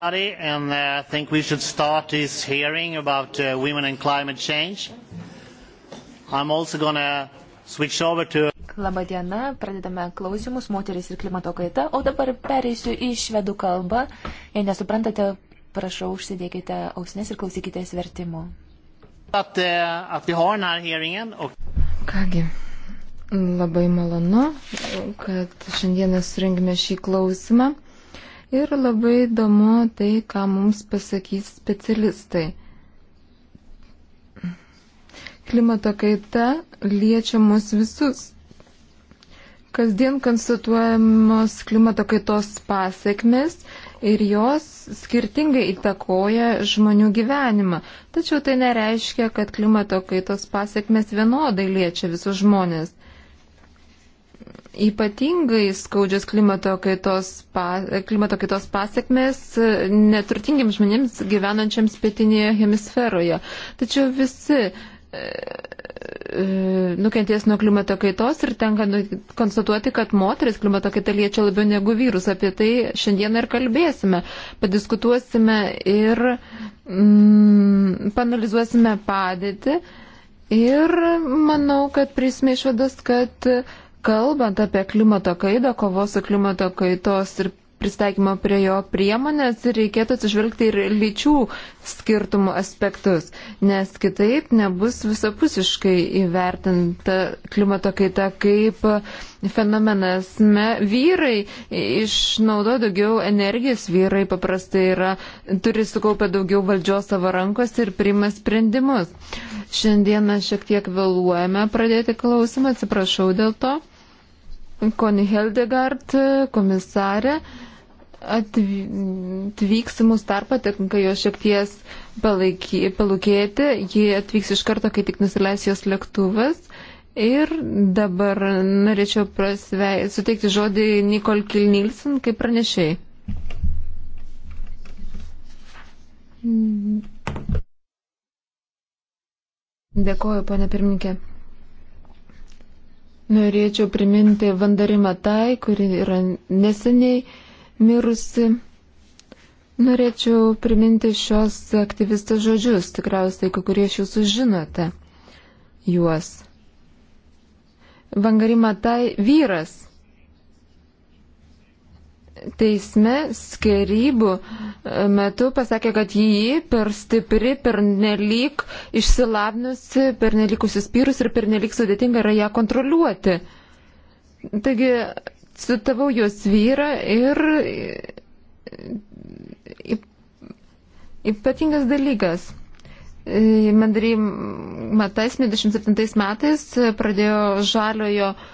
everybody, and uh, I think we should start this hearing about uh, women and climate change. I'm also gonna switch over to. Labą dieną, pradedame klausimus moteris ir klimato kaita, o dabar pereisiu į švedų kalbą. Jei nesuprantate, prašau, užsidėkite ausines ir klausykitės vertimo. At, uh, at Kągi, labai malonu, kad šiandieną surengime šį klausimą ir labai įdomu tai, ką mums pasakys specialistai. Klimato kaita liečia mus visus. Kasdien konstatuojamos klimato kaitos pasiekmes ir jos skirtingai įtakoja žmonių gyvenimą. Tačiau tai nereiškia, kad klimato kaitos pasiekmes vienodai liečia visus žmonės ypatingai skaudžios klimato kaitos, pa, klimato kaitos pasiekmes e, neturtingiams žmonėms gyvenančiams pietinėje hemisferoje. Tačiau visi e, e, nukenties nuo klimato kaitos ir tenka nu, konstatuoti, kad moteris klimato kaita liečia labiau negu vyrus. Apie tai šiandien ir kalbėsime, padiskutuosime ir mm, panalizuosime padėtį. Ir manau, kad prisime išvadas, kad uh, Kalbant apie klimato kaidą, kovos su klimato kaitos ir pristaikymo prie jo priemonės reikėtų atsižvelgti ir lyčių skirtumų aspektus, nes kitaip nebus visapusiškai įvertinta klimato kaita kaip fenomenas. Me, vyrai išnaudoja daugiau energijos, vyrai paprastai yra, turi sukaupę daugiau valdžios savo rankose ir priima sprendimus. Šiandieną šiek tiek vėluojame pradėti klausimą, atsiprašau dėl to. Koni Heldegard, komisarė, uh, atvyks į mūsų tarpą, tenka jo šiek tiek palūkėti. Ji atvyks iš karto, kai tik nusileis jos lėktuvas. Ir dabar norėčiau prasvei, suteikti žodį Nikol Kilnilsen, kaip pranešiai. Dėkoju, ponė pirmininkė. Norėčiau priminti Vandarimą Tai, kuri yra neseniai mirusi. Norėčiau priminti šios aktyvistės žodžius, tikriausiai kai kurie iš jūsų žinote juos. Vangarimatai vyras teisme skirybų e, metu pasakė, kad jį per stipri, per nelik išsilabnusi, per nelik užsispyrus ir per nelik sudėtinga yra ją kontroliuoti. Taigi citavau jos vyrą ir ypatingas dalykas. Mandry Matas 27 metais pradėjo žaliojo uh,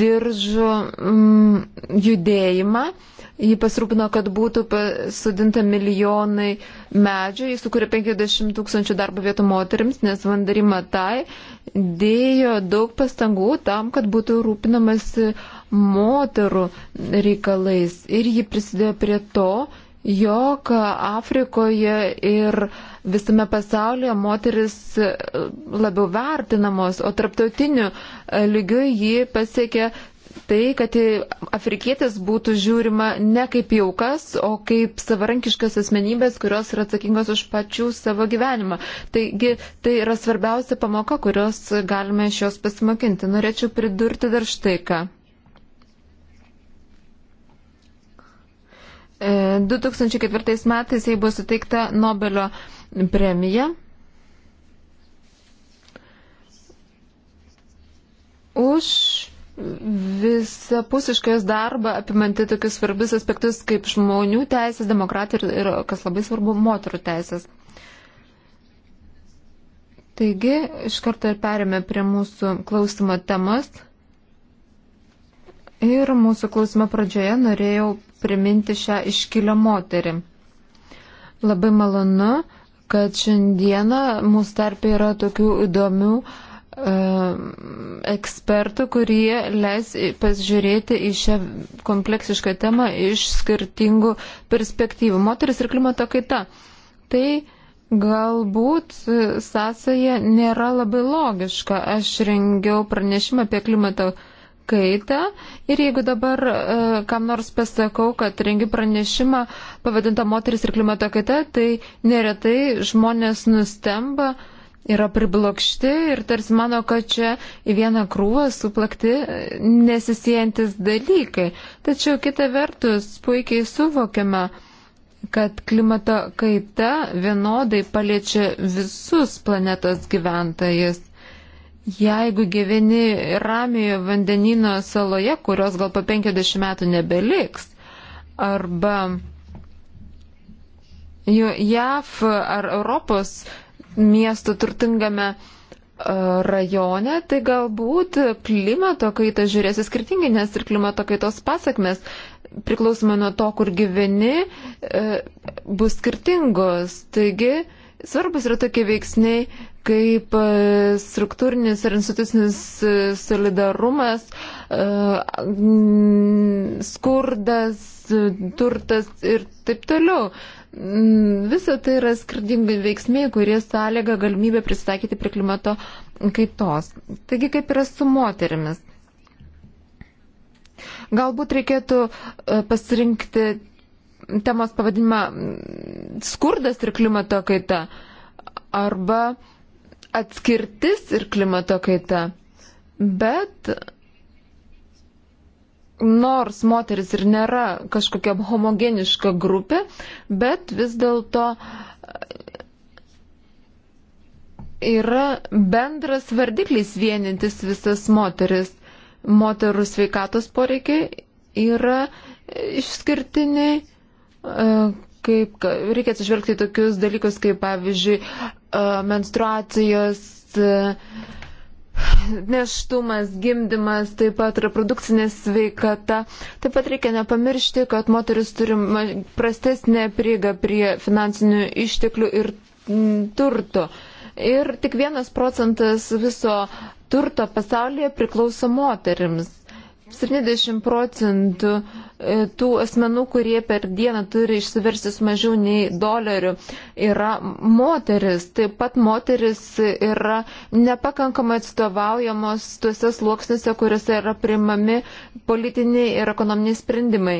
diržų mm, judėjimą. Ji pasirūpino, kad būtų sudinta milijonai medžių, jis sukūrė 50 tūkstančių darbo vietų moteriams, nes Vandari Matai dėjo daug pastangų tam, kad būtų rūpinamas moterų reikalais. Ir ji prisidėjo prie to, jog Afrikoje ir visame pasaulyje moteris e, labiau vertinamos, o tarptautiniu e, lygiu jį pasiekė tai, kad afrikietis būtų žiūrima ne kaip jaukas, o kaip savarankiškas asmenybės, kurios yra atsakingos už pačių savo gyvenimą. Taigi tai yra svarbiausia pamoka, kurios galime iš jos pasimokinti. Norėčiau pridurti dar štai ką. 2004 e, metais jai buvo suteikta Nobelio premija už visapusišką jos darbą apimanti tokius svarbius aspektus kaip žmonių teisės, demokratija ir, kas labai svarbu, moterų teisės. Taigi, iš karto ir perėmė prie mūsų klausimo temas. Ir mūsų klausimo pradžioje norėjau priminti šią iškilę moterį. Labai malonu, kad šiandieną mūsų tarp yra tokių įdomių e, ekspertų, kurie leis pasižiūrėti į šią kompleksišką temą iš skirtingų perspektyvų. Moteris ir klimato kaita. Tai Galbūt sąsaja nėra labai logiška. Aš rengiau pranešimą apie klimato kaitą ir jeigu dabar e, kam nors pasakau, kad rengi pranešimą pavadintą moteris ir klimato kaita, tai neretai žmonės nustemba, yra priblokšti ir tarsi mano, kad čia į vieną krūvą suplakti nesisijantis dalykai. Tačiau kita vertus puikiai suvokiama, kad klimato kaita vienodai paliečia visus planetos gyventojus. Jeigu gyveni ramiojo vandenino saloje, kurios gal po 50 metų nebeliks, arba JAV ar Europos miesto turtingame e, rajone, tai galbūt klimato kaita žiūrėsi skirtingai, nes ir klimato kaitos pasakmes priklausomai nuo to, kur gyveni, e, bus skirtingos. Taigi, Svarbus yra tokie veiksniai, kaip e, struktūrinis ir institucinis e, solidarumas, e, skurdas, turtas ir taip toliau. Visa tai yra skirtingi veiksmiai, kurie sąlyga galimybę pristaikyti prie klimato kaitos. Taigi kaip yra su moterimis? Galbūt reikėtų pasirinkti temos pavadinimą mm, skurdas ir klimato kaita arba atskirtis ir klimato kaita. Bet nors moteris ir nėra kažkokia homogeniška grupė, bet vis dėlto yra bendras vardiklis vienintis visas moteris. Moterų sveikatos poreikiai yra išskirtiniai E, kaip reikia atsižvelgti tokius dalykus, kaip pavyzdžiui, e, menstruacijos, e, neštumas, gimdymas, taip pat reprodukcinė sveikata. Taip pat reikia nepamiršti, kad moteris turi prastesnę prieigą prie finansinių išteklių ir turto. Ir tik vienas procentas viso turto pasaulyje priklauso moterims. 70 procentų e, tų asmenų, kurie per dieną turi išsiversti mažiau nei dolerių, yra moteris. Taip pat moteris yra nepakankamai atstovaujamos tuose sluoksniuose, kuriuose yra primami politiniai ir ekonominiai sprendimai.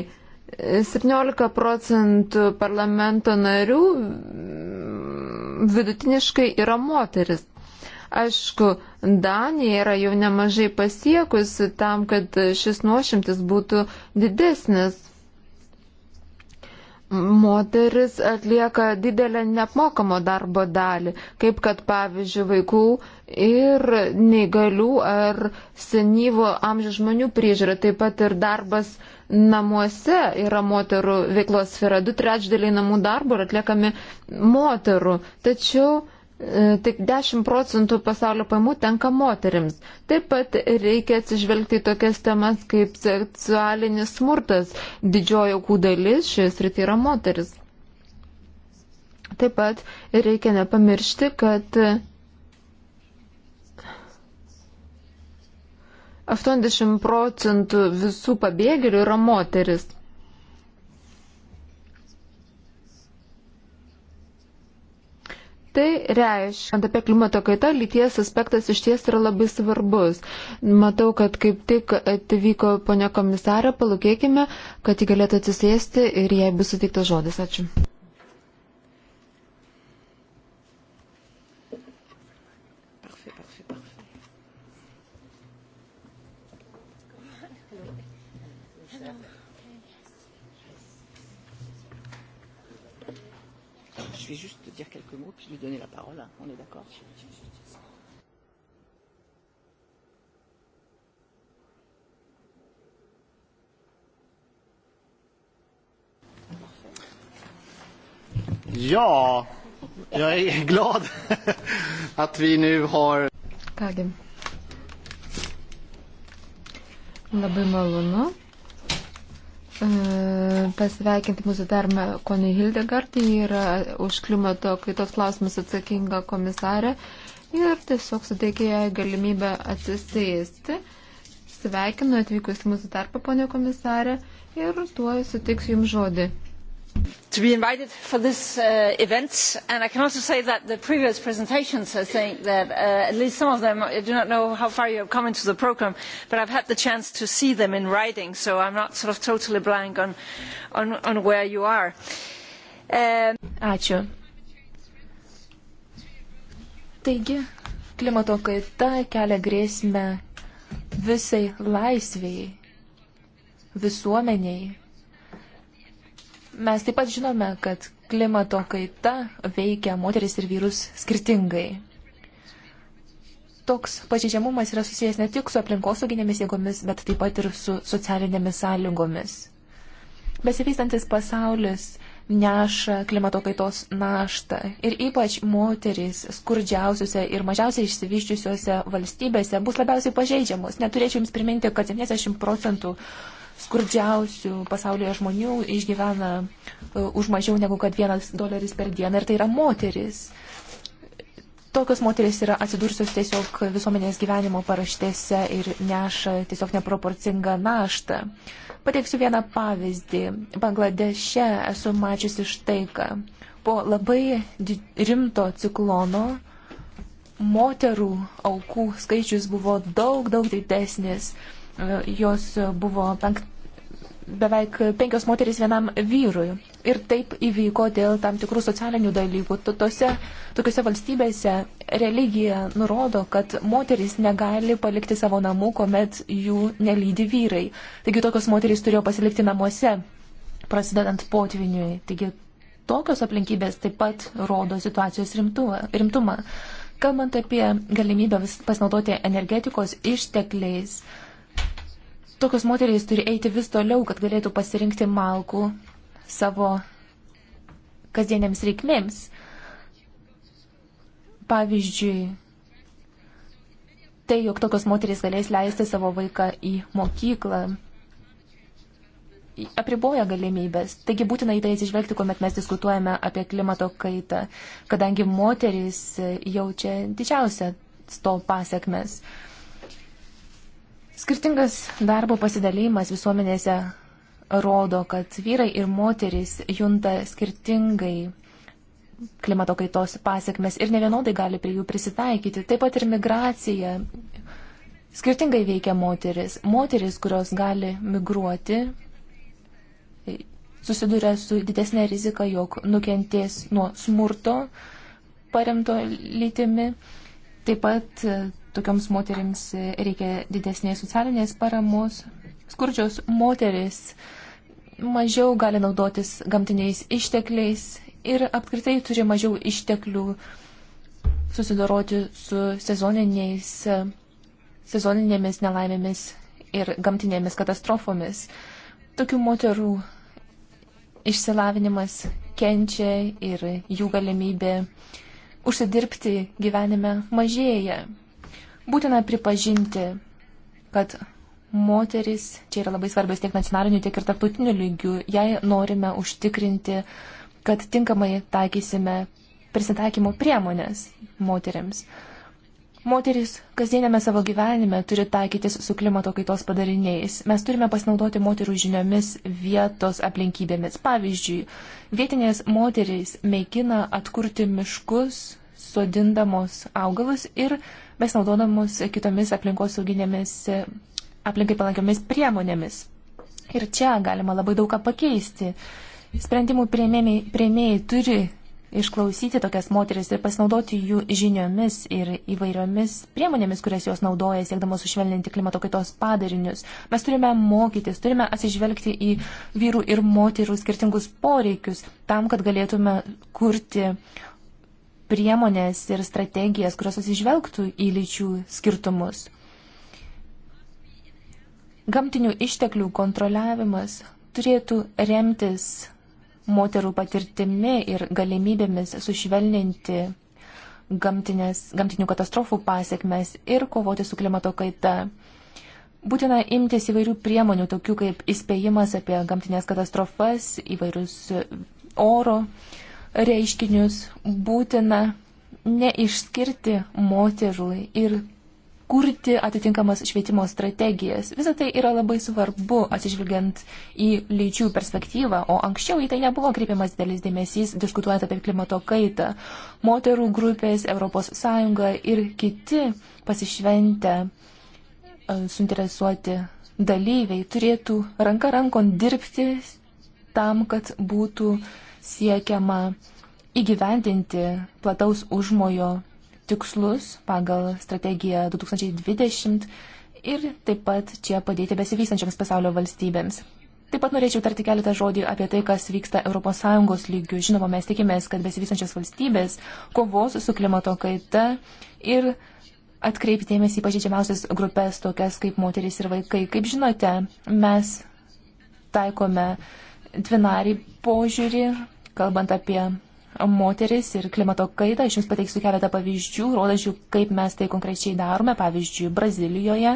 17 procentų parlamento narių mm, vidutiniškai yra moteris. Aišku, Danija yra jau nemažai pasiekusi tam, kad šis nuošimtis būtų didesnis. Moteris atlieka didelę neapmokamo darbo dalį, kaip kad pavyzdžiui vaikų ir neįgalių ar senyvo amžiaus žmonių priežiūra, taip pat ir darbas namuose yra moterų veiklos sfera, du trečdaliai namų darbo yra atliekami moterų. Tačiau E, tik 10 procentų pasaulio paimų tenka moterims. Taip pat reikia atsižvelgti į tokias temas kaip seksualinis smurtas. Didžioji aukų dalis šioje srityje yra moteris. Taip pat reikia nepamiršti, kad 80 procentų visų pabėgėlių yra moteris. Tai reiškia, kad apie klimato kaitą lyties aspektas iš ties yra labai svarbus. Matau, kad kaip tik atvyko ponia komisarė, palūkėkime, kad ji galėtų atsisėsti ir jai bus suteiktas žodis. Ačiū. donner la parole, hein, on est d'accord. Ja, jag är glad att vi nu har... Kągi. Labai malonu, pasveikinti mūsų tarmę Konį Hildegard, ji yra už klimato kaitos klausimus atsakinga komisarė ir tiesiog suteikė jai galimybę atsisėsti. Sveikinu atvykus į mūsų tarpą, ponė komisarė, ir tuo sutiksiu jums žodį to be invited for this uh, event. And I can also say that the previous presentations, I think that uh, at least some of them, I do not know how far you have come into the program, but I've had the chance to see them in writing, so I'm not sort of totally blank on, on, on where you are. Um, Ačiū. Taigi, klimato kaita kelia grėsmę visai laisviai, visuomeniai, Mes taip pat žinome, kad klimato kaita veikia moteris ir vyrus skirtingai. Toks pažeidžiamumas yra susijęs ne tik su aplinkosauginėmis jėgomis, bet taip pat ir su socialinėmis sąlygomis. Besivystantis pasaulis neša klimato kaitos naštą. Ir ypač moterys skurdžiausiose ir mažiausiai išsivyščiusiuose valstybėse bus labiausiai pažeidžiamos. Neturėčiau Jums priminti, kad 70 procentų skurdžiausių pasaulyje žmonių išgyvena e, už mažiau negu kad vienas doleris per dieną ir tai yra moteris. Tokios moteris yra atsidursios tiesiog visuomenės gyvenimo paraštėse ir neša tiesiog neproporcingą naštą. Pateiksiu vieną pavyzdį. Bangladeše esu mačiusi štai ką. Po labai rimto ciklono moterų aukų skaičius buvo daug, daug didesnis. Tai Jos buvo penk... beveik penkios moterys vienam vyrui. Ir taip įvyko dėl tam tikrų socialinių dalykų. Tose, tokiuose valstybėse religija nurodo, kad moteris negali palikti savo namų, kuomet jų nelydi vyrai. Taigi tokios moterys turėjo pasilikti namuose, prasidedant potviniui. Taigi tokios aplinkybės taip pat rodo situacijos rimtumą. rimtumą. Kalbant apie galimybę pasinaudoti energetikos ištekliais, Tokios moterys turi eiti vis toliau, kad galėtų pasirinkti malkų savo kasdienėms reikmėms. Pavyzdžiui, tai, jog tokios moterys galės leisti savo vaiką į mokyklą, apriboja galimybės. Taigi būtina į tai atsižvelgti, kuomet mes diskutuojame apie klimato kaitą, kadangi moteris jaučia didžiausią to pasiekmes. Uh, Skirtingas darbo pasidalymas visuomenėse rodo, kad vyrai ir moterys junta skirtingai klimato kaitos pasiekmes ir nevienodai gali prie jų prisitaikyti. Taip pat ir migracija skirtingai veikia moteris. Moteris, kurios gali migruoti, susiduria su didesnė rizika, jog nukentės nuo smurto paremto lytimi. Taip pat Tokioms moterims reikia didesnės socialinės paramos. Skurdžios moteris mažiau gali naudotis gamtiniais ištekliais ir apskritai turi mažiau išteklių susidoroti su sezoniniais, sezoninėmis nelaimėmis ir gamtinėmis katastrofomis. Tokių moterų išsilavinimas kenčia ir jų galimybė užsidirbti gyvenime mažėja. Būtina pripažinti, kad moteris čia yra labai svarbios tiek nacionaliniu, tiek ir tarptautiniu lygiu, jei norime užtikrinti, kad tinkamai taikysime prisitaikymo priemonės moteriams. Moteris kasdienėme savo gyvenime turi taikytis su klimato kaitos padariniais. Mes turime pasinaudoti moterų žiniomis vietos aplinkybėmis. Pavyzdžiui, vietinės moterys mėgina atkurti miškus, sodindamos augalus ir mes naudodamus kitomis aplinkosauginėmis aplinkai palankiomis priemonėmis. Ir čia galima labai daug ką pakeisti. Sprendimų prieimėjai turi išklausyti tokias moteris ir pasinaudoti jų žiniomis ir įvairiomis priemonėmis, kurias jos naudoja, siekdamos sušvelninti klimato kaitos padarinius. Mes turime mokytis, turime atsižvelgti į vyrų ir moterų skirtingus poreikius tam, kad galėtume kurti uh, priemonės ir strategijas, kurios atsižvelgtų į lyčių skirtumus. Gamtinių išteklių kontroliavimas turėtų remtis moterų patirtimi ir galimybėmis sušvelninti gamtinės, gamtinių katastrofų pasiekmes ir kovoti su klimato kaita. Būtina imtis įvairių priemonių, tokių kaip įspėjimas apie gamtinės katastrofas, įvairius oro reiškinius būtina neišskirti moterų ir kurti atitinkamas švietimo strategijas. Visą tai yra labai svarbu atsižvelgiant į lyčių perspektyvą, o anksčiau į tai nebuvo kreipiamas dėlis dėmesys, diskutuojant apie klimato kaitą. Moterų grupės, ES ir kiti pasišventę e, suinteresuoti dalyviai turėtų ranka rankon dirbti tam, kad būtų uh, siekiama įgyvendinti plataus užmojo tikslus pagal strategiją 2020 ir taip pat čia padėti besivystančiams pasaulio valstybėms. Taip pat norėčiau tarti keletą žodį apie tai, kas vyksta ES lygių. Žinoma, mes tikimės, kad besivystančios valstybės kovos su klimato kaita ir atkreipdėmės į pažydžiamiausias grupės, tokias kaip moteris ir vaikai. Kaip žinote, mes taikome uh, dvinarį požiūrį, kalbant apie moteris ir klimato kaitą. Aš Jums pateiksiu keletą pavyzdžių, rodančių, kaip mes tai konkrečiai darome. Pavyzdžiui, Brazilijoje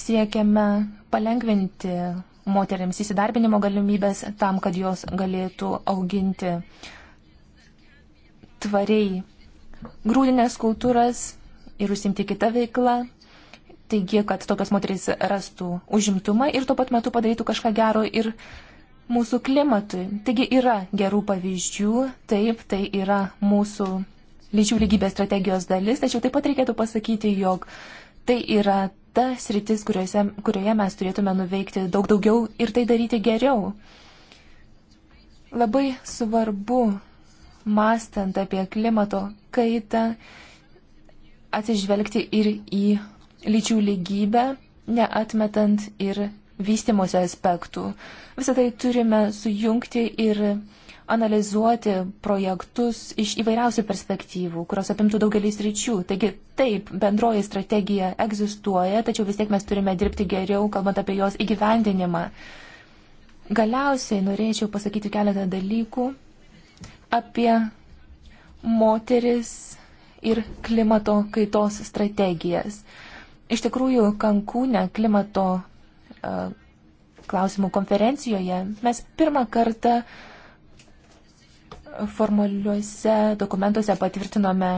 siekiame palengventi moteriams įsidarbinimo galimybės tam, kad jos galėtų auginti tvariai grūdinės kultūras ir užsimti kitą veiklą. Taigi, kad tokios moteris rastų užimtumą ir tuo pat metu padarytų kažką gero ir mūsų klimatui. Taigi yra gerų pavyzdžių, taip, tai yra mūsų lyčių lygybės strategijos dalis, tačiau taip pat reikėtų pasakyti, jog tai yra ta sritis, kuriuose, kurioje mes turėtume nuveikti daug daugiau ir tai daryti geriau. Labai svarbu, mastant apie klimato kaitą, atsižvelgti ir į lyčių lygybę, neatmetant ir vystimosi aspektų. Visą tai turime sujungti ir analizuoti projektus iš įvairiausių perspektyvų, kurios apimtų daugelį sričių. Taigi taip, bendroji strategija egzistuoja, tačiau vis tiek mes turime dirbti geriau, kalbant apie jos įgyvendinimą. Galiausiai norėčiau pasakyti keletą dalykų apie moteris ir klimato kaitos strategijas. Iš tikrųjų, Kankūne klimato uh, klausimų konferencijoje mes pirmą kartą formaliuose dokumentuose patvirtinome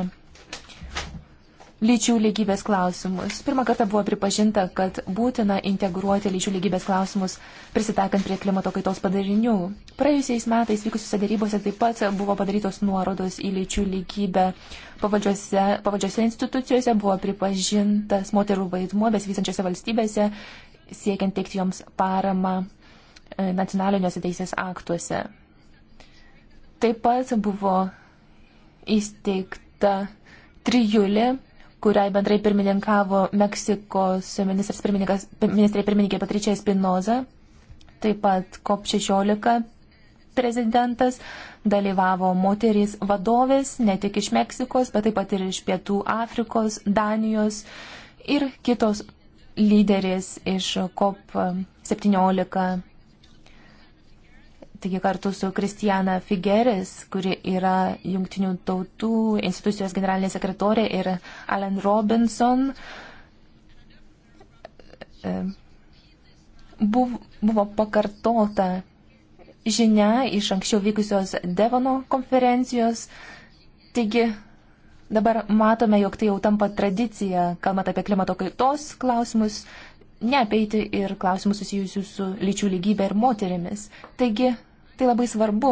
lyčių lygybės klausimus. Pirmą kartą buvo pripažinta, kad būtina integruoti lyčių lygybės klausimus prisitakant prie klimato kaitos padarinių. Praėjusiais metais vykusiuose darybose taip pat buvo padarytos nuorodos į lyčių lygybę. Pavaldžiose, pavaldžiose institucijose buvo pripažintas moterų vaidmuo besivysančiose valstybėse, siekiant teikti joms paramą e, nacionaliniuose teisės aktuose. Taip pat buvo įsteigta trijulė kuriai bendrai pirmininkavo Meksikos ministrė pirmininkė Patričia Espinoza, taip pat COP16 prezidentas, dalyvavo moterys vadovės ne tik iš Meksikos, bet taip pat ir iš Pietų Afrikos, Danijos ir kitos lyderės iš COP17 Taigi kartu su Kristijana Figeris, kuri yra Junktinių tautų institucijos generalinė sekretorė ir Alan Robinson, e, buvo pakartota žinia iš anksčiau vykusios Devono konferencijos. Taigi dabar matome, jog tai jau tampa tradicija, kalbant apie klimato kaitos klausimus, neapeiti ir klausimus susijusius su lyčių lygybė ir moterimis. Taigi Tai labai svarbu,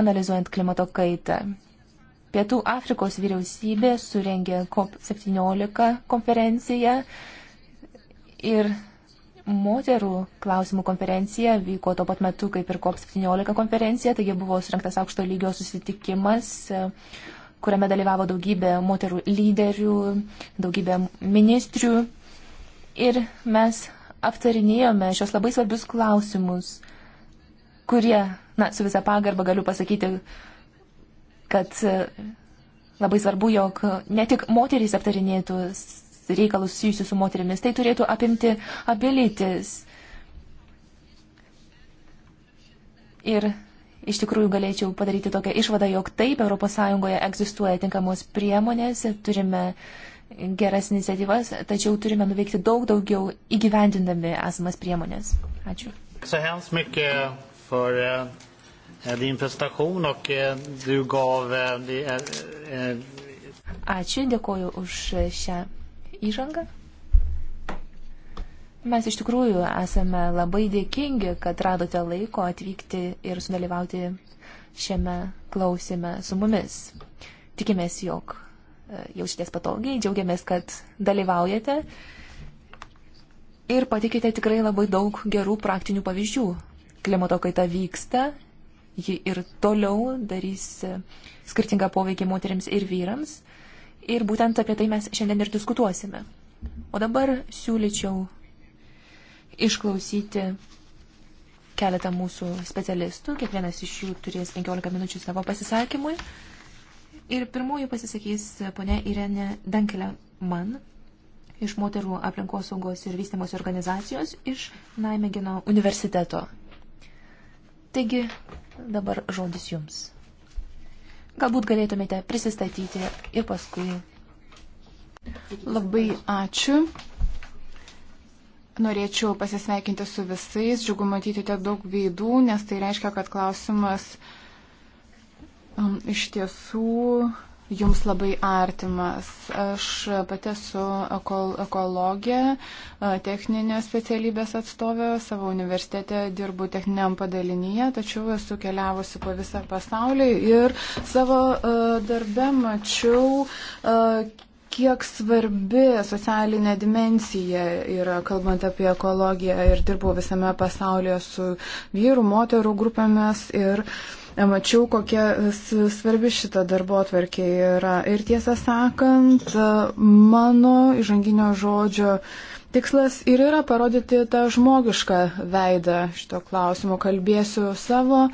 analizuojant klimato kaitą. Pietų Afrikos vyriausybė surengė COP17 konferenciją ir moterų klausimų konferencija vyko tuo pat metu kaip ir COP17 konferencija, taigi buvo surinktas aukšto lygio susitikimas, kuriame dalyvavo daugybė moterų lyderių, daugybė ministrių ir mes aptarinėjome šios labai svarbius klausimus kurie, na, su visa pagarba galiu pasakyti, kad e, labai svarbu, jog ne tik moterys aptarinėtų reikalus susijusius su moterimis, tai turėtų apimti abilytis. Ir iš tikrųjų galėčiau padaryti tokią išvadą, jog taip, ES egzistuoja tinkamos priemonės, turime geras iniciatyvas, tačiau turime nuveikti daug daugiau įgyvendindami esamas priemonės. Ačiū för eh, eh, din presentation och eh, du gav... Ačiū, dėkoju už šią įžangą. Mes iš tikrųjų esame labai dėkingi, kad radote laiko atvykti ir sudalyvauti šiame klausime su mumis. Tikimės, jog jaučiatės patogiai, džiaugiamės, kad dalyvaujate ir patikite tikrai labai daug gerų praktinių pavyzdžių klimato kaita vyksta, ji ir toliau darys skirtingą poveikį moteriams ir vyrams. Ir būtent apie tai mes šiandien ir diskutuosime. O dabar siūlyčiau išklausyti keletą mūsų specialistų. Kiekvienas iš jų turės 15 minučių savo pasisakymui. Ir pirmųjų pasisakys ponia Irene Dankelė Man iš moterų aplinkosaugos ir vystimos organizacijos iš Naimegino universiteto. Taigi dabar žodis jums. Galbūt galėtumėte prisistatyti ir paskui. Labai ačiū. Norėčiau pasisveikinti su visais, džiugu matyti tiek daug veidų, nes tai reiškia, kad klausimas um, iš tiesų jums labai artimas. Aš pati esu ekologė, techninės specialybės atstovė, savo universitete dirbu techniniam padalinyje, tačiau esu keliavusi po visą pasaulį ir savo darbę mačiau kiek svarbi socialinė dimensija yra, kalbant apie ekologiją. Ir dirbau visame pasaulyje su vyrų, moterų grupėmis ir e, mačiau, kokia svarbi šita darbo atverkė yra. Ir tiesą sakant, mano įžanginio žodžio tikslas ir yra parodyti tą žmogišką veidą šito klausimo. Kalbėsiu savo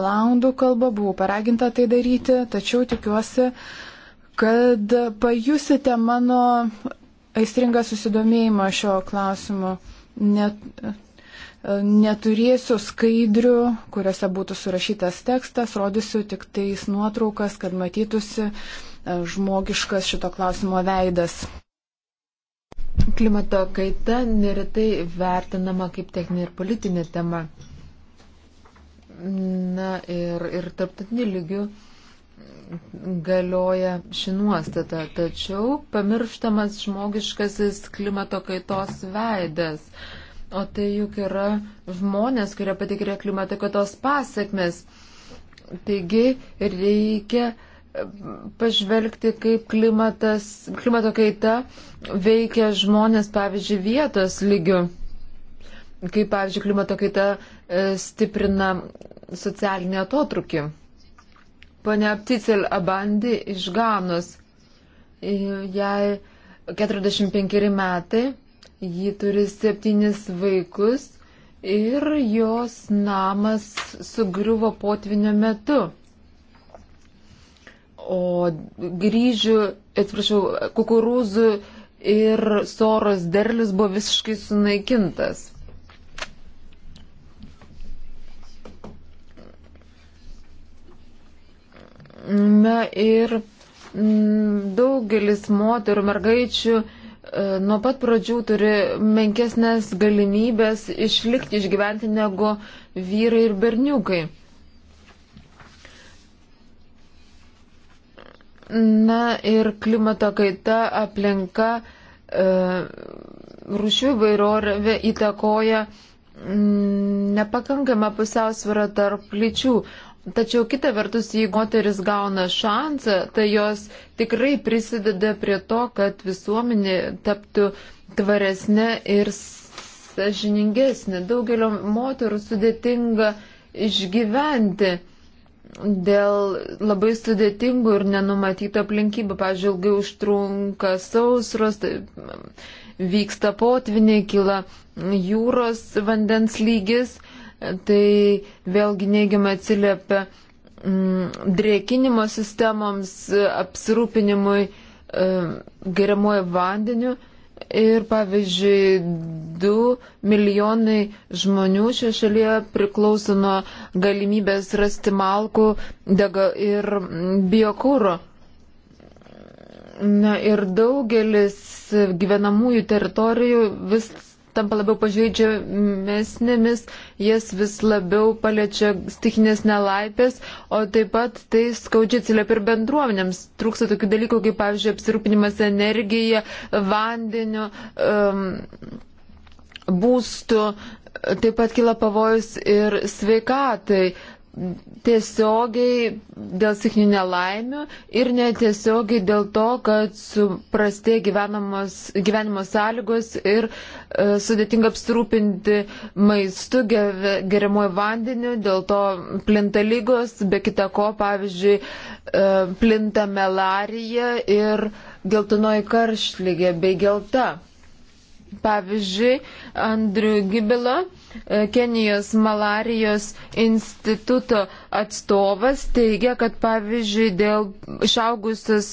olandų kalbą, buvau paraginta tai daryti, tačiau tikiuosi, kad pajusite mano aistringą susidomėjimą šio klausimu. Net, neturėsiu skaidrių, kuriuose būtų surašytas tekstas, rodysiu tik tais nuotraukas, kad matytųsi e, žmogiškas šito klausimo veidas. Klimato kaita neretai vertinama kaip techninė ir politinė tema. Na ir, ir tarptautinė lygių galioja ši nuostata, tačiau pamirštamas žmogiškasis klimato kaitos veidas. O tai juk yra žmonės, kurie patikrė klimato kaitos pasiekmes. Taigi reikia e, pažvelgti, kaip klimatas, klimato kaita veikia žmonės, pavyzdžiui, vietos lygių. Kaip, pavyzdžiui, klimato kaita e, stiprina socialinį atotrukį. Pane Apticel Abandi iš Ganos. Jai 45 metai, ji turi septynis vaikus ir jos namas sugriuvo potvinio metu. O grįžių, atsiprašau, kukurūzų ir soros derlius buvo visiškai sunaikintas. Na ir mm, daugelis moterų, mergaičių e, nuo pat pradžių turi menkesnės galimybės išlikti, išgyventi negu vyrai ir berniukai. Na ir klimato kaita, aplinka, e, rūšių vairovė įtakoja mm, nepakankama pusiausvėra tarp lyčių. Tačiau kita vertus, jeigu moteris gauna šansą, tai jos tikrai prisideda prie to, kad visuomenė taptų tvaresnė ir sažiningesnė. Daugelio moterų sudėtinga išgyventi dėl labai sudėtingų ir nenumatytų aplinkybių. Pavyzdžiui, ilgai užtrunka sausros, tai vyksta potviniai, kyla jūros vandens lygis tai vėlgi neigiamai atsiliepia mm, drėkinimo sistemoms, apsirūpinimui e, geriamuoju vandeniu. Ir pavyzdžiui, 2 milijonai žmonių šioje šalyje priklauso nuo galimybės rasti malkų ir biokūro. Na ir daugelis gyvenamųjų teritorijų vis tampa labiau pažeidžiamesnėmis, jas vis labiau paliečia stikinės nelaipės, o taip pat tai skaudžiai atsiliepia ir bendruomenėms. Trūksta tokių dalykų, kaip pavyzdžiui, apsirūpinimas energija, vandeniu, um, būstu, taip pat kila pavojus ir sveikatai. Uh, tiesiogiai dėl stichinių nelaimių ir netiesiogiai dėl to, kad suprastė gyvenimo sąlygos ir e, sudėtinga apsirūpinti maistu, geriamuoju vandeniu, dėl to plinta lygos, be kita ko, pavyzdžiui, e, plinta melarija ir geltonoji karšlygė bei gelta. Pavyzdžiui, Andrių Gibela E, Kenijos malarijos instituto atstovas teigia, kad pavyzdžiui dėl išaugusios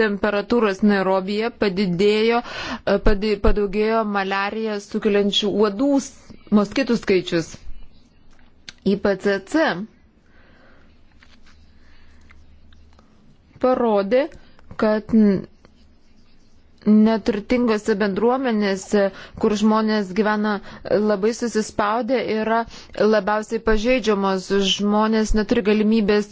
temperatūros Nairobije padidėjo, e, padaugėjo malariją sukeliančių uodų moskitų skaičius. IPCC parodė, kad neturtingose bendruomenėse, kur žmonės gyvena labai susispaudę, yra labiausiai pažeidžiamos. Žmonės neturi galimybės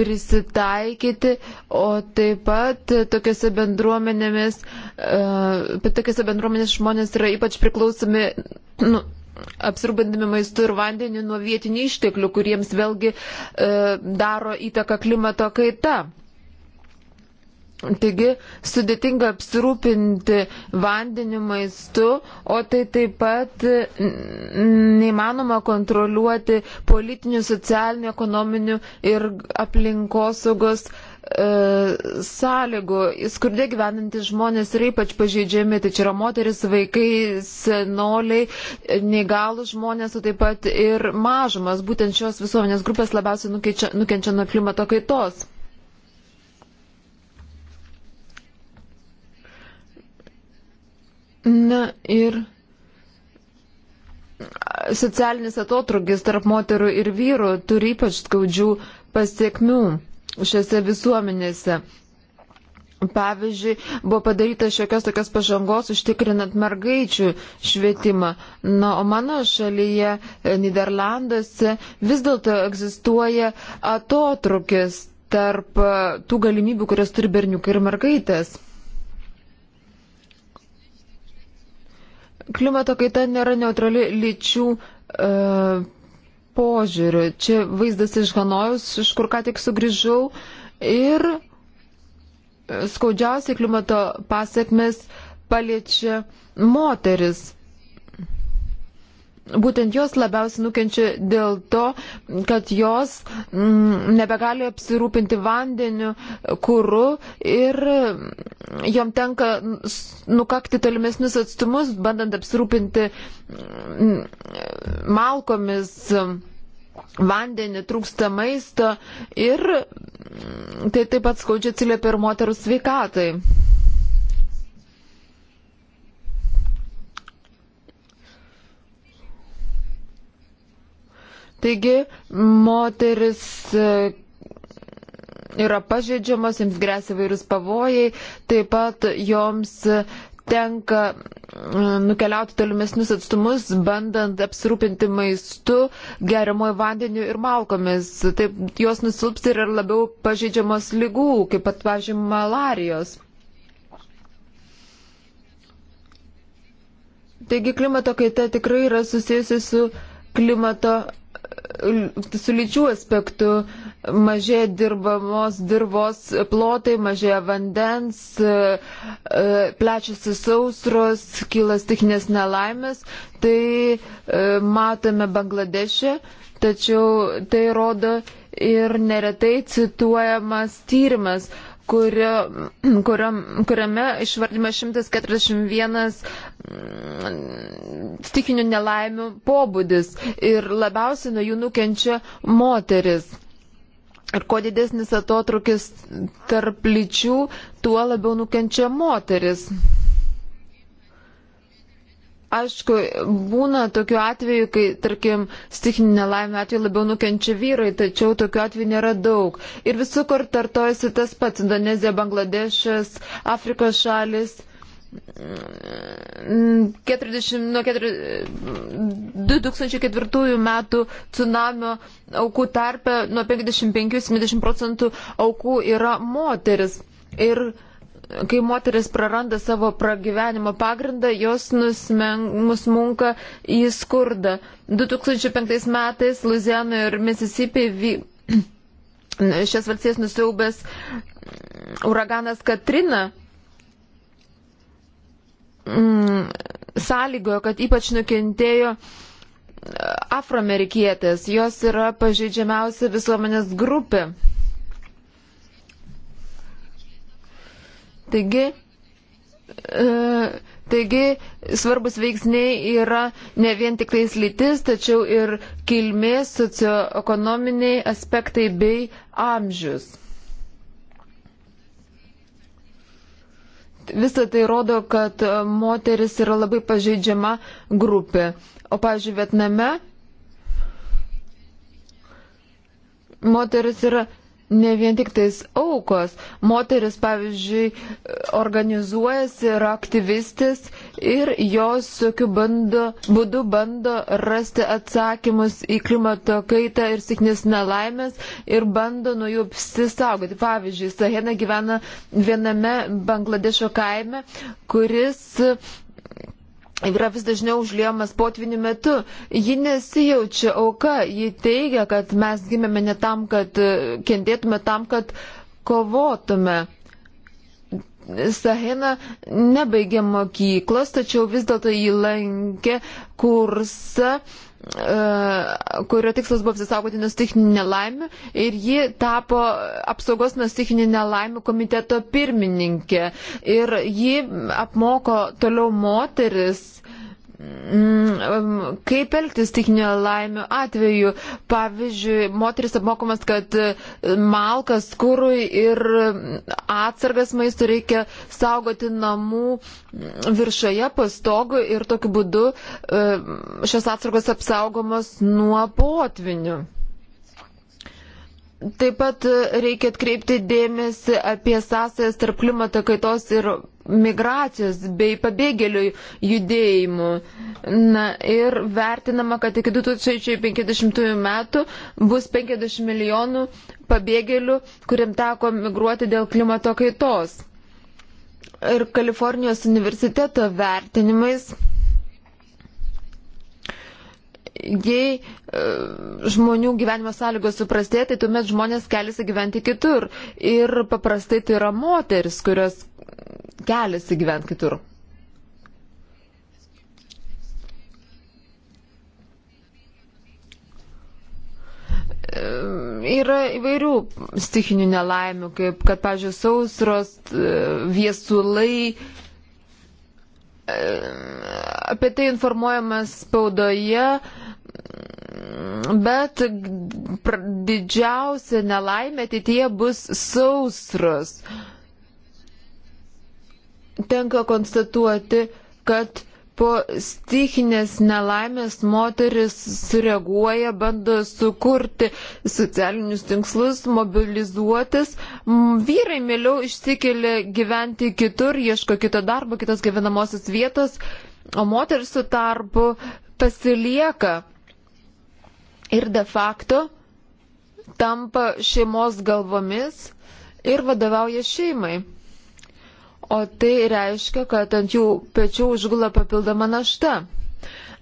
prisitaikyti, o taip pat tokiose bendruomenėmis, e, tokiose bendruomenės žmonės yra ypač priklausomi. Nu, apsirūpindami maistu ir vandeniu nuo vietinių išteklių, kuriems vėlgi e, daro įtaką klimato kaita. E, Taigi sudėtinga apsirūpinti vandeniu maistu, o tai taip pat neįmanoma kontroliuoti politinių, socialinių, ekonominių ir aplinkosaugos e, sąlygų. Skurdė gyvenantis žmonės yra ypač pažeidžiami, tai čia yra moteris, vaikai, senoliai, neįgalų žmonės, o taip pat ir mažumas. Būtent šios visuomenės grupės labiausiai nukenčia, nukenčia nuo klimato kaitos. Na ir socialinis atotrukis tarp moterų ir vyrų turi ypač skaudžių pasiekmių šiuose visuomenėse. Pavyzdžiui, buvo padaryta šiokios tokios pažangos užtikrinant mergaičių švietimą. Na, o mano šalyje, e, Niderlanduose, vis dėlto egzistuoja atotrukis tarp e, tų galimybių, kurias turi berniukai ir mergaitės. klimato kaita nėra neutrali lyčių e, požiūriu. Čia vaizdas iš Hanojus, iš kur ką tik sugrįžau. Ir skaudžiausiai klimato pasiekmes paliečia moteris būtent jos labiausiai nukenčia dėl to, kad jos m, mm, nebegali apsirūpinti vandeniu, kūru ir mm, jom tenka nukakti tolimesnius atstumus, bandant apsirūpinti m, mm, malkomis vandenį, trūksta maisto ir tai taip pat skaudžiai atsiliepia ir moterų sveikatai. Taigi moteris e, yra pažeidžiamos, jiems grėsia vairūs pavojai, taip pat joms tenka nukeliauti tolimesnius atstumus, bandant apsirūpinti maistu, geriamoju vandeniu ir malkomis. Taip jos nusilpsta ir labiau pažeidžiamos lygų, kaip pat, pavyzdžiui, malarijos. Taigi klimato kaita tikrai yra susijusi su klimato su lyčių aspektu mažėja dirbamos dirbos plotai, mažėja vandens, e, e, plečiasi sausros, kyla stiknės nelaimės. Tai e, matome Bangladeše, tačiau tai rodo ir neretai cituojamas tyrimas kurio, kurio, kuriame išvardime 141 mm, stikinių nelaimių pobūdis ir labiausiai nuo jų nukenčia moteris. Ir kuo didesnis atotrukis tarp lyčių, tuo labiau nukenčia moteris. Aišku, būna tokių atvejų, kai, tarkim, stichinė nelaimė atveju labiau nukenčia vyrai, tačiau tokių atvejų nėra daug. Ir visų kur tartojasi tas pats - Indonezija, Bangladešas, Afrikos šalis. 40, mm, nuo 2004 metų tsunamio aukų tarpe nuo 55-70 procentų aukų yra moteris. Ir kai moteris praranda savo pragyvenimo pagrindą, jos nusmunka į skurdą. 2005 metais Luziano ir Mississippi vy... šias valstijas nusiaubęs uraganas Katrina mm, sąlygojo, kad ypač nukentėjo e, afroamerikietės. Jos yra pažeidžiamiausia visuomenės grupė. Taigi, e, Taigi, svarbus veiksniai yra ne vien tik tais lytis, tačiau ir kilmės, socioekonominiai aspektai bei amžius. Visą tai rodo, kad moteris yra labai pažeidžiama grupė. O, pažiūrėjau, Vietname moteris yra ne vien tik tais aukos. Moteris, pavyzdžiui, organizuojasi, yra aktyvistis ir jos tokiu bando, būdu bando rasti atsakymus į klimato kaitą ir siknis nelaimės ir bando nuo jų apsisaugoti. Pavyzdžiui, Sahena gyvena viename Bangladešo kaime, kuris yra vis dažniau užliejamas potvinių metu. Ji nesijaučia auka, ji teigia, kad mes gimėme ne tam, kad e, kentėtume, tam, kad kovotume. Sahina nebaigė mokyklos, tačiau vis dėlto jį lankė kursą E, kurio tikslas buvo apsisaugoti nuo stichinių nelaimių ir ji tapo apsaugos nuo stichinių nelaimių komiteto pirmininkė ir ji apmoko toliau moteris Mm, kaip elgtis tikinio laimio atveju? Pavyzdžiui, moteris apmokomas, kad e, malkas, kūrui ir atsargas maistų reikia saugoti namų mm, viršoje pastogų ir tokiu būdu e, šios atsargos apsaugomos nuo potvinių. Taip pat e, reikia atkreipti dėmesį apie sąsajas tarp klimato kaitos ir migracijos bei pabėgėlių judėjimų. Na ir vertinama, kad iki 2050 metų bus 50 milijonų pabėgėlių, kuriam teko migruoti dėl klimato kaitos. Ir Kalifornijos universiteto vertinimais jei e, žmonių gyvenimo sąlygos suprastė, tai tuomet žmonės keliasi gyventi kitur. Ir paprastai tai yra moteris, kurios keliasi gyventi kitur. E, yra įvairių stichinių nelaimių, kaip, kad, pažiūrėjau, sausros, e, viesulai, apie tai informuojamas spaudoje, bet didžiausia nelaimė ateityje bus sausros. Tenka konstatuoti, kad po stichinės nelaimės moteris sureaguoja, bando sukurti socialinius tinklus, mobilizuotis. Vyrai mieliau išsikelia gyventi kitur, ieško kito darbo, kitos gyvenamosios vietos, o moteris su tarpu pasilieka ir de facto tampa šeimos galvomis ir vadovauja šeimai. O tai reiškia, kad ant jų pečių užgula papildoma našta.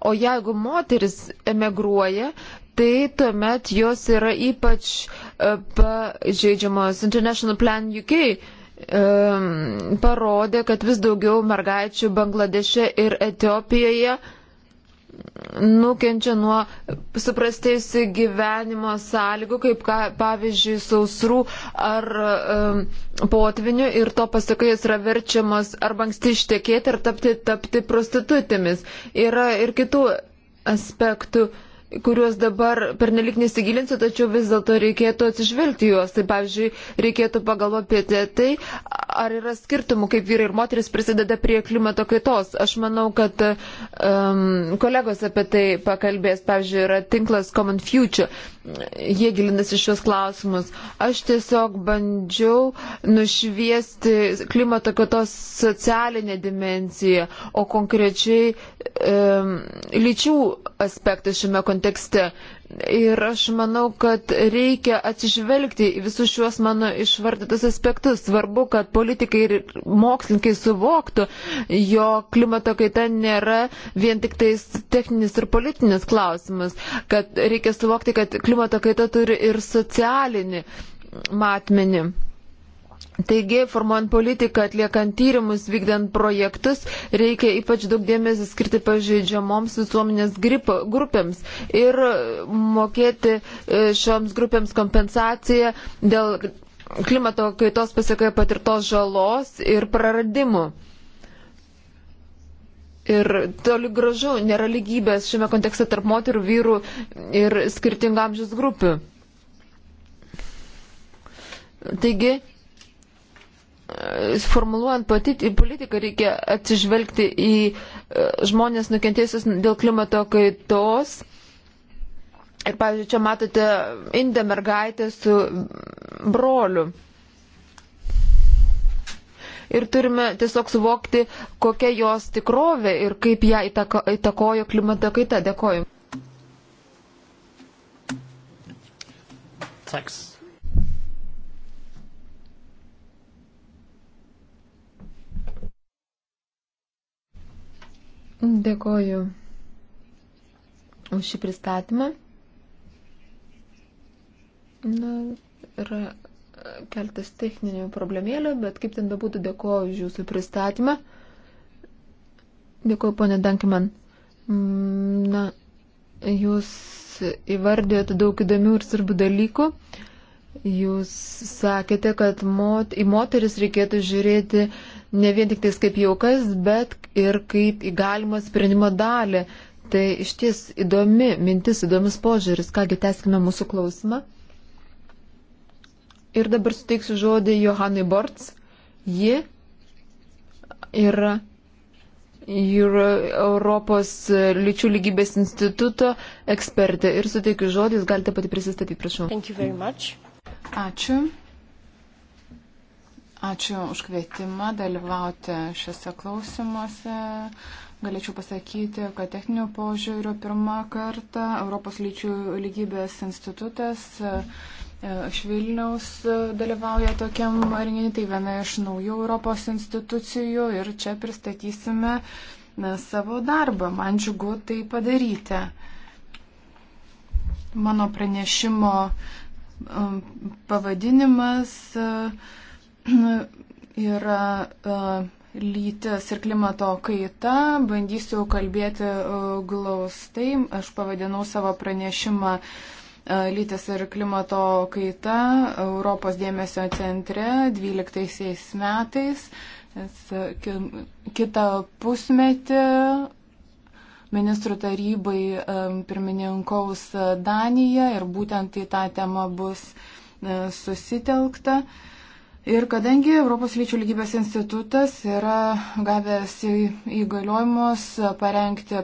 O jeigu moteris emigruoja, tai tuomet jos yra ypač e, pažeidžiamos. International Plan UK um, e, parodė, kad vis daugiau mergaičių Bangladeše ir Etiopijoje uh, nukenčia nuo suprastėjusių gyvenimo sąlygų, kaip ka, pavyzdžiui sausrų ar um, potvinių ir to pasakai jis yra verčiamas arba anksti ištekėti ar tapti, tapti prostitutėmis. Yra ir kitų aspektų. Uh, kuriuos dabar pernelik nesigilinsiu, tačiau vis dėlto reikėtų atsižvelgti juos. Tai pavyzdžiui, reikėtų pagalvoti apie tai, ar yra skirtumų, kaip vyrai ir moteris prisideda prie klimato kaitos. Aš manau, kad um, kolegos apie tai pakalbės. Pavyzdžiui, yra tinklas Common Future jie gilinasi šios klausimus. Aš tiesiog bandžiau nušviesti klimato kitos socialinę dimenciją, o konkrečiai e, lyčių aspektą šiame kontekste. Ir aš manau, kad reikia atsižvelgti į visus šiuos mano išvardytus aspektus. Svarbu, kad politikai ir mokslininkai suvoktų, jo klimato kaita nėra vien tik tais techninis ir politinis klausimas, kad reikia suvokti, kad klimato kaita turi ir socialinį matmenį. Taigi, formuojant politiką, atliekant tyrimus, vykdant projektus, reikia ypač daug dėmesio skirti pažeidžiamoms visuomenės gripo, grupėms ir mokėti e, šioms grupėms kompensaciją dėl klimato kaitos pasiekai patirtos žalos ir praradimų. Ir toli gražu nėra lygybės šiame kontekste tarp moterų, vyrų ir skirtingų amžiaus grupių. Taigi, formuluojant politiką reikia atsižvelgti į e, žmonės nukentėjusius dėl klimato kaitos. Ir, pavyzdžiui, čia matote indę mergaitę su broliu. Ir turime tiesiog suvokti, kokia jos tikrovė ir kaip ją įtako, įtakojo klimato kaita. Dėkoju. Thanks. Dėkoju už šį pristatymą. Na, yra keltas techninių problemėlių, bet kaip ten bebūtų, dėkoju už jūsų pristatymą. Dėkoju, ponė Dankiman. Mm, na, jūs įvardėjote daug įdomių ir svarbių dalykų. Uh, Jūs sakėte, kad mot, į moteris reikėtų žiūrėti ne vien tik tais kaip jaukas, bet ir kaip į galimą sprendimo dalį. Tai iš ties įdomi mintis, įdomus požiūris. Kągi, teskime mūsų klausimą. Ir dabar suteiksiu žodį Johanai Borts. Ji yra Euro, Europos lyčių lygybės instituto ekspertė. Ir suteikiu žodį, jūs galite pati prisistatyti, prašau. Thank you very much. Ačiū. Ačiū už kvietimą dalyvauti šiuose klausimuose. Galėčiau pasakyti, kad techninio požiūrio pirmą kartą Europos lyčių lygybės institutas e, iš Vilniaus dalyvauja tokiam renginiui, tai viena iš naujų Europos institucijų ir čia pristatysime e, savo darbą. Man džiugu tai padaryti. Mano pranešimo Um, pavadinimas uh, yra uh, lytis ir klimato kaita. Bandysiu kalbėti uh, glaustai. Aš pavadinau savo pranešimą lytis ir klimato kaita Europos dėmesio centre 12 metais. Kita pusmetį ministrų tarybai pirmininkaus e, Danija ir būtent į tą temą bus e, susitelkta. Ir kadangi Europos lyčių lygybės institutas yra gavęs įgaliojimus parengti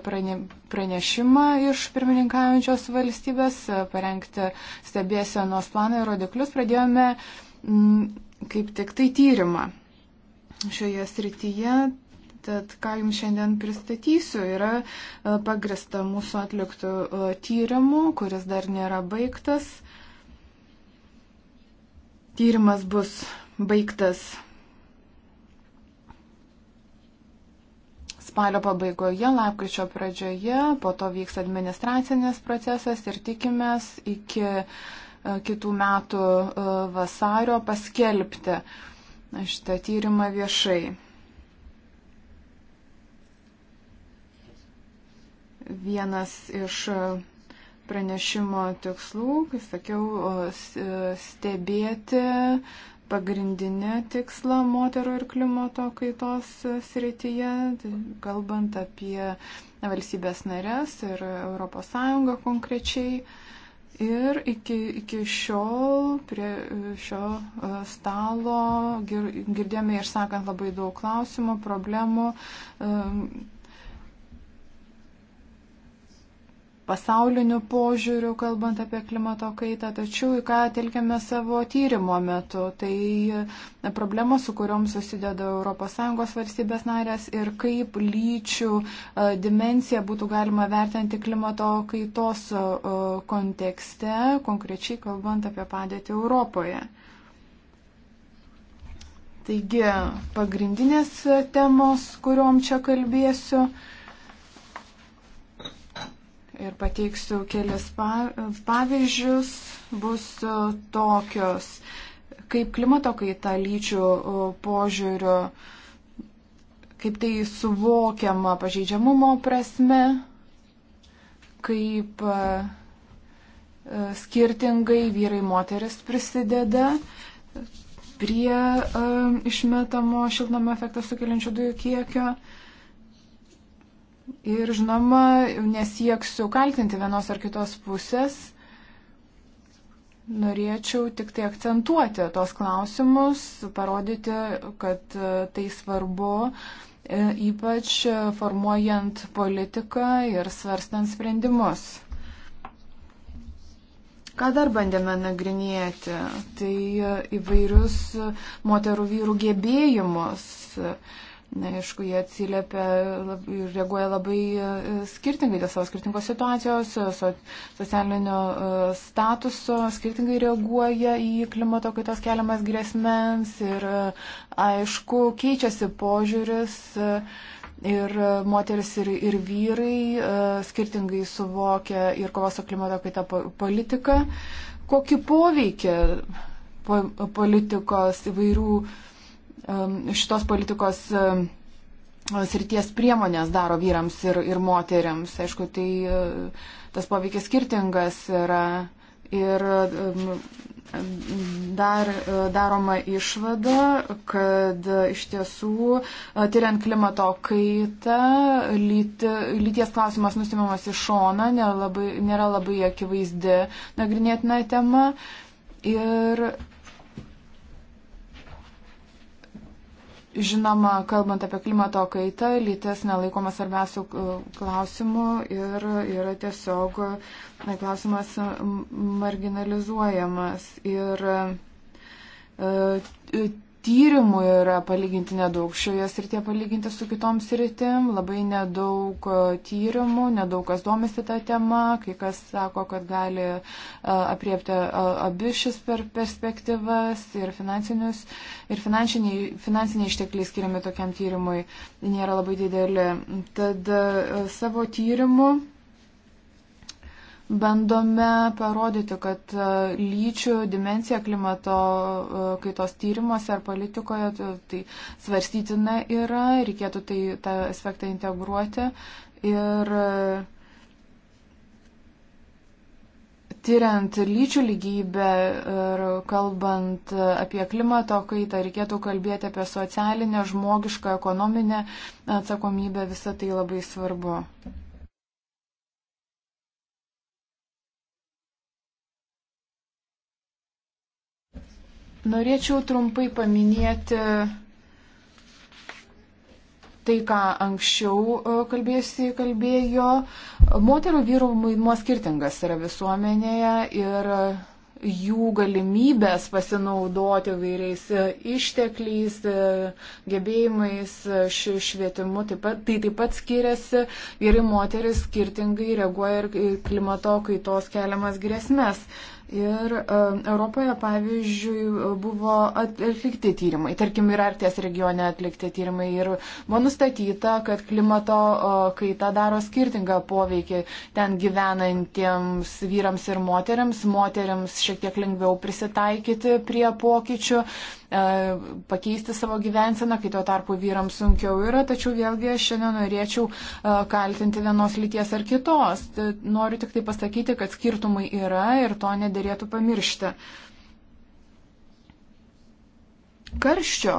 pranešimą iš pirmininkaujančios valstybės, parengti stebėsenos planą ir rodiklius, pradėjome kaip tik tai tyrimą šioje srityje. Tad, ką jums šiandien pristatysiu, yra e, pagrista mūsų atliktų e, tyrimų, kuris dar nėra baigtas. Tyrimas bus baigtas spalio pabaigoje, lapkričio pradžioje, po to vyks administracinės procesas ir tikimės iki e, kitų metų vasario paskelbti šitą tyrimą viešai. Vienas iš e, pranešimo tikslų, kaip sakiau, stebėti pagrindinę tikslą moterų ir klimato kaitos srityje, tai kalbant apie valstybės narės ir ES konkrečiai. Ir iki, iki šiol prie šio e, stalo girdėjome išsakant labai daug klausimų, problemų, e, pasauliniu požiūriu, kalbant apie klimato kaitą, tačiau į ką telkiame savo tyrimo metu. Tai e, problemos, su kuriuom susideda ES valstybės narės ir kaip lyčių e, dimenciją būtų galima vertinti klimato kaitos e, kontekste, konkrečiai kalbant apie padėtį Europoje. Taigi, pagrindinės temos, kuriuom čia kalbėsiu ir pateiksiu kelis pavyzdžius, bus e, tokios, kaip klimato kaita lyčių e, požiūriu, kaip tai suvokiama pažeidžiamumo prasme, kaip e, skirtingai vyrai moteris prisideda prie išmetamo šiltnamio efektą sukeliančių dujų kiekio. Ir žinoma, nesieksiu kaltinti vienos ar kitos pusės. Norėčiau tik tai akcentuoti tos klausimus, parodyti, kad e, tai svarbu, e, ypač formuojant politiką ir svarstant sprendimus. Ką dar bandėme nagrinėti? Tai įvairius moterų vyrų gebėjimus Na, aišku, jie atsiliepia ir reaguoja labai e, skirtingai dėl savo skirtingos situacijos, e, so, socialinio e, statuso, skirtingai reaguoja į klimato kaitos keliamas grėsmens ir, aišku, keičiasi požiūris ir moteris ir, ir vyrai skirtingai suvokia ir kovos su klimato kaita politiką. Kokį poveikį politikos įvairių Um, šitos politikos um, srities priemonės daro vyrams ir, ir moteriams. Aišku, tai uh, tas poveikis skirtingas yra. Ir um, dar uh, daroma išvada, kad uh, iš tiesų, tyriant klimato kaitą, lyt, lyties klausimas nustimamas į šoną, nėra labai, nėra labai akivaizdi nagrinėtina tema. Ir Žinoma, kalbant apie klimato kaitą, lytis nelaikoma svarbiausių e, klausimų ir yra tiesiog klausimas marginalizuojamas. Ir e, tyrimų yra palyginti nedaug šioje srityje palyginti su kitom sritim, labai nedaug e, tyrimų, nedaug kas domisi tą temą, kai kas sako, kad gali e, apriepti e, abi šis per perspektyvas ir, ir finansiniai, finansiniai ištekliai skiriami tokiam tyrimui nėra labai dideli. Tad savo tyrimu bandome parodyti, kad e, lyčių dimencija klimato e, kaitos tyrimuose ar politikoje tai svarstytina yra, reikėtų tai, tą aspektą integruoti. Ir e, tyriant lyčių lygybę ir kalbant apie klimato kaitą, reikėtų kalbėti apie socialinę, žmogišką, ekonominę atsakomybę, visą tai labai svarbu. Norėčiau trumpai paminėti tai, ką anksčiau e, kalbėjusi kalbėjo. Moterų vyrų vaidmuo skirtingas yra visuomenėje ir jų galimybės pasinaudoti vairiais e, ištekliais, e, gebėjimais, švietimu, taip pat, tai taip pat skiriasi ir moteris skirtingai reaguoja ir klimato kaitos keliamas grėsmės. Ir e, Europoje, pavyzdžiui, buvo atlikti tyrimai, tarkim, ir Arkties regione atlikti tyrimai ir buvo nustatyta, kad klimato e, kaita daro skirtingą poveikį ten gyvenantiems vyrams ir moteriams. Moteriams šiek tiek lengviau prisitaikyti prie pokyčių. E, pakeisti savo gyvenseną, kai tuo tarpu vyrams sunkiau yra, tačiau vėlgi aš šiandien norėčiau e, kaltinti vienos lyties ar kitos. Noriu tik tai pasakyti, kad skirtumai yra ir to nedėrėtų pamiršti. Karščio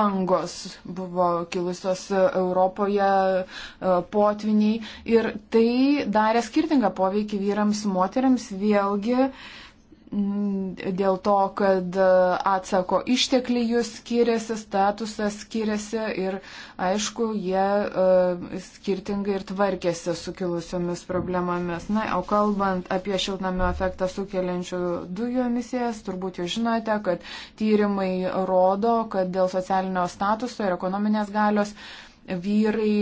bangos buvo kilusios Europoje, e, potviniai ir tai darė skirtingą poveikį vyrams, moteriams, vėlgi uh, Mm, dėl to, kad e, atsako ištekliai jūs skiriasi, statusas skiriasi ir aišku, jie e, skirtingai ir tvarkėsi su kilusiomis problemomis. Na, o kalbant apie šiltnamio efektą sukeliančių dujų emisijas, turbūt jūs žinote, kad tyrimai rodo, kad dėl socialinio statuso ir ekonominės galios vyrai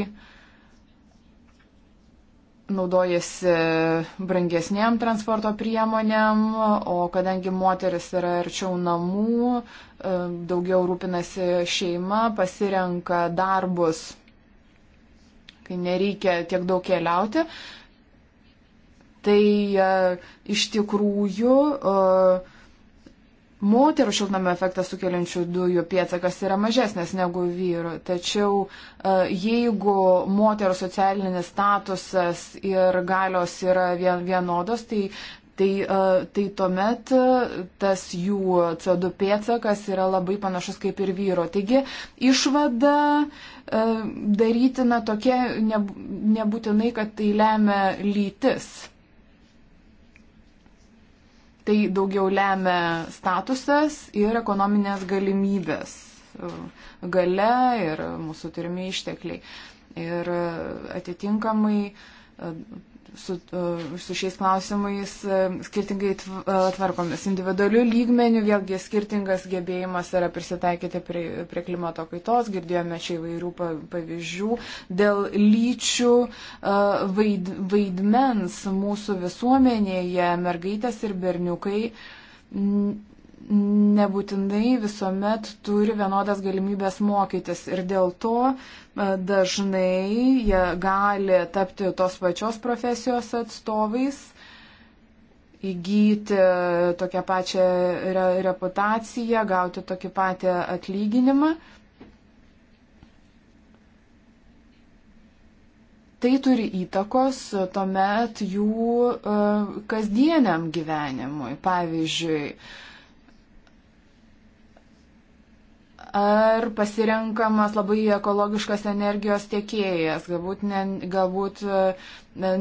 naudojasi brangesnėm transporto priemonėm, o kadangi moteris yra arčiau namų, e, daugiau rūpinasi šeima, pasirenka darbus, kai nereikia tiek daug keliauti, tai e, iš tikrųjų uh, moterų šiltnamio efektą sukeliančių dujų pėtsakas yra mažesnis negu vyrų. Tačiau e, jeigu moterų socialinis statusas ir galios yra vienodos, tai, tai, e, tai tuomet e, tas jų CO2 pėtsakas yra labai panašus kaip ir vyro. Taigi išvada darytina tokia nebūtinai, kad tai lemia lytis. Tai daugiau lemia statusas ir ekonominės galimybės, e, gale ir mūsų turimi ištekliai. Ir e, atitinkamai e, su, e, su šiais klausimais e, skirtingai e, tvarkomis. Individualių lygmenių vėlgi skirtingas gebėjimas yra prisitaikyti prie, prie klimato kaitos, girdėjome čia įvairių pavyzdžių. Dėl lyčių vaid, vaidmens mūsų visuomenėje mergaitės ir berniukai nebūtinai visuomet turi vienodas galimybės mokytis ir dėl to dažnai jie gali tapti tos pačios profesijos atstovais, įgyti tokią pačią re reputaciją, gauti tokį patį atlyginimą. Tai turi įtakos tuomet jų kasdieniam gyvenimui. Pavyzdžiui, uh, ar pasirenkamas labai ekologiškas energijos tiekėjas, galbūt, ne, galbūt e,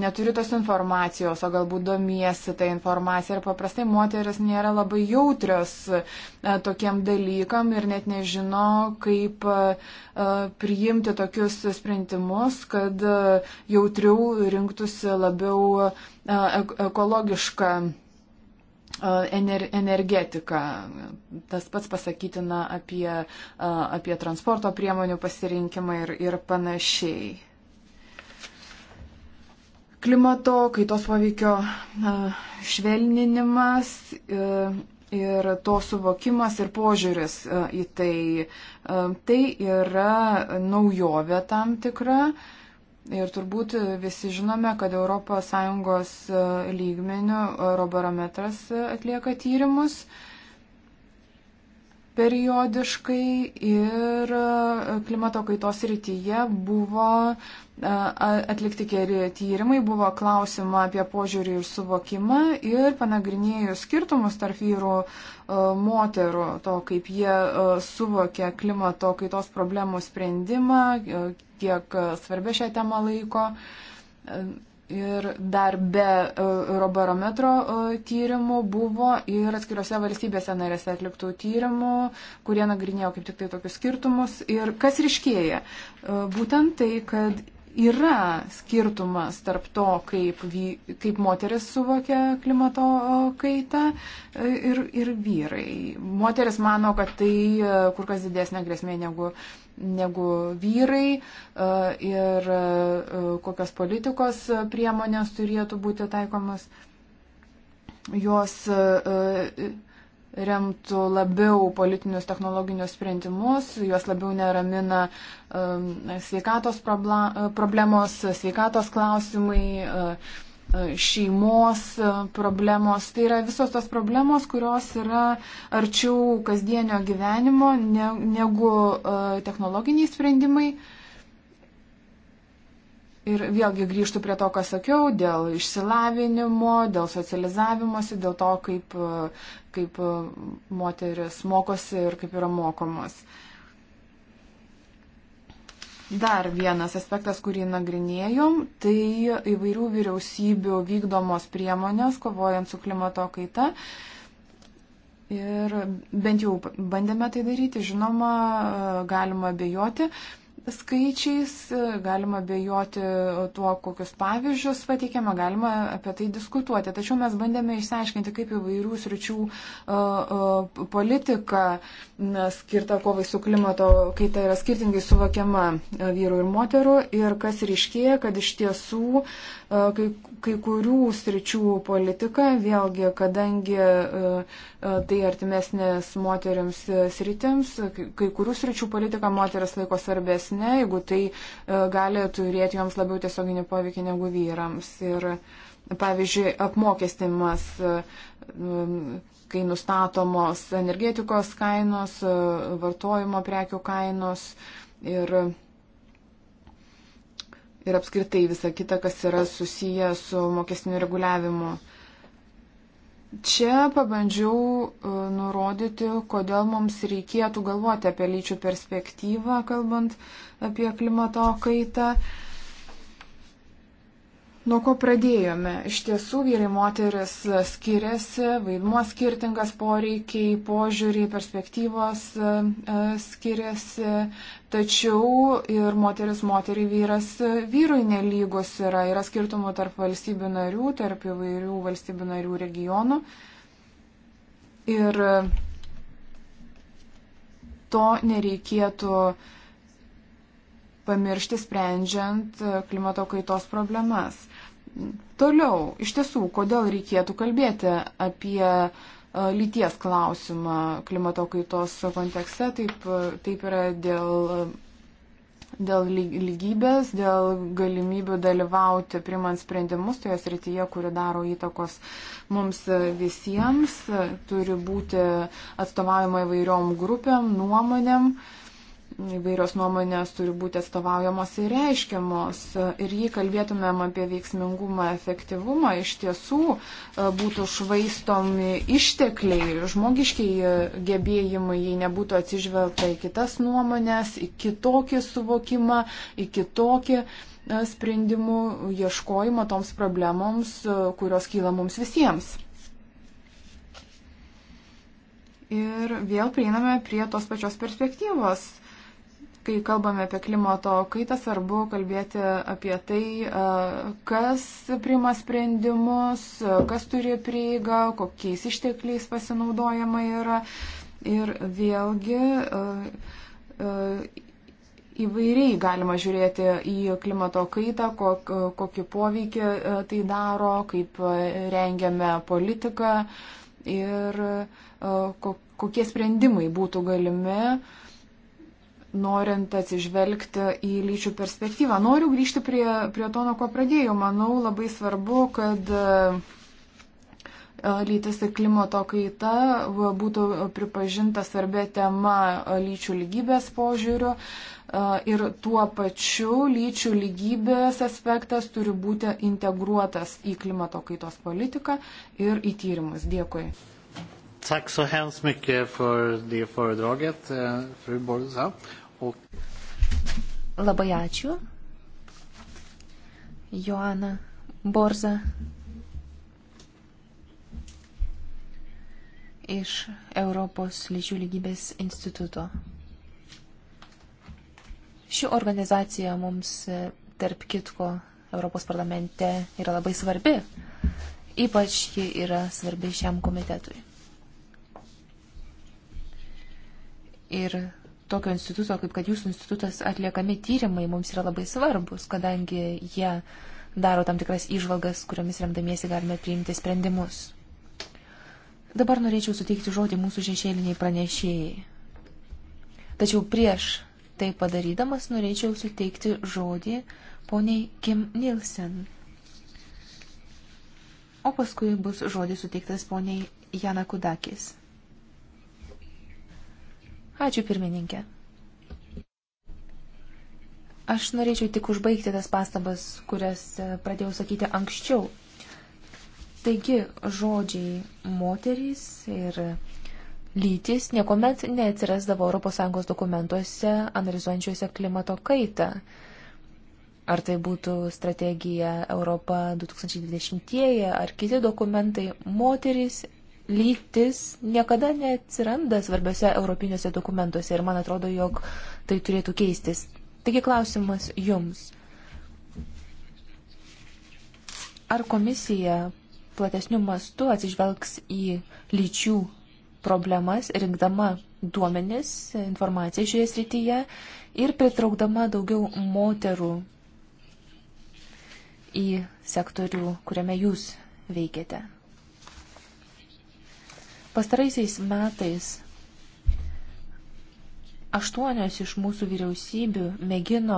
neturi tos informacijos, o galbūt domiesi tą informaciją ir paprastai moteris nėra labai jautrios e, tokiem dalykam ir net nežino, kaip e, priimti tokius sprendimus, kad jautriau rinktųsi labiau ekologišką ener, energetiką. Tas pats pasakytina apie, apie transporto priemonių pasirinkimą ir, ir panašiai. Klimato kaitos poveikio švelninimas ir to suvokimas ir požiūris į tai. Tai yra naujovė tam tikra Ir turbūt visi žinome, kad ES lygmenių Eurobarometras atlieka tyrimus periodiškai ir e, klimato kaitos rytyje buvo e, atlikti keri tyrimai, buvo klausima apie požiūrį ir suvokimą ir panagrinėjus skirtumus tarp vyrų e, moterų, to kaip jie suvokia klimato kaitos problemų sprendimą, kiek svarbia šią temą laiko, Ir dar be e, Eurobarometro e, tyrimų buvo ir atskiriuose valstybėse narėse atliktų tyrimų, kurie nagrinėjo kaip tik tai tokius skirtumus. Ir kas ryškėja? E, būtent tai, kad yra skirtumas tarp to, kaip, vy, kaip moteris suvokia klimato kaitą e, ir, ir vyrai. Moteris mano, kad tai e, kur kas didesnė grėsmė negu, negu vyrai e, ir kokios politikos priemonės turėtų būti taikomas jos remtų labiau politinius technologinius sprendimus, juos labiau neramina um, sveikatos problemos, sveikatos klausimai, uh, uh šeimos uh, problemos. Tai yra visos tos problemos, kurios yra arčiau kasdienio gyvenimo ne, negu uh, technologiniai sprendimai. Ir vėlgi grįžtų prie to, ką sakiau, dėl išsilavinimo, dėl socializavimosi, dėl to, kaip uh, kaip e, moteris mokosi ir kaip yra mokomos. Dar vienas aspektas, kurį nagrinėjom, tai įvairių vyriausybių vykdomos priemonės kovojant su klimato kaita. Ir bent jau bandėme tai daryti, žinoma, galima abejoti, skaičiais, galima bejoti tuo, kokius pavyzdžius pateikiama, galima apie tai diskutuoti. Tačiau mes bandėme išsiaiškinti, kaip įvairių sričių e, e, politika uh, na, skirta kovai su klimato kaita yra skirtingai suvokiama e, vyrų ir moterų. Ir kas ryškėja, kad iš tiesų e, kai, kai kurių sričių politika, vėlgi, kadangi e, tai artimesnės moteriams sritims, kai kurių sričių politika moteris laiko svarbesnė, jeigu tai gali turėti joms labiau tiesioginį poveikį negu vyrams. Ir, uh, pavyzdžiui, apmokestimas, um, kai nustatomos energetikos kainos, vartojimo prekių kainos ir, ir apskritai visa kita, kas yra susiję su mokestiniu reguliavimu. Čia pabandžiau uh, nurodyti, kodėl mums reikėtų galvoti apie lyčių perspektyvą, kalbant apie klimato kaitą. Uh, Nuo ko pradėjome? Iš tiesų vyrai moteris skiriasi, vaidmuo skirtingas, poreikiai, požiūriai, perspektyvos e, skiriasi, tačiau ir moteris moteriai vyras vyrui nelygus yra, yra skirtumų tarp valstybių narių, tarp įvairių valstybių narių regionų. Ir to nereikėtų uh, pamiršti sprendžiant e, klimato kaitos problemas. Toliau, iš tiesų, kodėl reikėtų kalbėti apie e, lyties klausimą klimato kaitos kontekste, taip, e, taip yra dėl, dėl lygybės, dėl galimybių dalyvauti primant sprendimus toje srityje, kuri daro įtakos mums visiems, turi būti atstovaujama įvairiom grupėm, nuomonėm. Uh, įvairios nuomonės turi būti atstovaujamos ir reiškiamos. Ir jei kalbėtumėm apie veiksmingumą, efektyvumą, iš tiesų e, būtų švaistomi ištekliai, žmogiškiai gebėjimai, jei nebūtų atsižvelgta į kitas nuomonės, į kitokį suvokimą, į kitokį e, sprendimų ieškojimą toms problemoms, e, kurios kyla mums visiems. Ir vėl prieiname prie tos pačios perspektyvos kai kalbame apie klimato kaitą, svarbu kalbėti apie tai, kas priima sprendimus, kas turi prieigą, kokiais ištekliais pasinaudojama yra. Ir vėlgi įvairiai galima žiūrėti į klimato kaitą, kok, kokį poveikį tai daro, kaip rengiame politiką ir kokie sprendimai būtų galimi norint atsižvelgti į lyčių perspektyvą. Noriu grįžti prie, prie to, nuo ko pradėjau. Manau, labai svarbu, kad e, lytis ir klimato kaita būtų pripažinta svarbia tema e, lyčių lygybės požiūriu. E, ir tuo pačiu lyčių lygybės aspektas turi būti integruotas į klimato kaitos politiką ir į tyrimus. Dėkui. Tack så hemskt mycket för det föredraget, eh, fru Borza. Och... Labai ačiū. Joana Borza iš Europos lyčių lygybės instituto. Ši organizacija mums, e, tarp kitko, Europos parlamente yra labai svarbi. Ypač ji yra svarbi šiam komitetui. ir tokio instituto, kaip kad jūsų institutas, atliekami tyrimai mums yra labai svarbus, kadangi jie daro tam tikras išvalgas, kuriomis remdamiesi galime priimti sprendimus. Dabar norėčiau suteikti žodį mūsų šešėliniai pranešėjai. Tačiau prieš tai padarydamas norėčiau suteikti žodį poniai Kim Nilsen. O paskui bus žodis suteiktas poniai Jana Kudakis. Ačiū pirmininkė. Aš norėčiau tik užbaigti tas pastabas, kurias e, pradėjau sakyti anksčiau. Taigi, žodžiai moterys ir lytis niekuomet neatsirasdavo ES dokumentuose analizuojančiuose klimato kaitą. Ar tai būtų strategija Europa 2020, ar kiti dokumentai, moterys lytis niekada neatsiranda svarbiose europiniuose dokumentuose ir man atrodo, jog tai turėtų keistis. Taigi klausimas jums. Ar komisija platesnių mastų atsižvelgs į lyčių problemas, rinkdama duomenis, informaciją šioje srityje ir pritraukdama daugiau moterų į sektorių, kuriame jūs veikiate? Pastaraisiais metais aštuonios iš mūsų vyriausybių mėgino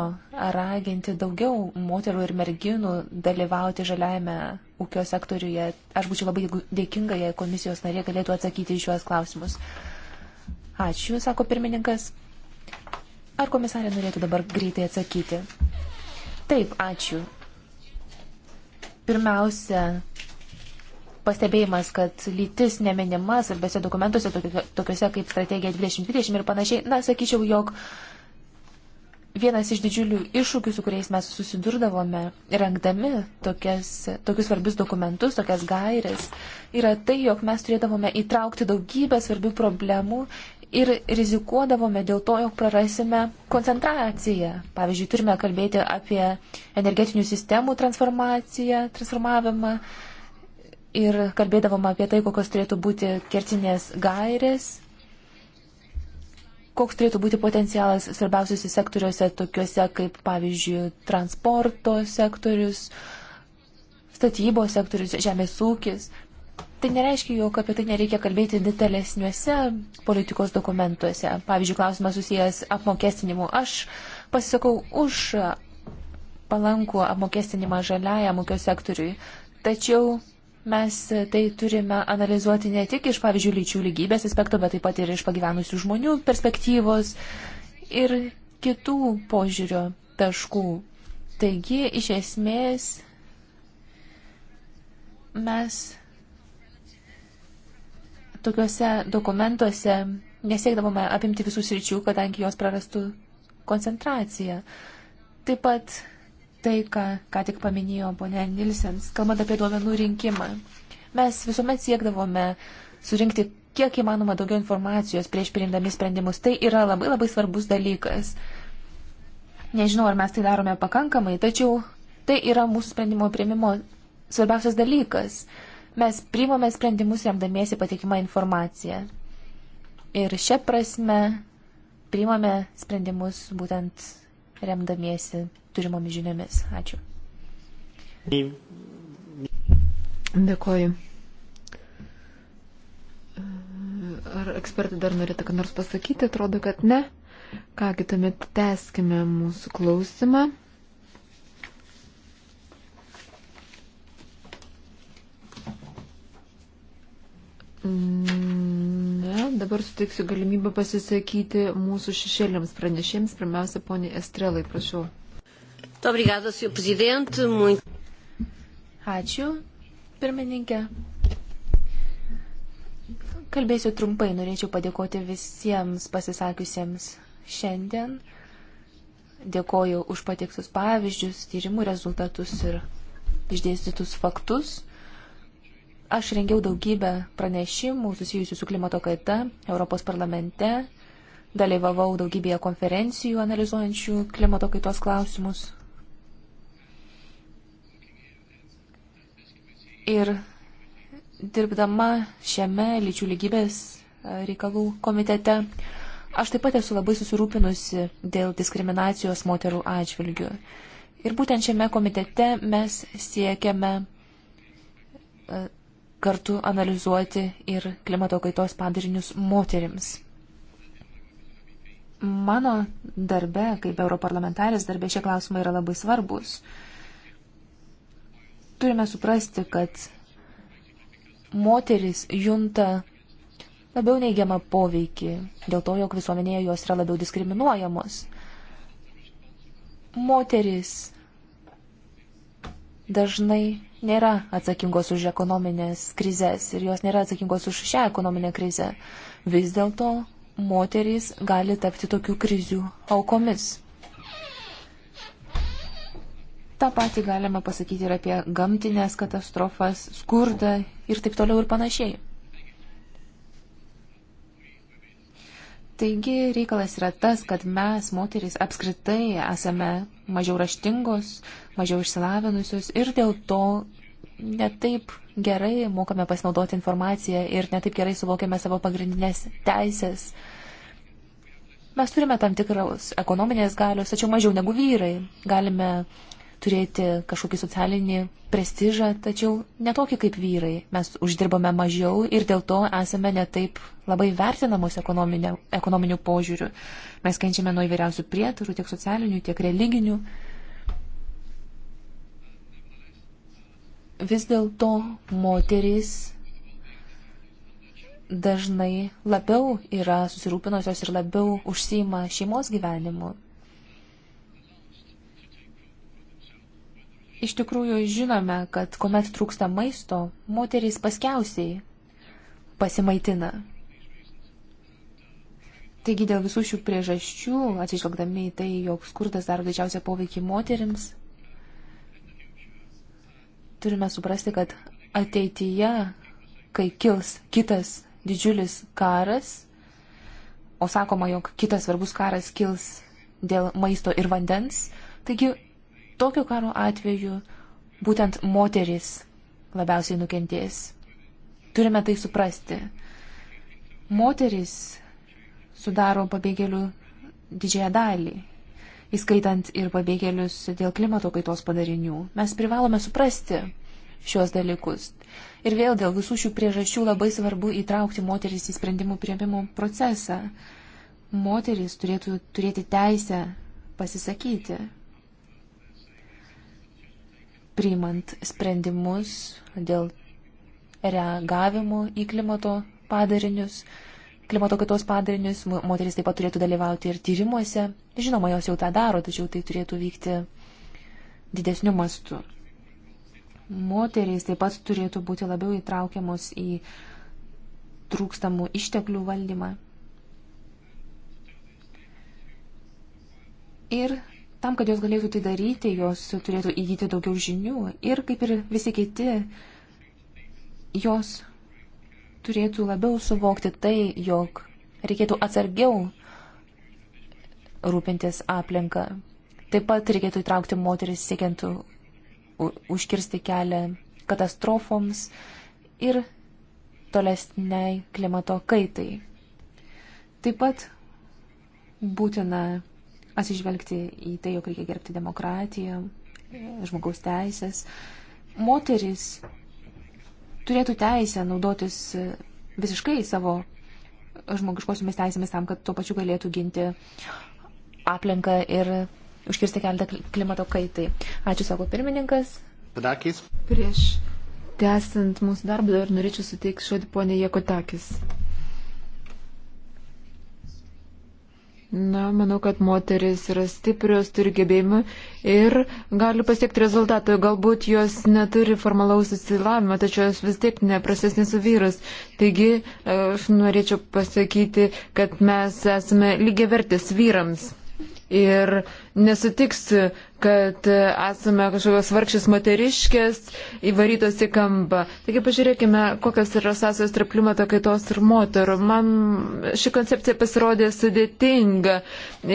raginti daugiau moterų ir merginų dalyvauti žaliajame ūkio sektoriuje. Aš būčiau labai dėkinga, jei komisijos narė galėtų atsakyti į šiuos klausimus. Ačiū, sako pirmininkas. Ar komisarė norėtų dabar greitai atsakyti? Taip, ačiū. Pirmiausia, pastebėjimas, kad lytis neminima svarbiose dokumentuose, tokiuose kaip strategija 2020 ir panašiai, na, sakyčiau, jog vienas iš didžiulių iššūkių, su kuriais mes susidurdavome, rengdami tokias, tokius svarbius dokumentus, tokias gairias, yra tai, jog mes turėdavome įtraukti daugybę svarbių problemų ir rizikuodavome dėl to, jog prarasime koncentraciją. Pavyzdžiui, turime kalbėti apie energetinių sistemų transformaciją, transformavimą, ir kalbėdavom apie tai, kokios turėtų būti kertinės gairės, koks turėtų būti potencialas svarbiausiuose sektoriuose, tokiuose kaip, pavyzdžiui, transporto sektorius, statybos sektorius, žemės ūkis. Tai nereiškia, jog apie tai nereikia kalbėti detalesniuose politikos dokumentuose. Pavyzdžiui, klausimas susijęs apmokestinimu. Aš pasisakau už palankų apmokestinimą žaliajam ūkio sektoriui, tačiau Mes tai turime analizuoti ne tik iš, pavyzdžiui, lyčių lygybės aspekto, bet taip pat ir iš pagyvenusių žmonių perspektyvos ir kitų požiūrio taškų. Taigi, iš esmės, mes tokiuose dokumentuose nesiekdavome apimti visų sričių, kadangi jos prarastų koncentraciją. Taip pat tai, ką, ką tik paminėjo ponė Nilsens, kalbant apie duomenų rinkimą. Mes visuomet siekdavome surinkti kiek įmanoma daugiau informacijos prieš priimdami sprendimus. Tai yra labai labai svarbus dalykas. Nežinau, ar mes tai darome pakankamai, tačiau tai yra mūsų sprendimo priimimo svarbiausias dalykas. Mes priimame sprendimus remdamiesi patikimą informaciją. Ir šią prasme priimame sprendimus būtent remdamiesi turimomis žiniomis. Ačiū. Dėkoju. Ar ekspertai dar norėtų ką nors pasakyti? Atrodo, kad ne. Kągi, tuomet tęskime mūsų klausimą. Ne, dabar suteiksiu galimybę pasisakyti mūsų šešėliams pranešėjams. Pirmiausia, poniai Estrelai, prašau. Muito obrigada, Sr. Presidente. Muito... Ačiū, pirmininkė. Kalbėsiu trumpai, norėčiau padėkoti visiems pasisakiusiems šiandien. Dėkoju už pateiktus pavyzdžius, tyrimų rezultatus ir išdėstytus faktus. Aš rengiau daugybę pranešimų susijusių su klimato kaita Europos parlamente, dalyvavau daugybėje konferencijų analizuojančių klimato kaitos klausimus. Ir dirbdama šiame lyčių lygybės e, reikalų komitete, aš taip pat esu labai susirūpinusi dėl diskriminacijos moterų atžvilgių. Ir būtent šiame komitete mes siekiame e, kartu analizuoti ir klimato kaitos padarinius moterims. Mano darbe, kaip europarlamentarės darbe, šie klausimai yra labai svarbus. Turime suprasti, kad moteris junta labiau neigiamą poveikį dėl to, jog visuomenėje jos yra labiau diskriminuojamos. Moteris dažnai nėra atsakingos už ekonominės krizės ir jos nėra atsakingos už šią ekonominę krizę. Vis dėlto moterys gali tapti tokių krizių aukomis. Ta pati galima pasakyti ir apie gamtinės katastrofas, skurdą ir taip toliau ir panašiai. Taigi reikalas yra tas, kad mes, moteris, apskritai esame mažiau raštingos, mažiau išsilavinusios ir dėl to netaip gerai mokame pasinaudoti informaciją ir netaip gerai suvokiame savo pagrindinės teisės. Mes turime tam tikros ekonominės galios, tačiau mažiau negu vyrai. Galime turėti kažkokį socialinį prestižą, tačiau netokį kaip vyrai. Mes uždirbame mažiau ir dėl to esame netaip labai vertinamos ekonominių požiūrių. Mes kenčiame nuo įvairiausių prietarų, tiek socialinių, tiek religinių. Vis dėlto moterys dažnai labiau yra susirūpinusios ir labiau užsima šeimos gyvenimu Iš tikrųjų žinome, kad kuomet trūksta maisto, moterys paskiausiai pasimaitina. Taigi dėl visų šių priežasčių, atsižvelgdami į tai, jog skurdas daro didžiausią poveikį moterims, turime suprasti, kad ateityje, kai kils kitas didžiulis karas, o sakoma, jog kitas svarbus karas kils dėl maisto ir vandens, taigi tokio karo atveju būtent moteris labiausiai nukentės. Turime tai suprasti. Moteris sudaro pabėgėlių didžiąją dalį, įskaitant ir pabėgėlius dėl klimato kaitos padarinių. Mes privalome suprasti šios dalykus. Ir vėl dėl visų šių priežasčių labai svarbu įtraukti moteris į sprendimų prieimimo procesą. Moteris turėtų turėti teisę pasisakyti priimant sprendimus dėl reagavimo į klimato padarinius, klimato kaitos padarinius. Moteris taip pat turėtų dalyvauti ir tyrimuose. Žinoma, jos jau tą daro, tačiau tai turėtų vykti didesniu mastu. Moterys taip pat turėtų būti labiau įtraukiamos į trūkstamų išteklių valdymą. Ir Tam, kad jos galėtų tai daryti, jos turėtų įgyti daugiau žinių ir kaip ir visi kiti, jos turėtų labiau suvokti tai, jog reikėtų atsargiau rūpintis aplinką. Taip pat reikėtų įtraukti moteris siekiant užkirsti kelią katastrofoms ir tolesniai klimato kaitai. Taip pat būtina atsižvelgti į tai, jog reikia gerbti demokratiją, žmogaus teisės. Moteris turėtų teisę naudotis visiškai savo žmogiškosiomis teisėmis tam, kad tuo pačiu galėtų ginti aplinką ir užkirsti kelią klimato kaitai. Ačiū, sako pirmininkas. Padakys. Prieš tęsant mūsų darbą dar norėčiau suteikti žodį ponė Jekotakis. Na, manau, kad moteris yra stiprios, turi gebėjimų ir gali pasiekti rezultatą. Galbūt jos neturi formalaus įsilavimo, tačiau jos vis tiek neprastesnės su vyrus. Taigi, aš norėčiau pasakyti, kad mes esame lygiavertis vyrams ir nesutiks, kad esame kažkokios vargšės moteriškės įvarytos į kampą. Taigi pažiūrėkime, kokios yra sąsajos tarp klimato kaitos ir moterų. Man ši koncepcija pasirodė sudėtinga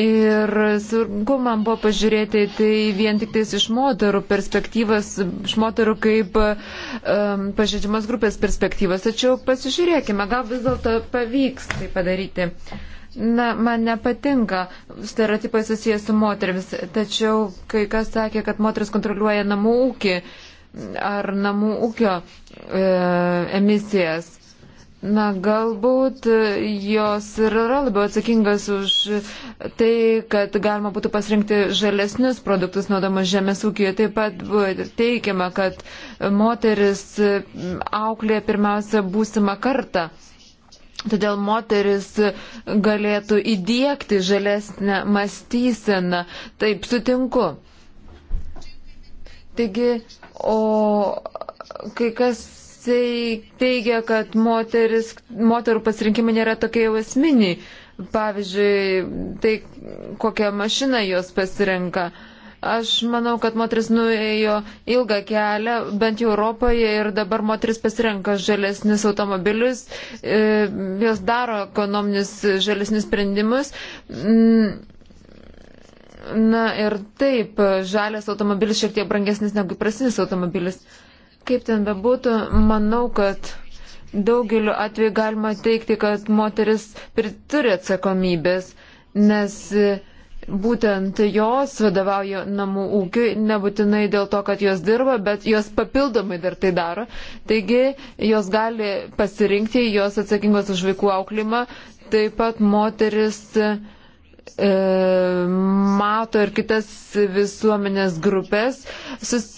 ir sunku man buvo pažiūrėti tai vien tik tais iš moterų perspektyvas, iš moterų kaip um, pažeidžiamas grupės perspektyvas. Tačiau pasižiūrėkime, gal vis dėlto pavyks tai padaryti. Na, man nepatinka stereotipai susijęs su moteriams, tačiau kai kas sakė, kad moteris kontroliuoja namų ūkį ar namų ūkio e, emisijas. Na, galbūt jos ir yra labiau atsakingas už tai, kad galima būtų pasirinkti žalesnius produktus naudomus žemės ūkijoje. Taip pat buvo teikiama, kad moteris auklė pirmiausia būsimą kartą. Todėl moteris galėtų įdėkti žalesnę mąstyseną. Taip, sutinku. Taigi, o kai kas teigia, kad moteris, moterų pasirinkimai nėra tokie jau esminiai. Pavyzdžiui, tai kokią mašiną jos pasirenka. Uh, Aš manau, kad moteris nuėjo ilgą kelią, bent jau Europoje, ir dabar moteris pasirenka žalesnius automobilius, e, jos daro ekonominius žalesnius sprendimus. Mm, na ir taip, žalias automobilis šiek tiek brangesnis negu prasinis automobilis. Kaip ten bebūtų, manau, kad daugeliu atveju galima teikti, kad moteris turi atsakomybės, nes. E, būtent jos vadovauja namų ūkiui, nebūtinai dėl to, kad jos dirba, bet jos papildomai dar tai daro. Taigi jos gali pasirinkti, jos atsakingos už vaikų auklimą, taip pat moteris e, mato ir kitas visuomenės grupės. Sus,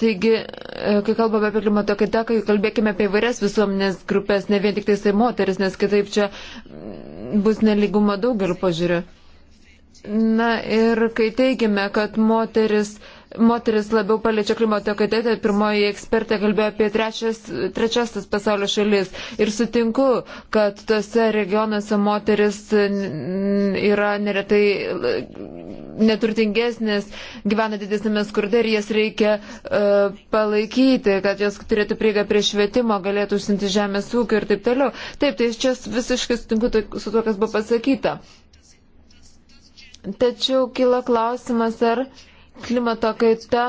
taigi, e, kai kalbame apie klimato kaitą, kai kalbėkime apie vairias visuomenės grupės, ne vien tik tai moteris, nes kitaip čia bus neligumo daugeliu požiūriu. Na ir kai teigime, kad moteris, moteris labiau paliečia klimato kaitę, tai pirmoji ekspertė kalbėjo apie trečias, trečiasis pasaulio šalis. Ir sutinku, kad tose regionuose moteris yra neretai neturtingesnės, gyvena didesnėme skurde ir jas reikia uh, palaikyti, kad jos turėtų prieigą prie švietimo, galėtų užsinti žemės ūkio ir taip toliau. Taip, tai čia visiškai sutinku tai, su to, kas buvo pasakyta. Uh, Tačiau kyla klausimas, ar klimato kaita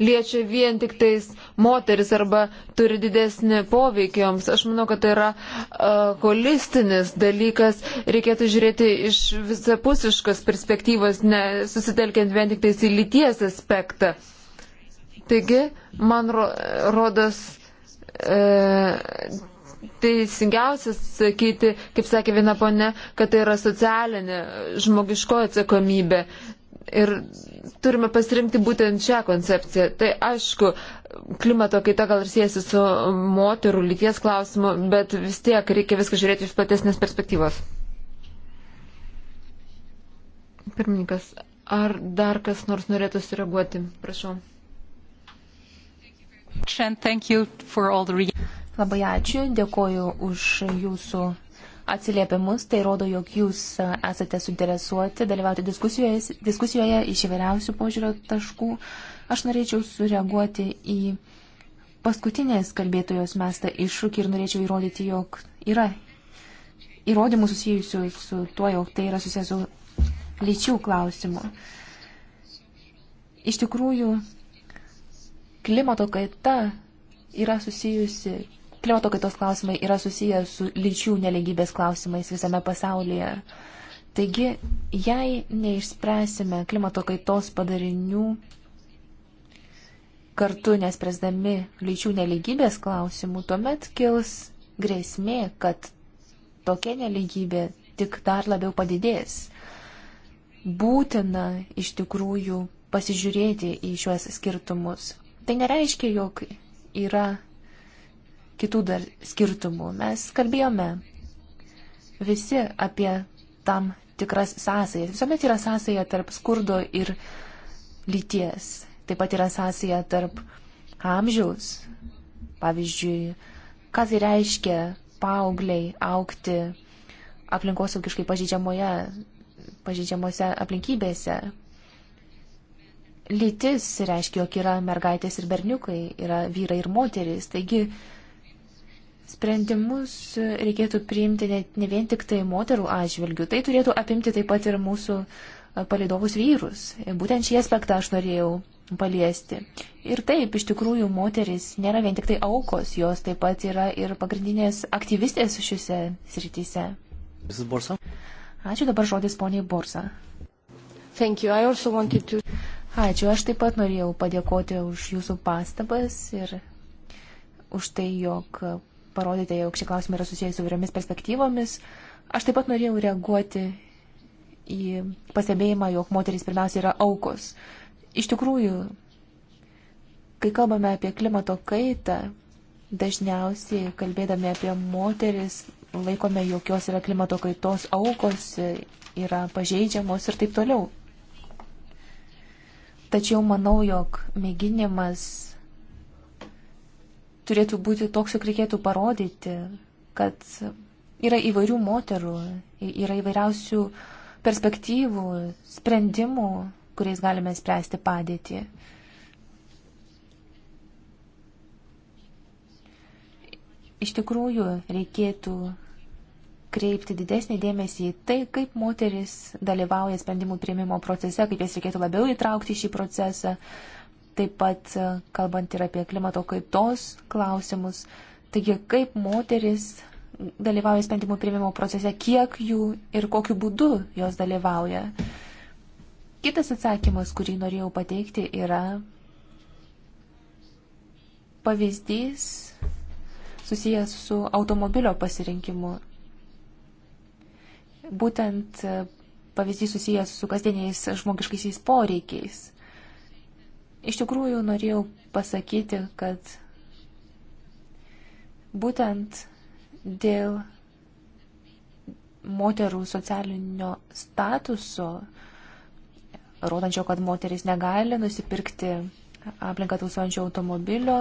liečia vien tik tais moteris arba turi didesnį poveikį joms. Aš manau, kad tai yra uh, holistinis dalykas. Reikėtų žiūrėti iš visapusiškos perspektyvos, nesusitelkiant vien tik tais į lyties aspektą. Taigi, man ro rodas. Uh, e, teisingiausia sakyti, kaip sakė viena ponė, kad tai yra socialinė žmogiško atsakomybė. Ir turime pasirinkti būtent šią koncepciją. Tai aišku, klimato kaita gal ir siejasi su moterų lyties klausimu, bet vis tiek reikia viską žiūrėti iš platesnės perspektyvos. Pirmininkas, ar dar kas nors norėtų sureaguoti? Prašau. Thank you for all the Labai ačiū, dėkoju už jūsų atsiliepimus. Tai rodo, jog jūs esate suinteresuoti dalyvauti diskusijoje, diskusijoje iš įvairiausių požiūrio taškų. Aš norėčiau sureaguoti į paskutinės kalbėtojos mestą iššūkį ir norėčiau įrodyti, jog yra įrodymų susijusių su tuo, jog tai yra susijęs su lyčių klausimu. Iš tikrųjų, klimato kaita yra susijusi Klimato kaitos klausimai yra susiję su lyčių neligybės klausimais visame pasaulyje. Taigi, jei neišspręsime klimato kaitos padarinių kartu nespręsdami lyčių neligybės klausimų, tuomet kils grėsmė, kad tokia neligybė tik dar labiau padidės. Būtina iš tikrųjų pasižiūrėti į šiuos skirtumus. Tai nereiškia, jog yra kitų dar skirtumų. Mes kalbėjome visi apie tam tikras sąsajas. Visuomet yra sąsaja tarp skurdo ir lyties. Taip pat yra sąsaja tarp amžiaus. Pavyzdžiui, ką tai reiškia paaugliai aukti aplinkosaugiškai pažydžiamuose aplinkybėse. Lytis reiškia, jog yra mergaitės ir berniukai, yra vyrai ir moterys. Taigi Sprendimus reikėtų priimti ne, ne vien tik tai moterų atžvilgių, tai turėtų apimti taip pat ir mūsų e, palidovus vyrus. Būtent šį aspektą aš norėjau paliesti. Ir taip, iš tikrųjų, moteris nėra vien tik tai aukos, jos taip pat yra ir pagrindinės aktyvistės šiuose srityse. Ačiū dabar žodis poniai Borsa. To... Ačiū, aš taip pat norėjau padėkoti už jūsų pastabas ir už tai, jog parodėte, jog šie klausimai yra susijęs su vairiomis perspektyvomis. Aš taip pat norėjau reaguoti į pastebėjimą, jog moterys pirmiausia yra aukos. Iš tikrųjų, kai kalbame apie klimato kaitą, dažniausiai kalbėdami apie moteris laikome, jog jos yra klimato kaitos aukos, yra pažeidžiamos ir taip toliau. Tačiau manau, jog mėginimas turėtų būti toks, jog reikėtų parodyti, kad yra įvairių moterų, yra įvairiausių perspektyvų, sprendimų, kuriais galime spręsti padėtį. Iš tikrųjų, reikėtų kreipti didesnį dėmesį į tai, kaip moteris dalyvauja sprendimų prieimimo procese, kaip jas reikėtų labiau įtraukti į šį procesą taip pat e, kalbant ir apie klimato kaitos klausimus. Taigi, kaip moteris dalyvauja sprendimų priimimo procese, kiek jų ir kokiu būdu jos dalyvauja. Kitas atsakymas, kurį norėjau pateikti, yra pavyzdys susijęs su automobilio pasirinkimu. Būtent e, pavyzdys susijęs su kasdieniais žmogiškaisiais poreikiais. Iš tikrųjų norėjau pasakyti, kad būtent dėl moterų socialinio statuso, rodančio, kad moteris negali nusipirkti aplinką tausojančio automobilio,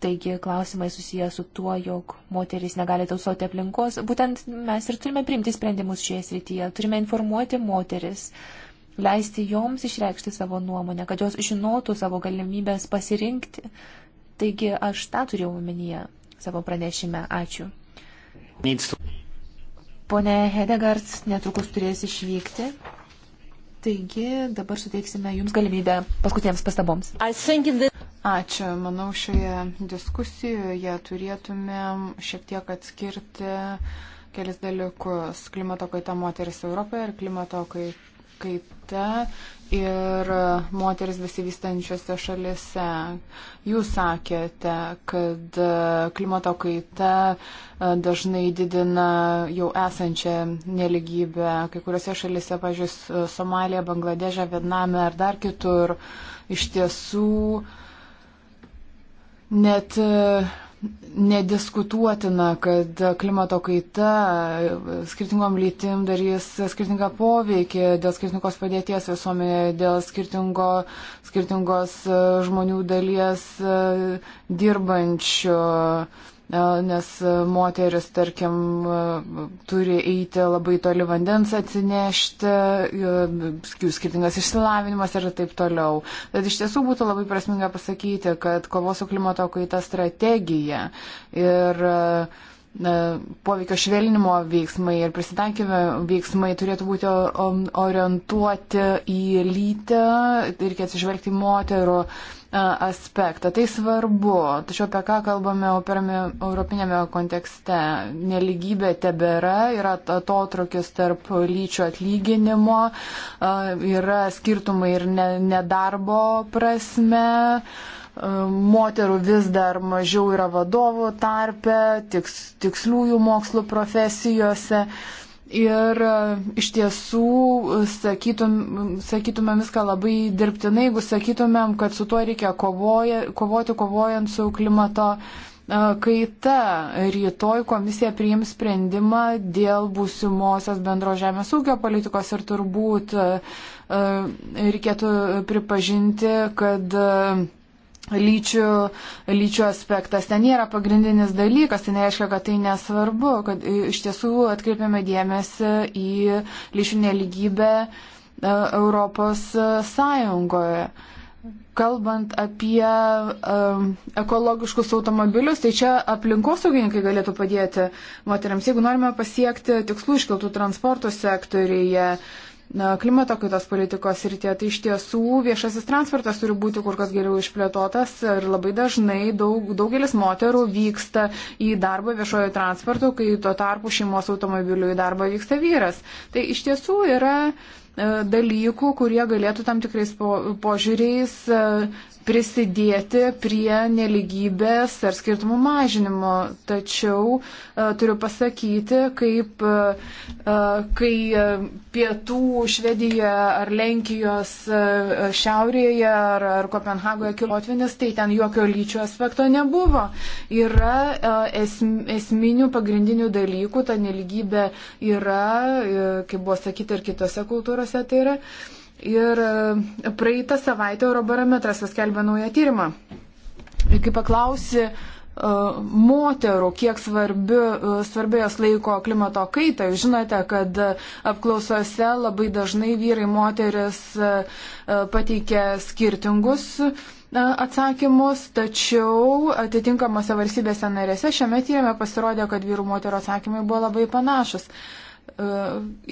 Taigi klausimai susiję su tuo, jog moterys negali tausoti aplinkos. Būtent mes ir turime priimti sprendimus šioje srityje. Turime informuoti moteris, leisti joms išreikšti savo nuomonę, kad jos žinotų savo galimybės pasirinkti. Taigi aš tą turėjau omenyje savo pranešime. Ačiū. Pone Hedegard netrukus turės išvykti. Taigi dabar suteiksime Jums galimybę paskutiniams pastaboms. Ačiū. Manau, šioje diskusijoje turėtumėm šiek tiek atskirti kelis dalykus. Klimato kaita moteris Europoje ir klimato kaita ir moteris besivystančiose šalise. Jūs sakėte, kad klimato kaita e, dažnai didina jau esančią neligybę. Kai kuriuose šalise, pažiūrėjus, Somalija, Bangladežė, Vietname ar dar kitur, iš tiesų uh, Net e, nediskutuotina, kad klimato kaita e, skirtingom lytim darys skirtingą poveikį dėl skirtingos padėties visuomenėje, dėl skirtingo, skirtingos e, žmonių dalies dirbančių nes e, moteris, tarkim, e, turi eiti labai toli vandens atsinešti, e, skirtingas išsilavinimas ir taip toliau. Bet iš tiesų būtų labai prasminga pasakyti, kad kovos su klimato kaita strategija ir poveikio švelnimo veiksmai ir prisitaikymo veiksmai turėtų būti orientuoti į lytį, tai reikia atsižvelgti moterų aspektą. Tai svarbu, tačiau apie ką kalbame europinėme kontekste. Neligybė tebėra, yra atotrukis tarp lyčių atlyginimo, yra skirtumai ir nedarbo prasme. Moterų vis dar mažiau yra vadovų tarpe, tiks, tiksliųjų mokslų profesijose. Uh, Ir e, iš tiesų sakytum, sakytumėm viską labai dirbtinai, jeigu sakytumėm, kad su tuo reikia kovoja, kovoti, kovojant su klimato e, kaita. Rytoj komisija priims sprendimą dėl būsimosios bendro žemės ūkio politikos ir turbūt e, reikėtų pripažinti, kad lyčių, lyčių aspektas ten nėra pagrindinis dalykas, tai nereiškia, kad tai nesvarbu, kad e, iš tiesų atkreipiame dėmesį į lyčių neligybę e, Europos e, Sąjungoje. Kalbant apie um, ekologiškus automobilius, tai čia aplinkosaugininkai galėtų padėti moteriams, jeigu norime pasiekti tikslų iškeltų transporto sektoriuje. Uh, klimato kaitos politikos srityje, tai iš tiesų viešasis transportas turi būti kur kas geriau išplėtotas ir labai dažnai daug, daugelis moterų vyksta į darbą viešojo transportu, kai tuo tarpu šeimos automobiliu į darbą vyksta vyras. Tai iš tiesų yra e, dalykų, kurie galėtų tam tikrais požiūriais e, prisidėti prie neligybės ar skirtumų mažinimo. Tačiau e, turiu pasakyti, kaip e, e, kai pietų Švedijoje ar Lenkijos šiaurėje ar, ar Kopenhagoje kilotvinis, tai ten jokio lyčio aspekto nebuvo. Yra esminių pagrindinių dalykų, ta neligybė yra, kaip buvo sakyti ir kitose kultūrose, tai yra. Uh, Ir e, praeitą savaitę Eurobarometras paskelbė naują tyrimą. Ir kai paklausi e, moterų, kiek svarbi, e, svarbi jos laiko klimato kaitą, jūs žinote, kad apklausose labai dažnai vyrai moteris pateikia skirtingus atsakymus, tačiau atitinkamose valstybėse narėse šiame tyrimė pasirodė, kad vyrų moterų atsakymai buvo labai panašus. Uh, E,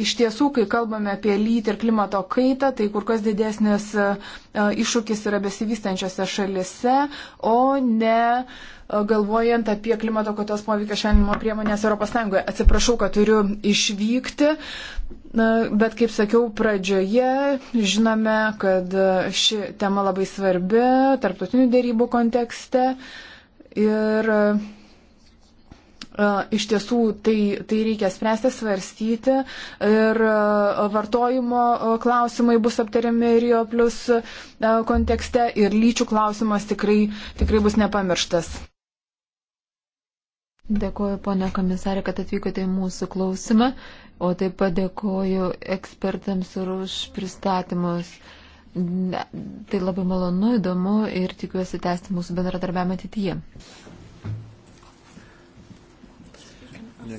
iš tiesų, kai kalbame apie lytį ir klimato kaitą, tai kur kas didesnis e, iššūkis yra besivystančiose šalise, o ne e, galvojant apie klimato kaitos poveikio šalinimo priemonės ES. Atsiprašau, kad turiu išvykti, bet kaip sakiau pradžioje, žinome, kad ši tema labai svarbi tarptautinių dėrybų kontekste. Ir Iš tiesų, tai, tai reikia spręsti, svarstyti ir vartojimo klausimai bus aptariami Rio plus kontekste ir lyčių klausimas tikrai, tikrai bus nepamirštas. Dėkuoju, ponia komisarė, kad atvykote į mūsų klausimą, o taip pat dėkuoju ekspertams ir už pristatymus. Tai labai malonu, įdomu ir tikiuosi tęsti mūsų bendradarbiavimą ateityje. No,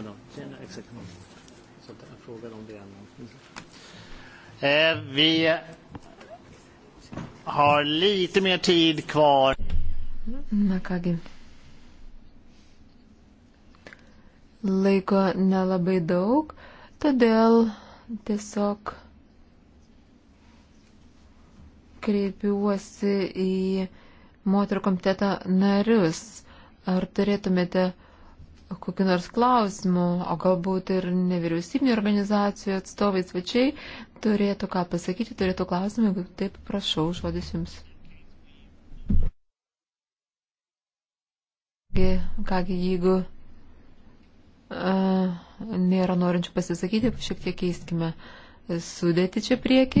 no, exakt. Så jag frågar om det är någon. Eh, vi har lite mer tid kvar. Na kągi. Laiko nelabai daug, todėl tiesiog kreipiuosi į moterų komiteto narius. Ar turėtumėte kokiu nors klausimu, o galbūt ir nevyriausybinio organizacijų atstovai svečiai turėtų ką pasakyti, turėtų klausimą, jeigu taip prašau, žodis jums. Kągi, jeigu uh, nėra norinčių pasisakyti, šiek tiek keiskime sudėti čia priekį.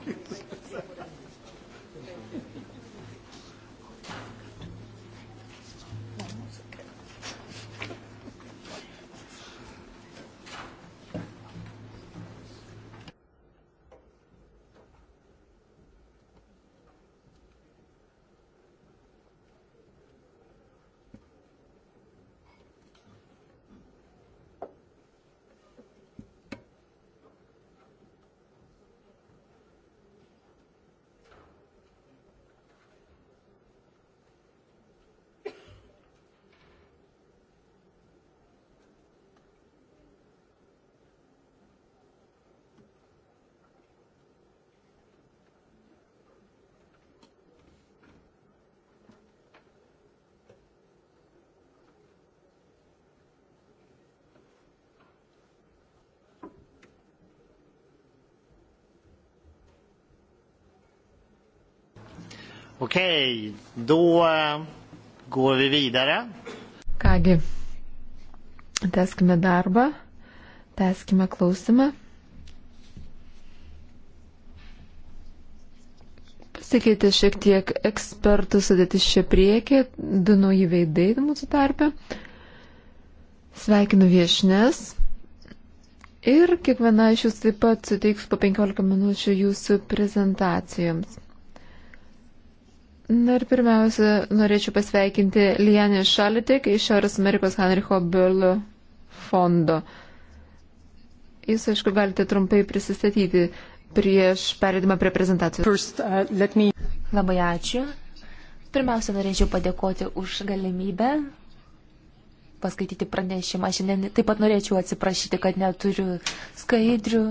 Okej, okay, då eh, går vi vidare. Kągi, teskime darbą, teskime klausimą. Pasikeitė šiek tiek ekspertų sudėtis čia priekį, du nauji veidai mūsų tarpe. Sveikinu viešnės. Ir kiekviena iš jūsų taip pat suteiks po 15 minučių jūsų prezentacijoms. Na ir pirmiausia, norėčiau pasveikinti Lianį Šalitik iš Šiaurės Amerikos Henricho Bill fondo. Jūs, aišku, galite trumpai prisistatyti prieš perėdimą prie prezentacijos. First, uh, me... Labai ačiū. Pirmiausia, norėčiau padėkoti už galimybę paskaityti pranešimą. Šiandien taip pat norėčiau atsiprašyti, kad neturiu skaidrių,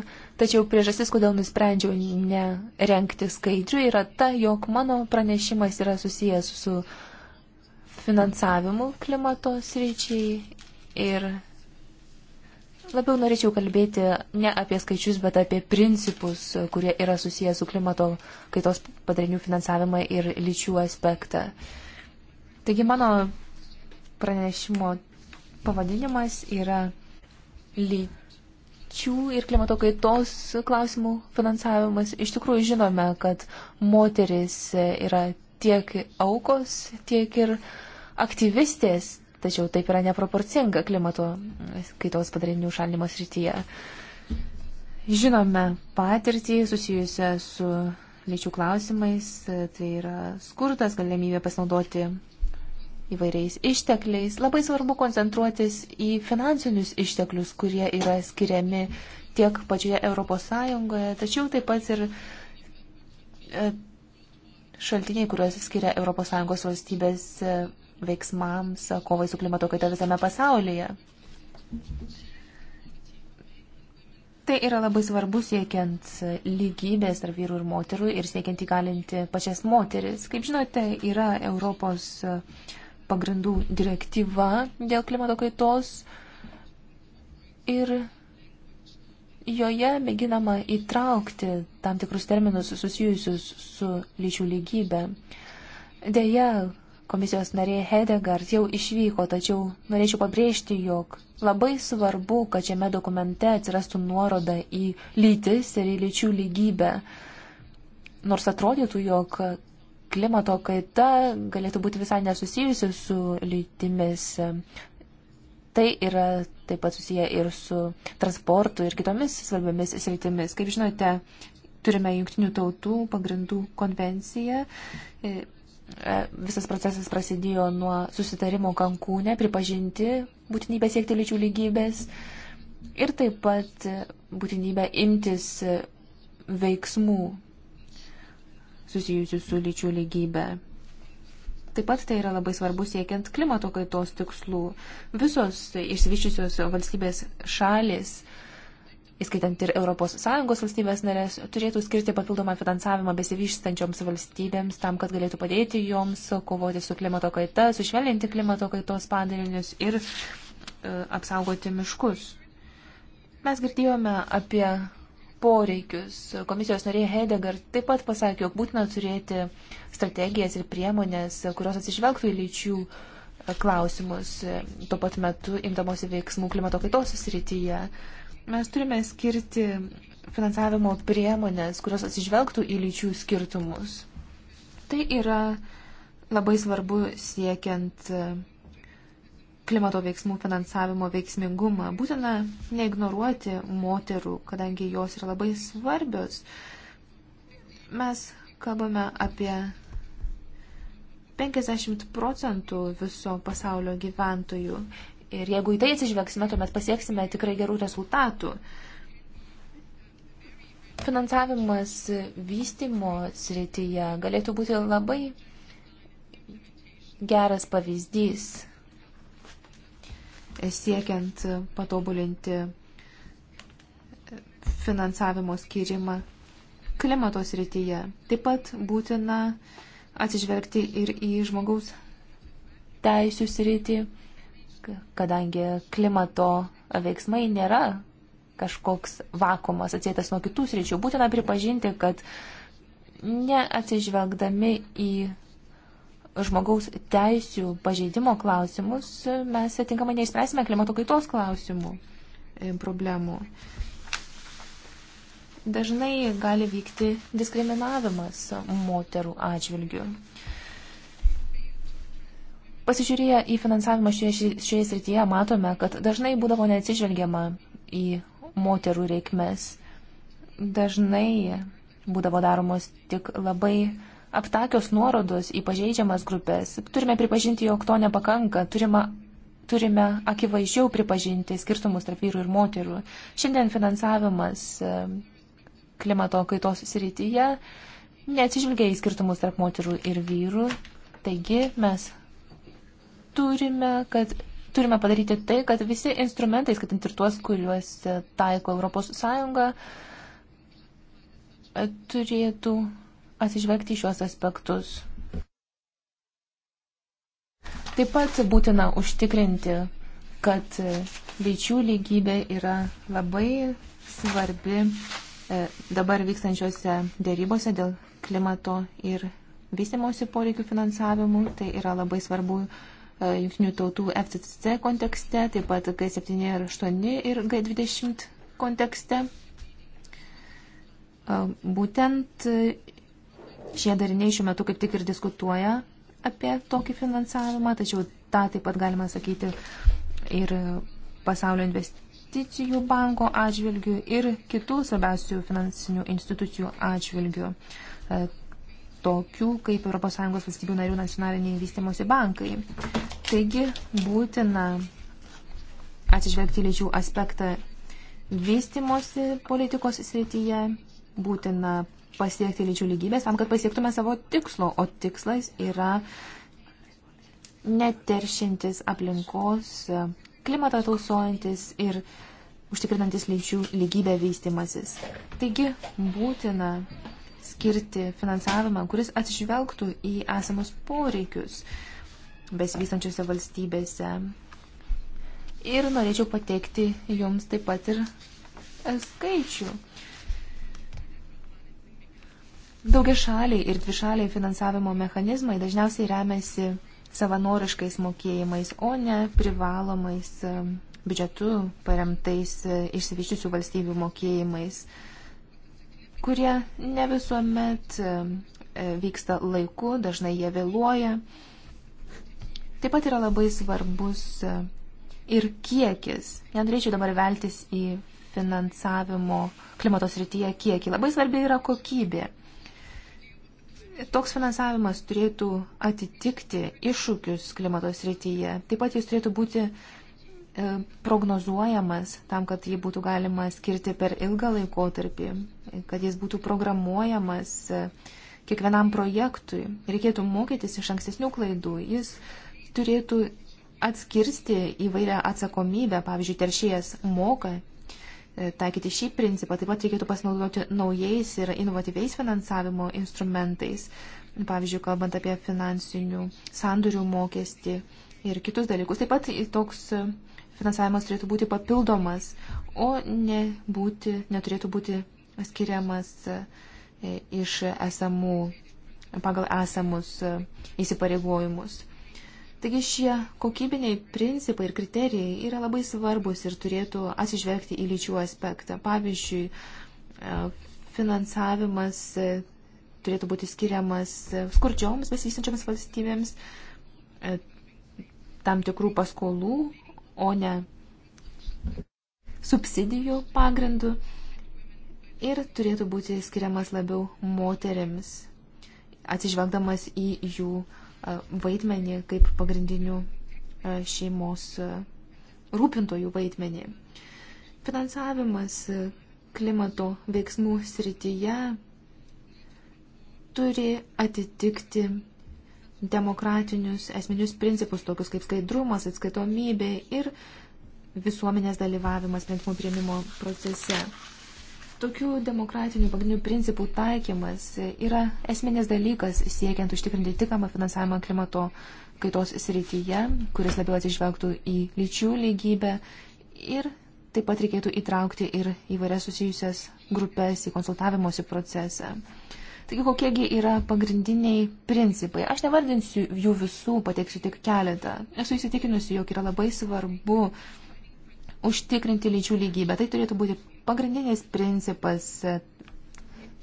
tačiau priežasis, kodėl nusprendžiau nerenkti skaidrių, yra ta, jog mano pranešimas yra susijęs su finansavimu klimato sryčiai ir labiau norėčiau kalbėti ne apie skaičius, bet apie principus, kurie yra susijęs su klimato kaitos padarinių finansavimą ir lyčių aspektą. Taigi mano pranešimo Pavadinimas yra lyčių ir klimato kaitos klausimų finansavimas. Iš tikrųjų žinome, kad moteris yra tiek aukos, tiek ir aktyvistės, tačiau taip yra neproporcinga klimato kaitos padarinių šalinimo srityje. Žinome patirtį susijusią su lyčių klausimais, tai yra skurdas, galimybė pasinaudoti įvairiais ištekliais. Labai svarbu koncentruotis į finansinius išteklius, kurie yra skiriami tiek pačioje Europos Sąjungoje, tačiau taip pat ir e, šaltiniai, kuriuos skiria Europos Sąjungos valstybės e, veiksmams, e, kovai su klimato kaita visame pasaulyje. Tai yra labai svarbu siekiant lygybės tarp vyrų ir moterų ir siekiant įgalinti pačias moteris. Kaip žinote, yra Europos uh, pagrindų direktyva dėl klimato kaitos ir joje mėginama įtraukti tam tikrus terminus susijusius su lyčių lygybė. Deja, komisijos narė Hedegard jau išvyko, tačiau norėčiau pabrėžti, jog labai svarbu, kad šiame dokumente atsirastų nuoroda į lytis ir į lyčių lygybę. Nors atrodytų, jog klimato kaita galėtų būti visai nesusijusi su lytimis. Tai yra taip pat susiję ir su transportu ir kitomis svarbiamis sritimis. Kaip žinote, turime Junktinių tautų pagrindų konvenciją. E, e, visas procesas prasidėjo nuo susitarimo Kankūne pripažinti būtinybę siekti lyčių lygybės ir taip pat būtinybę imtis veiksmų susijusių su lyčių lygybė. Taip pat tai yra labai svarbu siekiant klimato kaitos tikslų. Visos išsivyščiusios valstybės šalis, įskaitant ir ES valstybės narės, turėtų skirti papildomą finansavimą besivyštančioms valstybėms tam, kad galėtų padėti joms kovoti su klimato kaita, sušvelninti klimato kaitos padarinius ir e, apsaugoti miškus. Mes girdėjome apie poreikius. Komisijos narė Hedegar taip pat pasakė, jog būtina turėti strategijas ir priemonės, kurios atsižvelgtų į lyčių klausimus, tuo pat metu imdamosi veiksmų klimato kaitos srityje. Mes turime skirti finansavimo priemonės, kurios atsižvelgtų į lyčių skirtumus. Tai yra labai svarbu siekiant klimato veiksmų finansavimo veiksmingumą. Būtina neignoruoti moterų, kadangi jos yra labai svarbios. Mes kalbame apie 50 procentų viso pasaulio gyventojų. Ir jeigu į tai atsižvelgsime, tuomet pasieksime tikrai gerų rezultatų. Finansavimas vystimo srityje galėtų būti labai geras pavyzdys siekiant patobulinti finansavimo skirimą klimato srityje. Taip pat būtina atsižvelgti ir į žmogaus teisų sritį, kadangi klimato veiksmai nėra kažkoks vakumas atsėtas nuo kitų sričių. Būtina pripažinti, kad neatsižvelgdami į žmogaus teisių pažeidimo klausimus, mes atinkamai neišspręsime klimato kaitos klausimų e, problemų. Dažnai gali vykti diskriminavimas moterų atžvilgių. Pasižiūrėję į finansavimą šioje, šioje srityje, matome, kad dažnai būdavo neatsižvelgiama į moterų reikmes. Dažnai būdavo daromos tik labai aptakios nuorodos į pažeidžiamas grupės. Turime pripažinti, jog to nepakanka. Turime, turime akivaizdžiau pripažinti skirtumus tarp vyrų ir moterų. Šiandien finansavimas e, klimato kaitos srityje neatsižvelgia į skirtumus tarp moterų ir vyrų. Taigi mes turime, kad, turime padaryti tai, kad visi instrumentai, skaitant ir tuos, kuriuos taiko ES, turėtų atsižvelgti šios aspektus. Taip pat būtina užtikrinti, kad lyčių lygybė yra labai svarbi e, dabar vykstančiose dėrybose dėl klimato ir vystimosi poreikių finansavimų. Tai yra labai svarbu e, jungtinių tautų FCC kontekste, taip pat G7 ir 8 ir G20 kontekste. E, būtent Šie dariniai šiuo metu kaip tik ir diskutuoja apie tokį finansavimą, tačiau tą taip pat galima sakyti ir pasaulio investicijų banko atžvilgių ir kitų svarbiausių finansinių institucijų atžvilgių, e, tokių kaip ES valstybių narių nacionaliniai vystimosi bankai. Taigi būtina atsižvelgti lyčių aspektą vystimosi politikos srityje, būtina pasiekti lyčių lygybės, tam, kad pasiektume savo tikslo, o tikslas yra neteršintis aplinkos, klimatą tausojantis ir užtikrinantis lyčių lygybę vystimasis. Taigi būtina skirti finansavimą, kuris atsižvelgtų į esamus poreikius besivystančiose valstybėse. Ir norėčiau pateikti jums taip pat ir e, skaičių. Daugia šaliai ir dvišaliai finansavimo mechanizmai dažniausiai remiasi savanoriškais mokėjimais, o ne privalomais e, biudžetu paremtais e, išsivyščiusių valstybių mokėjimais, kurie ne visuomet e, vyksta laiku, dažnai jie vėluoja. Taip pat yra labai svarbus ir kiekis. Nenorėčiau dabar veltis į finansavimo klimatos rytyje kiekį. Labai svarbi yra kokybė. Toks finansavimas turėtų atitikti iššūkius klimato srityje. Taip pat jis turėtų būti e, prognozuojamas tam, kad jį būtų galima skirti per ilgą laikotarpį, kad jis būtų programuojamas e, kiekvienam projektui. Reikėtų mokytis iš ankstesnių klaidų. Jis turėtų atskirsti įvairią atsakomybę, pavyzdžiui, teršėjas moka E, taikyti šį principą. Taip pat reikėtų pasinaudoti naujais ir inovatyviais finansavimo instrumentais, pavyzdžiui, kalbant apie finansinių sandorių mokestį ir kitus dalykus. Taip pat toks e, finansavimas turėtų būti papildomas, o ne būti, neturėtų būti skiriamas e, iš esamų, pagal esamus įsipareigojimus. Taigi šie kokybiniai principai ir kriterijai yra labai svarbus ir turėtų atsižvelgti į lyčių aspektą. Pavyzdžiui, e, finansavimas e, turėtų būti skiriamas e, skurdžioms besivystančioms valstybėms tam tikrų paskolų, o ne subsidijų pagrindų ir turėtų būti skiriamas labiau moteriams, atsižvelgdamas į jų uh, vaidmenį kaip pagrindinių šeimos rūpintojų vaidmenį. Finansavimas klimato veiksmų srityje turi atitikti demokratinius esminius principus, tokius kaip skaidrumas, atskaitomybė ir visuomenės dalyvavimas sprendimų prieimimo procese. Tokių demokratinių pagrindinių principų taikymas yra esminis dalykas siekiant užtikrinti tikamą finansavimą klimato kaitos srityje, kuris labiau atsižvelgtų į lyčių lygybę ir taip pat reikėtų įtraukti ir įvairias susijusias grupės į konsultavimosi procesą. Taigi, kokiegi yra pagrindiniai principai? Aš nevardinsiu jų visų, pateiksiu tik keletą. Esu įsitikinusi, jog yra labai svarbu užtikrinti lyčių lygybę. Tai turėtų būti pagrindinis principas e,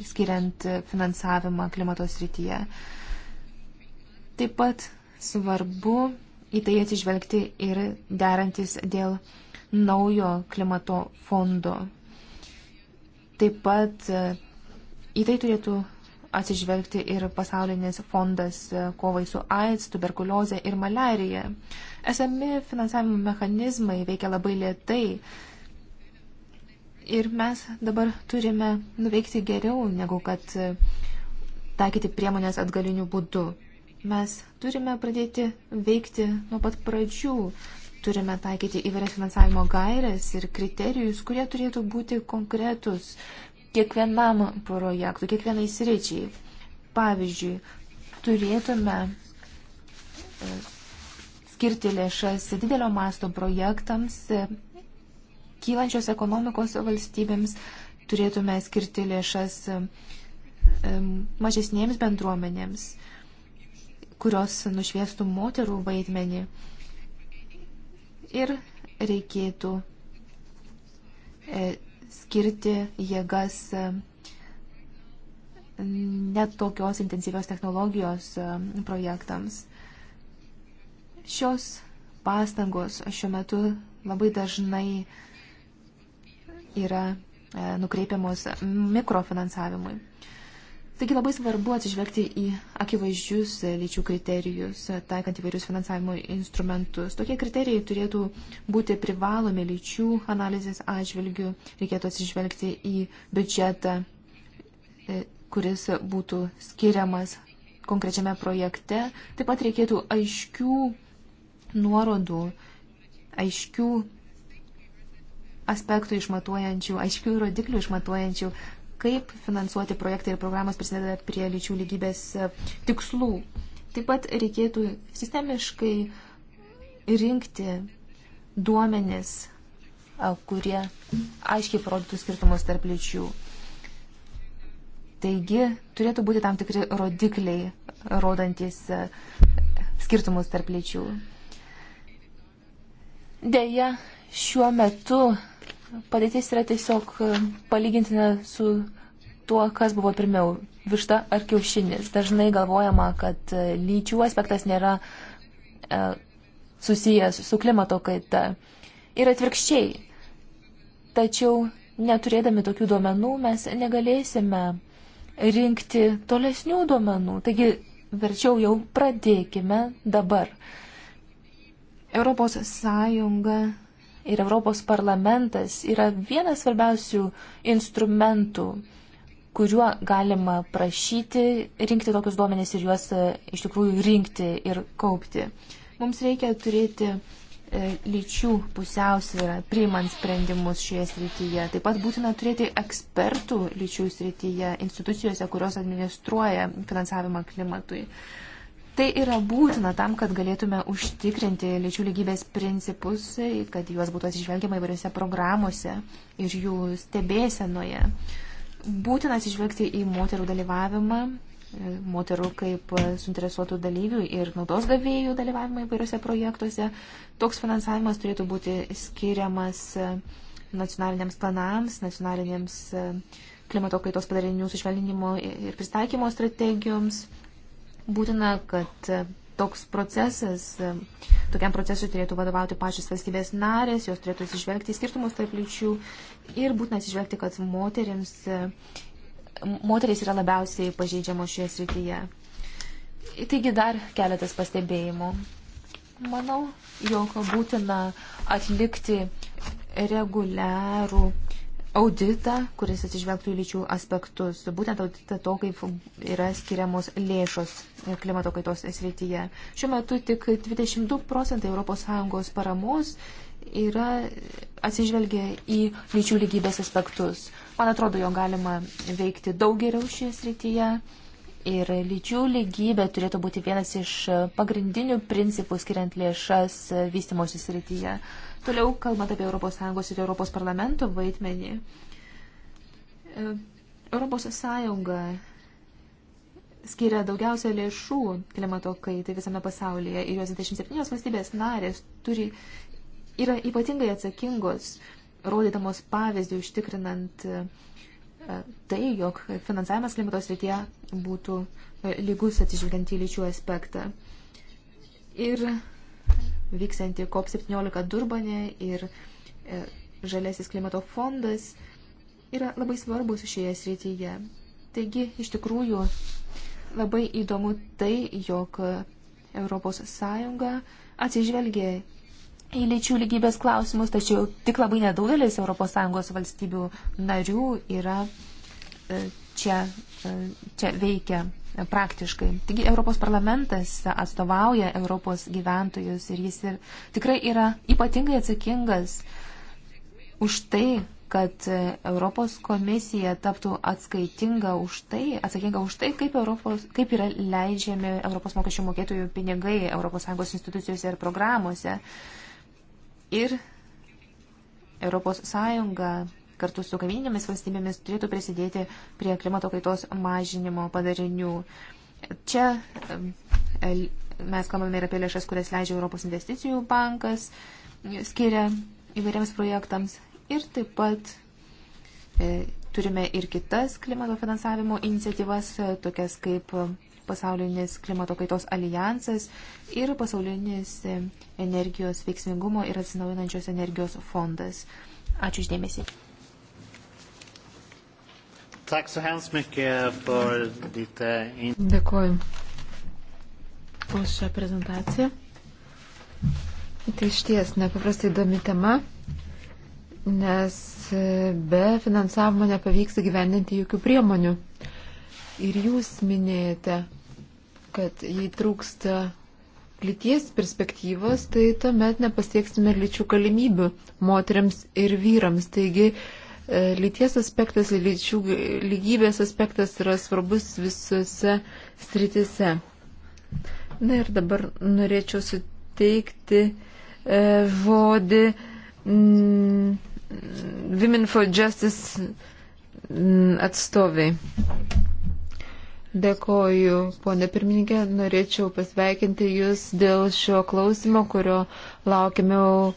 skiriant finansavimą klimatos rytyje. Taip pat svarbu į tai atsižvelgti ir derantis dėl naujo klimato fondo. Taip pat e, į tai turėtų atsižvelgti ir pasaulinis fondas e, kovai su AIDS, tuberkuliozė ir malerija. Esami finansavimo mechanizmai veikia labai lietai, Ir mes dabar turime nuveikti geriau, negu kad e, taikyti priemonės atgaliniu būdu. Mes turime pradėti veikti nuo pat pradžių, turime taikyti įvairias finansavimo gairias ir kriterijus, kurie turėtų būti konkretus kiekvienam projektui, kiekvienai sričiai. Pavyzdžiui, turėtume e, skirti lėšas didelio masto projektams, e, kylančios ekonomikos valstybėms, turėtume skirti lėšas mažesnėms bendruomenėms, kurios nušviestų moterų vaidmenį. Ir reikėtų e, skirti jėgas net tokios intensyvios technologijos projektams. Šios pastangos šiuo metu labai dažnai uh, yra e, nukreipiamos mikrofinansavimui. Taigi labai svarbu atsižvelgti į akivaizdžius e, lyčių kriterijus, e, taikant įvairius finansavimo instrumentus. Tokie kriterijai turėtų būti privalomi lyčių analizės atžvilgių, reikėtų atsižvelgti į biudžetą, kuris būtų skiriamas konkrečiame projekte. Taip pat reikėtų aiškių nuorodų, aiškių aspektų išmatuojančių, aiškių rodiklių išmatuojančių, kaip finansuoti projektai ir programos prisideda prie lyčių lygybės e, tikslų. Taip pat reikėtų sistemiškai rinkti duomenis, e, kurie aiškiai parodytų skirtumus tarp lyčių. Taigi turėtų būti tam tikri rodikliai, e, rodantis skirtumus tarp lyčių. Deja, Šiuo metu padėtis yra tiesiog e, palygintina su tuo, kas buvo pirmiau - višta ar kiaušinis. Dažnai galvojama, kad e, lyčių aspektas nėra e, susijęs su klimato kaita. Ir atvirkščiai. Tačiau neturėdami tokių duomenų mes negalėsime rinkti tolesnių duomenų. Taigi verčiau jau pradėkime dabar. Europos Sąjunga ir Europos parlamentas yra vienas svarbiausių instrumentų, kuriuo galima prašyti rinkti tokius duomenys ir juos e, iš tikrųjų rinkti ir kaupti. Mums reikia turėti e, lyčių pusiausvyrą priimant sprendimus šioje srityje. Taip pat būtina turėti ekspertų lyčių srityje institucijose, kurios administruoja finansavimą klimatui. Tai yra būtina tam, kad galėtume užtikrinti lyčių lygybės principus, kad juos būtų atsižvelgiama įvairiose programuose ir jų stebėsenoje. Būtina atsižvelgti į moterų dalyvavimą, moterų kaip suinteresuotų dalyvių ir naudos gavėjų dalyvavimą įvairiose projektuose. Toks finansavimas turėtų būti skiriamas nacionaliniams planams, nacionaliniams klimato kaitos padarinių sušvelninimo ir pristaikymo strategijoms, Būtina, kad toks procesas, tokiam procesui turėtų vadovauti pačios valstybės narės, jos turėtų atsižvelgti į skirtumus tarp lyčių ir būtina atsižvelgti, kad moteriams, moteris yra labiausiai pažeidžiamos šioje srityje. Taigi dar keletas pastebėjimų. Manau, jog būtina atlikti reguliarų uh, auditą, kuris atsižvelgtų į lyčių aspektus, būtent auditą to, kaip yra skiriamos lėšos klimato kaitos srityje. Šiuo metu tik 22 procentai ES paramos yra atsižvelgia į lyčių lygybės aspektus. Man atrodo, jo galima veikti daug geriau šioje srityje. Ir lyčių lygybė turėtų būti vienas iš pagrindinių principų skiriant lėšas vystimosi srityje. Uh, Toliau, kalbant apie ES ir ES parlamento vaidmenį, ES skiria daugiausia lėšų klimato kaitai visame pasaulyje ir jos 27 valstybės narės turi, yra ypatingai atsakingos, rodydamos pavyzdį užtikrinant e, tai, jog finansavimas klimato srityje būtų e, lygus atsižvelgiant į lyčių aspektą. Ir vyksianti COP17 Durbane ir e, Žalesis klimato fondas yra labai svarbus šioje srityje. Taigi, iš tikrųjų, labai įdomu tai, jog ES atsižvelgia į lyčių lygybės klausimus, tačiau tik labai nedaugelis ES valstybių narių yra e, čia, e, čia veikia praktiškai. Taigi Europos parlamentas atstovauja Europos gyventojus ir jis ir tikrai yra ypatingai atsakingas už tai, kad Europos komisija taptų atskaitinga už tai, atsakinga už tai, kaip, Europos, kaip yra leidžiami Europos mokesčių mokėtojų pinigai ES institucijose ir programuose. Ir ES kartu su kaiminėmis valstybėmis turėtų prisidėti prie klimato kaitos mažinimo padarinių. Čia mes kalbame ir apie lėšas, kurias leidžia Europos investicijų bankas, skiria įvairiams projektams ir taip pat e, turime ir kitas klimato finansavimo iniciatyvas, e, tokias kaip pasaulinis klimato kaitos alijansas ir pasaulinis e, energijos veiksmingumo ir atsinaujinančios energijos fondas. Ačiū išdėmesį. Tack så hemskt mycket för ditt eh, inlägg. Dėkuoju už šią prezentaciją. Tai iš ties nepaprastai įdomi tema, nes e, be finansavimo nepavyks įgyvendinti jokių priemonių. Ir jūs minėjote, kad jei trūksta lyties perspektyvos, tai tuomet nepasieksime lyčių galimybių moteriams ir vyrams. Taigi, uh, E, lyties aspektas, lyčių lygybės aspektas yra svarbus visose sritise. Na ir dabar norėčiau suteikti e, žodį mm, Women for Justice mm, atstoviai. Dėkoju, ponė pirmininkė, norėčiau pasveikinti Jūs dėl šio klausimo, kurio laukėmiau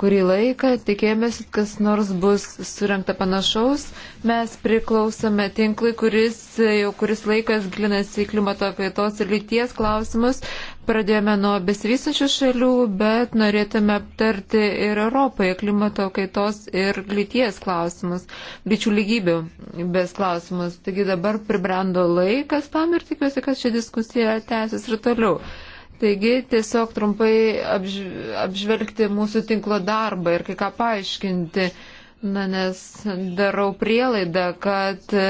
kurį laiką, tikėjomės, kad kas nors bus surinkta panašaus. Mes priklausome tinklui, kuris jau kuris laikas gilinasi į klimato kaitos ir lyties klausimus. Pradėjome nuo besivysančių šalių, bet norėtume aptarti ir Europoje klimato kaitos ir lyties klausimus, lyčių lygybių bes klausimus. Taigi dabar pribrendo laikas tam ir tikiuosi, kad ši diskusija tęsis ir toliau. Taigi tiesiog trumpai apž apžvelgti mūsų tinklo darbą ir kai ką paaiškinti. Na, nes darau prielaidą, kad e,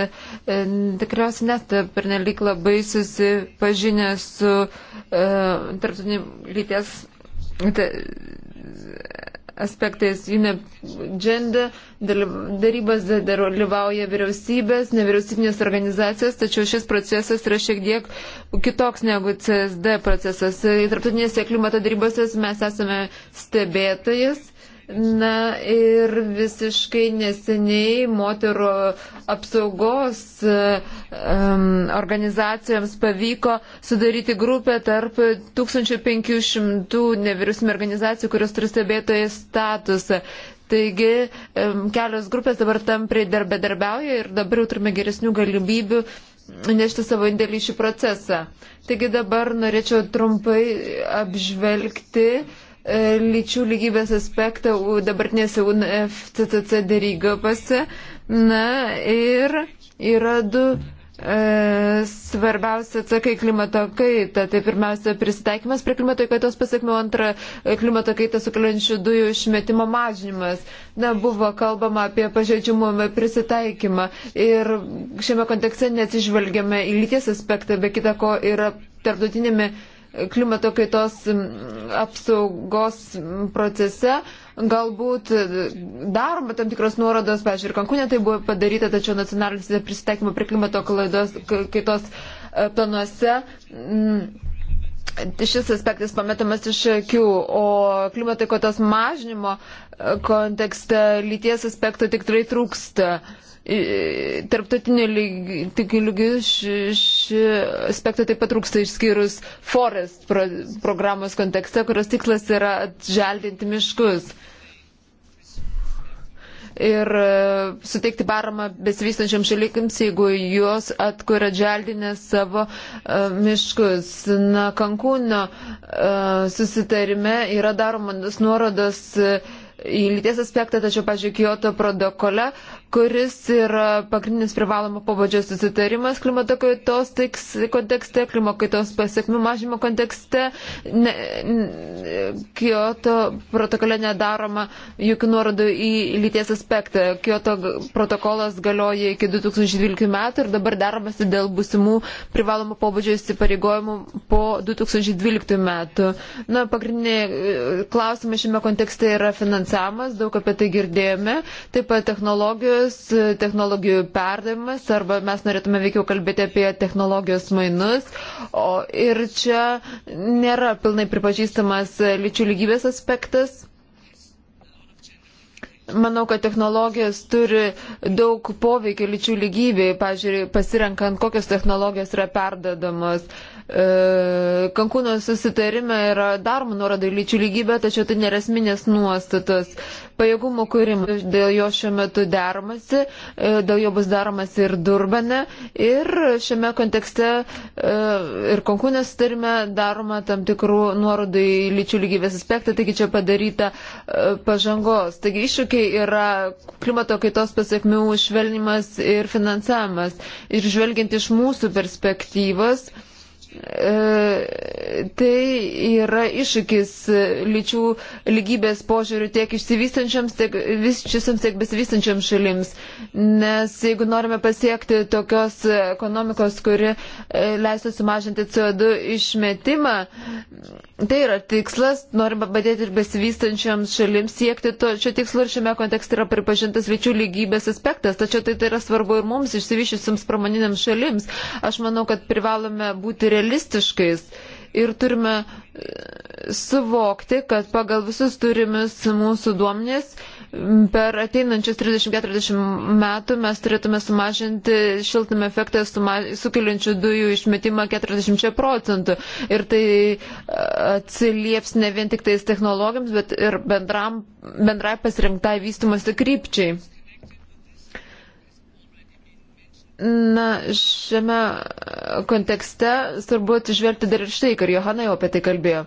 tikriausiai net pernelik labai susipažinę su e, tarptautiniu lyties te, aspektais. UNEPGENDA darybas dalyvauja vyriausybės, nevyriausybinės organizacijos, tačiau šis procesas yra šiek tiek kitoks negu CSD procesas. Tarptautinėse klimato darybose mes esame stebėtojas Na ir visiškai neseniai moterų apsaugos um, organizacijoms pavyko sudaryti grupę tarp 1500 nevyriausybinio organizacijų, kurios turi stebėtojai statusą. Taigi um, kelios grupės dabar tam pridarbedarbiauja ir dabar jau turime geresnių galimybių nešti savo indėlį į šį procesą. Taigi dabar norėčiau trumpai apžvelgti uh, lyčių lygybės aspektą dabartinėse UNFCCC dėrygapose. Na ir yra du e, svarbiausia atsakai klimato kaita. Tai pirmiausia, prisitaikymas prie klimato kaitos pasiekmių, antra, klimato kaitą sukeliančių dujų išmetimo mažinimas. Na, buvo kalbama apie pažeidžiamumą prisitaikymą ir šiame kontekste neatsižvelgiame į lyties aspektą, be kita ko yra tarptautinėme klimato kaitos apsaugos procese galbūt daroma tam tikros nuorodos, pažiūrėjau, ir Kankūnė tai buvo padaryta, tačiau nacionalinis prisitaikymo prie klimato klaidos, kaitos e, planuose. Šis aspektas pametamas iš akių, o klimato kaitos mažinimo e, kontekste lyties aspekto tikrai trūksta. Uh, E, tarptautiniu lygiu šį aspektą taip pat trūksta išskyrus Forest pro, programos kontekste, kurios tikslas yra atželdinti miškus. Ir e, suteikti paramą besivystančiam šalikims, jeigu juos atkuria dželdinę savo uh, miškus. Na, Kankūno uh, susitarime yra daromas nuorodas uh, į lyties aspektą, tačiau, pažiūrėjau, Kyoto protokole uh, kuris yra pagrindinis privalomo pobūdžio susitarimas klimato kaitos kontekste, klimato kaitos pasiekmių mažymo kontekste. Ne, ne, Kyoto protokole nedaroma jokių nuorodų į lyties aspektą. Kyoto protokolas galioja iki 2012 metų ir dabar daromasi dėl būsimų privalomo pobūdžio įsipareigojimų po 2012 metų. Na, pagrindiniai e, klausimai šiame kontekste yra finansavimas, daug apie tai girdėjome, taip pat technologijų technologijos, technologijų perdavimas, arba mes norėtume veikiau kalbėti apie technologijos mainus. O ir čia nėra pilnai pripažįstamas lyčių lygybės aspektas. Manau, kad technologijos turi daug poveikio lyčių lygybei, pažiūrėjau, pasirenkant, kokios technologijos yra perdadamos. Uh, E, Kankūno susitarime yra daroma nuoroda į lyčių lygybę, tačiau tai nėra esminės nuostatos. Pajėgumo kūrimo dėl jo šiuo metu daromasi, e, dėl jo bus daromasi ir Durbane. Ir šiame kontekste e, ir Kankūno susitarime daroma tam tikrų nuorodų į lyčių lygybės aspektą, taigi čia padaryta pažangos. Taigi iššūkiai yra klimato kaitos pasiekmių švelnimas ir finansavimas. Ir žvelgiant iš mūsų perspektyvos, E, tai yra iššūkis lyčių lygybės požiūrių tiek išsivystančiams, tiek visičiusiams, tiek besivystančiams šalims. Nes jeigu norime pasiekti tokios ekonomikos, kuri e, leistų sumažinti CO2 išmetimą, tai yra tikslas, norime padėti ir besivystančiams šalims siekti to. Šio tikslo ir šiame kontekste yra pripažintas lyčių lygybės aspektas, tačiau tai, tai yra svarbu ir mums, išsivyščiusiams pramoniniams šalims. Aš manau, kad privalome būti realistiškais ir turime e, suvokti, kad pagal visus turimis mūsų duomenės per ateinančius 30-40 metų mes turėtume sumažinti šiltnamio efektą sukeliančių dujų išmetimą 40 procentų. Ir tai e, atsilieps ne vien tik tais technologijams, bet ir bendram, bendrai pasirinktai vystimosi krypčiai. Na, šiame kontekste svarbu atsižvelgti dar ir štai, kad Johana jau apie tai kalbėjo.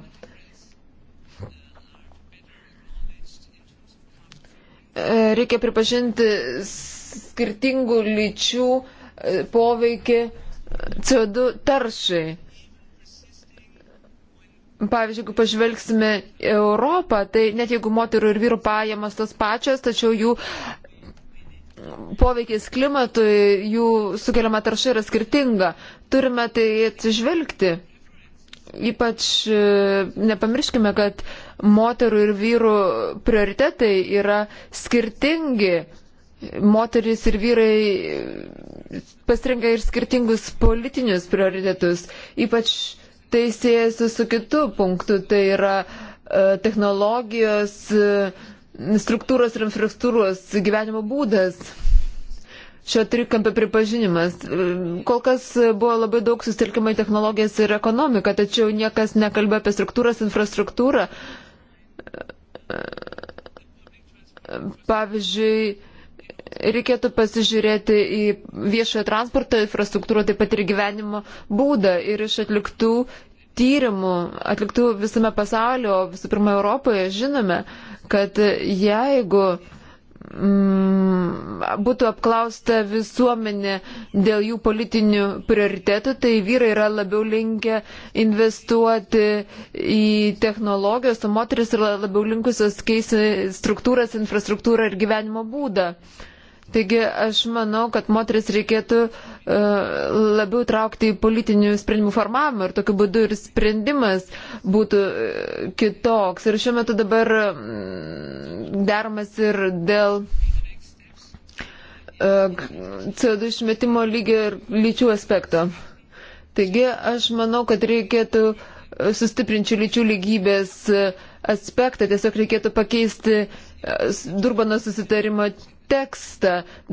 Reikia pripažinti skirtingų lyčių poveikį CO2 taršai. Pavyzdžiui, jeigu pažvelgsime Europą, tai net jeigu moterų ir vyrų pajamos tos pačios, tačiau jų poveikis klimatui, jų sukeliama tarša yra skirtinga. Turime tai atsižvelgti. Ypač e, nepamirškime, kad moterų ir vyrų prioritetai yra skirtingi. Moteris ir vyrai pasirinka ir skirtingus politinius prioritetus. Ypač tai siejasi su kitu punktu, tai yra e, technologijos, e, struktūros ir infrastruktūros gyvenimo būdas. Šio trikampio pripažinimas. Kol kas buvo labai daug susitelkimai technologijas ir ekonomiką, tačiau niekas nekalbė apie struktūras, infrastruktūrą. Pavyzdžiui, reikėtų pasižiūrėti į viešojo transporto infrastruktūrą, taip pat ir gyvenimo būdą. Ir iš atliktų tyrimų atliktų visame pasaulio, visų pirma Europoje, žinome, kad jeigu mm, būtų apklausta visuomenė dėl jų politinių prioritetų, tai vyrai yra labiau linkę investuoti į technologijas, o moteris yra labiau linkusios keisti struktūras, infrastruktūrą ir gyvenimo būdą. Uh, Taigi aš manau, kad moteris reikėtų uh, labiau traukti į politinių sprendimų formavimą ir tokiu būdu ir sprendimas būtų e, kitoks. Ir šiuo metu dabar mm, daromas ir dėl uh, e, CO2 išmetimo lygio ir lyčių aspekto. Taigi aš manau, kad reikėtų sustiprinčių lyčių lygybės aspektą, tiesiog reikėtų pakeisti Durbano susitarimo tekstą,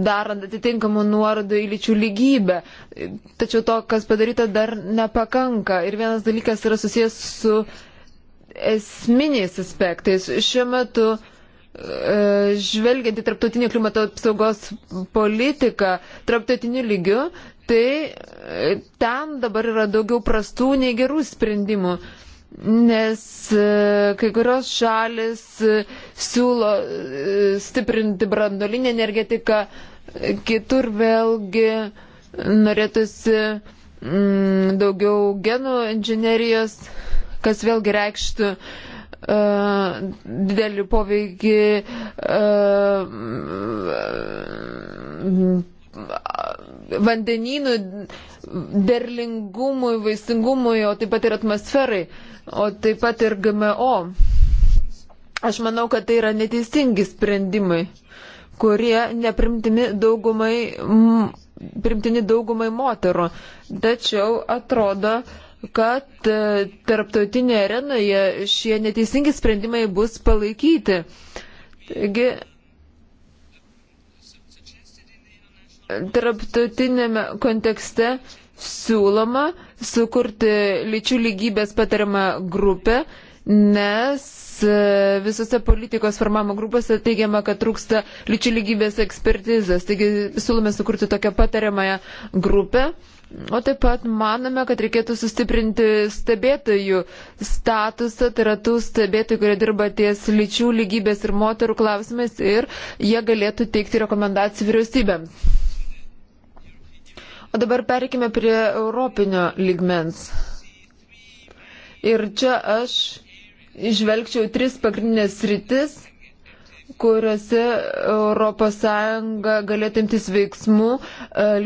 darant atitinkamų nuorodų į lyčių lygybę. Tačiau to, kas padaryta, dar nepakanka. Ir vienas dalykas yra susijęs su esminiais aspektais. Šiuo metu e, žvelgiant į tarptautinį klimato apsaugos politiką, tarptautiniu lygiu, tai e, ten dabar yra daugiau prastų nei gerų sprendimų nes e, kai kurios šalis e, siūlo e, stiprinti brandolinį energetiką, kitur vėlgi norėtųsi mm, daugiau genų inžinerijos, kas vėlgi reikštų uh, didelį poveikį uh, vandenynų derlingumui, vaisingumui, o taip pat ir atmosferai, o taip pat ir GMO. Aš manau, kad tai yra neteisingi sprendimai, kurie neprimtini daugumai, m, primtini daugumai moterų. Tačiau atrodo, kad e, tarptautinėje arenoje šie neteisingi sprendimai bus palaikyti. Taigi, Tarptautinėme kontekste siūloma sukurti lyčių lygybės patariamą grupę, nes e, visose politikos formavimo grupėse teigiama, kad trūksta lyčių lygybės ekspertizės. Taigi siūlome sukurti tokią patariamąją grupę. O taip pat manome, kad reikėtų sustiprinti stebėtojų statusą, tai yra tų stebėtojų, kurie dirba ties lyčių lygybės ir moterų klausimais ir jie galėtų teikti rekomendacijų vyriausybėms. O dabar perkime prie europinio ligmens. Ir čia aš išvelgčiau tris pagrindinės rytis, kuriuose ES galėtų imtis veiksmų e,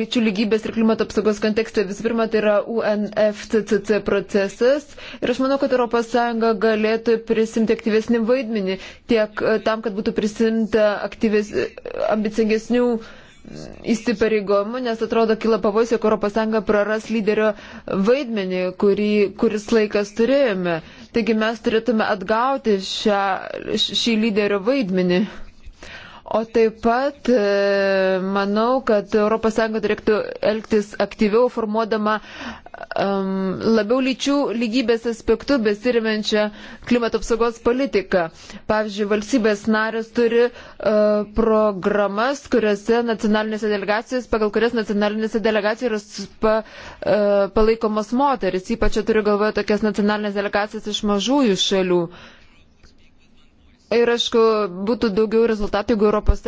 lyčių lygybės ir klimato apsaugos kontekste. Visų pirma, tai yra UNFCCC procesas ir aš manau, kad ES galėtų prisimti aktyvesnį vaidmenį tiek e, tam, kad būtų prisimta aktyves, e, ambicingesnių uh, įsipareigojimų, nes atrodo kila pavojus, jog ES praras lyderio vaidmenį, kurį, kuris laikas turėjome. Taigi mes turėtume atgauti šią, šį lyderio vaidmenį. O taip pat e, manau, kad ES turėtų elgtis aktyviau formuodama um, labiau lyčių lygybės aspektų besirimenčią klimato apsaugos politiką. Pavyzdžiui, valstybės narės turi uh, programas, kuriuose nacionalinėse delegacijose, pagal kurias nacionalinėse delegacijose yra pa, uh, palaikomos moteris. Ypač čia turiu galvoje tokias nacionalinės delegacijas iš mažųjų šalių. Uh, Ir aišku, būtų daugiau rezultatų, jeigu ES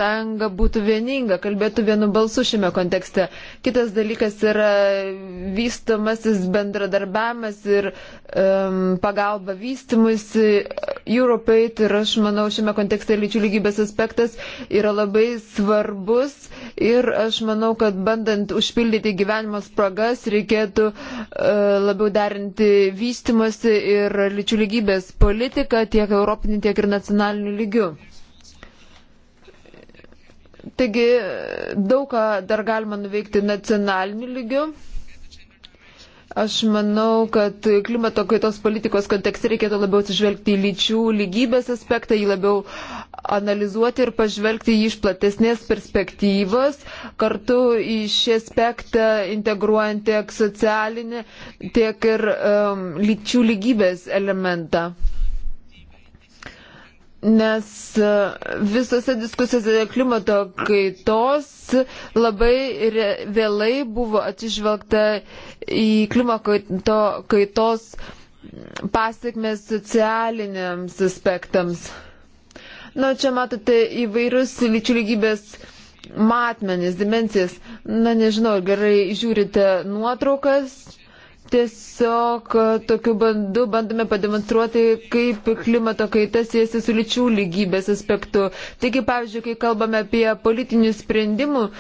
būtų vieninga, kalbėtų vienu balsu šiame kontekste. Kitas dalykas yra vystomasis bendradarbiavimas ir um, pagalba vystimus. Europai, tai aš manau, šiame kontekste lyčių lygybės aspektas yra labai svarbus ir aš manau, kad bandant užpildyti gyvenimo spragas, reikėtų uh, labiau derinti vystimasi ir lyčių lygybės politiką tiek europinį, tiek ir nacionalinį nacionaliniu lygiu. Taigi daug ką dar galima nuveikti nacionaliniu lygiu. Aš manau, kad klimato kaitos politikos kontekste reikėtų labiau atsižvelgti į lyčių lygybės aspektą, jį labiau analizuoti ir pažvelgti jį iš platesnės perspektyvos, kartu į šį aspektą integruojant tiek socialinį, tiek ir um, lyčių lygybės elementą nes e, visose diskusijose dėl klimato kaitos labai vėlai buvo atsižvelgta į klimato kaitos pasiekmes socialiniams aspektams. Na, čia matote įvairius lyčių lygybės matmenis, dimencijas. Na, nežinau, gerai žiūrite nuotraukas, Tiesiog e, tokiu bandu bandome pademonstruoti, kaip klimato kaita siejasi su lyčių lygybės aspektu. Taigi, pavyzdžiui, kai kalbame apie politinių sprendimų e,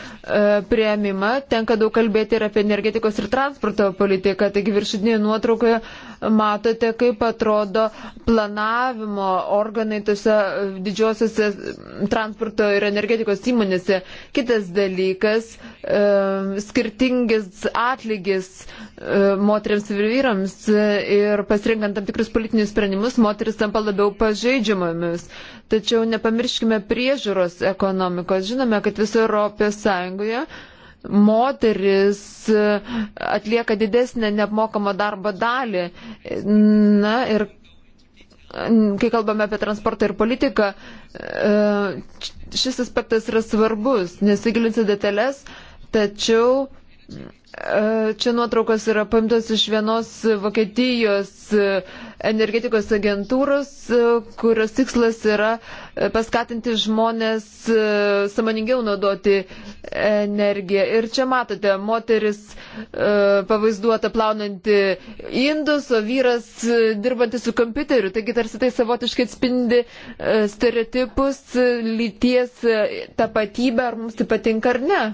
prieimimą, tenka daug kalbėti ir apie energetikos ir transporto politiką. Taigi, viršutinėje nuotraukoje matote, kaip atrodo planavimo organai tose didžiosiuose transporto ir energetikos įmonėse. Kitas dalykas e, - skirtingis atlygis. E, moteriams ir vyrams ir pasirinkant tam tikrus politinius sprendimus, moteris tampa labiau pažeidžiamomis. Tačiau nepamirškime priežiūros ekonomikos. Žinome, kad visoje Europos Sąjungoje moteris atlieka didesnę neapmokamo darbo dalį. Na ir kai kalbame apie transportą ir politiką, šis aspektas yra svarbus. Nesigilinsiu detalės, tačiau E, čia nuotraukos yra paimtos iš vienos Vokietijos e, energetikos agentūros, e, kurios tikslas yra paskatinti žmonės samoningiau naudoti energiją. Ir čia matote, moteris pavaizduota plaunanti indus, o vyras dirbantis su kompiuteriu. Taigi tarsi tai savotiškai atspindi stereotipus, lyties tapatybę, ar mums tai patinka ar ne.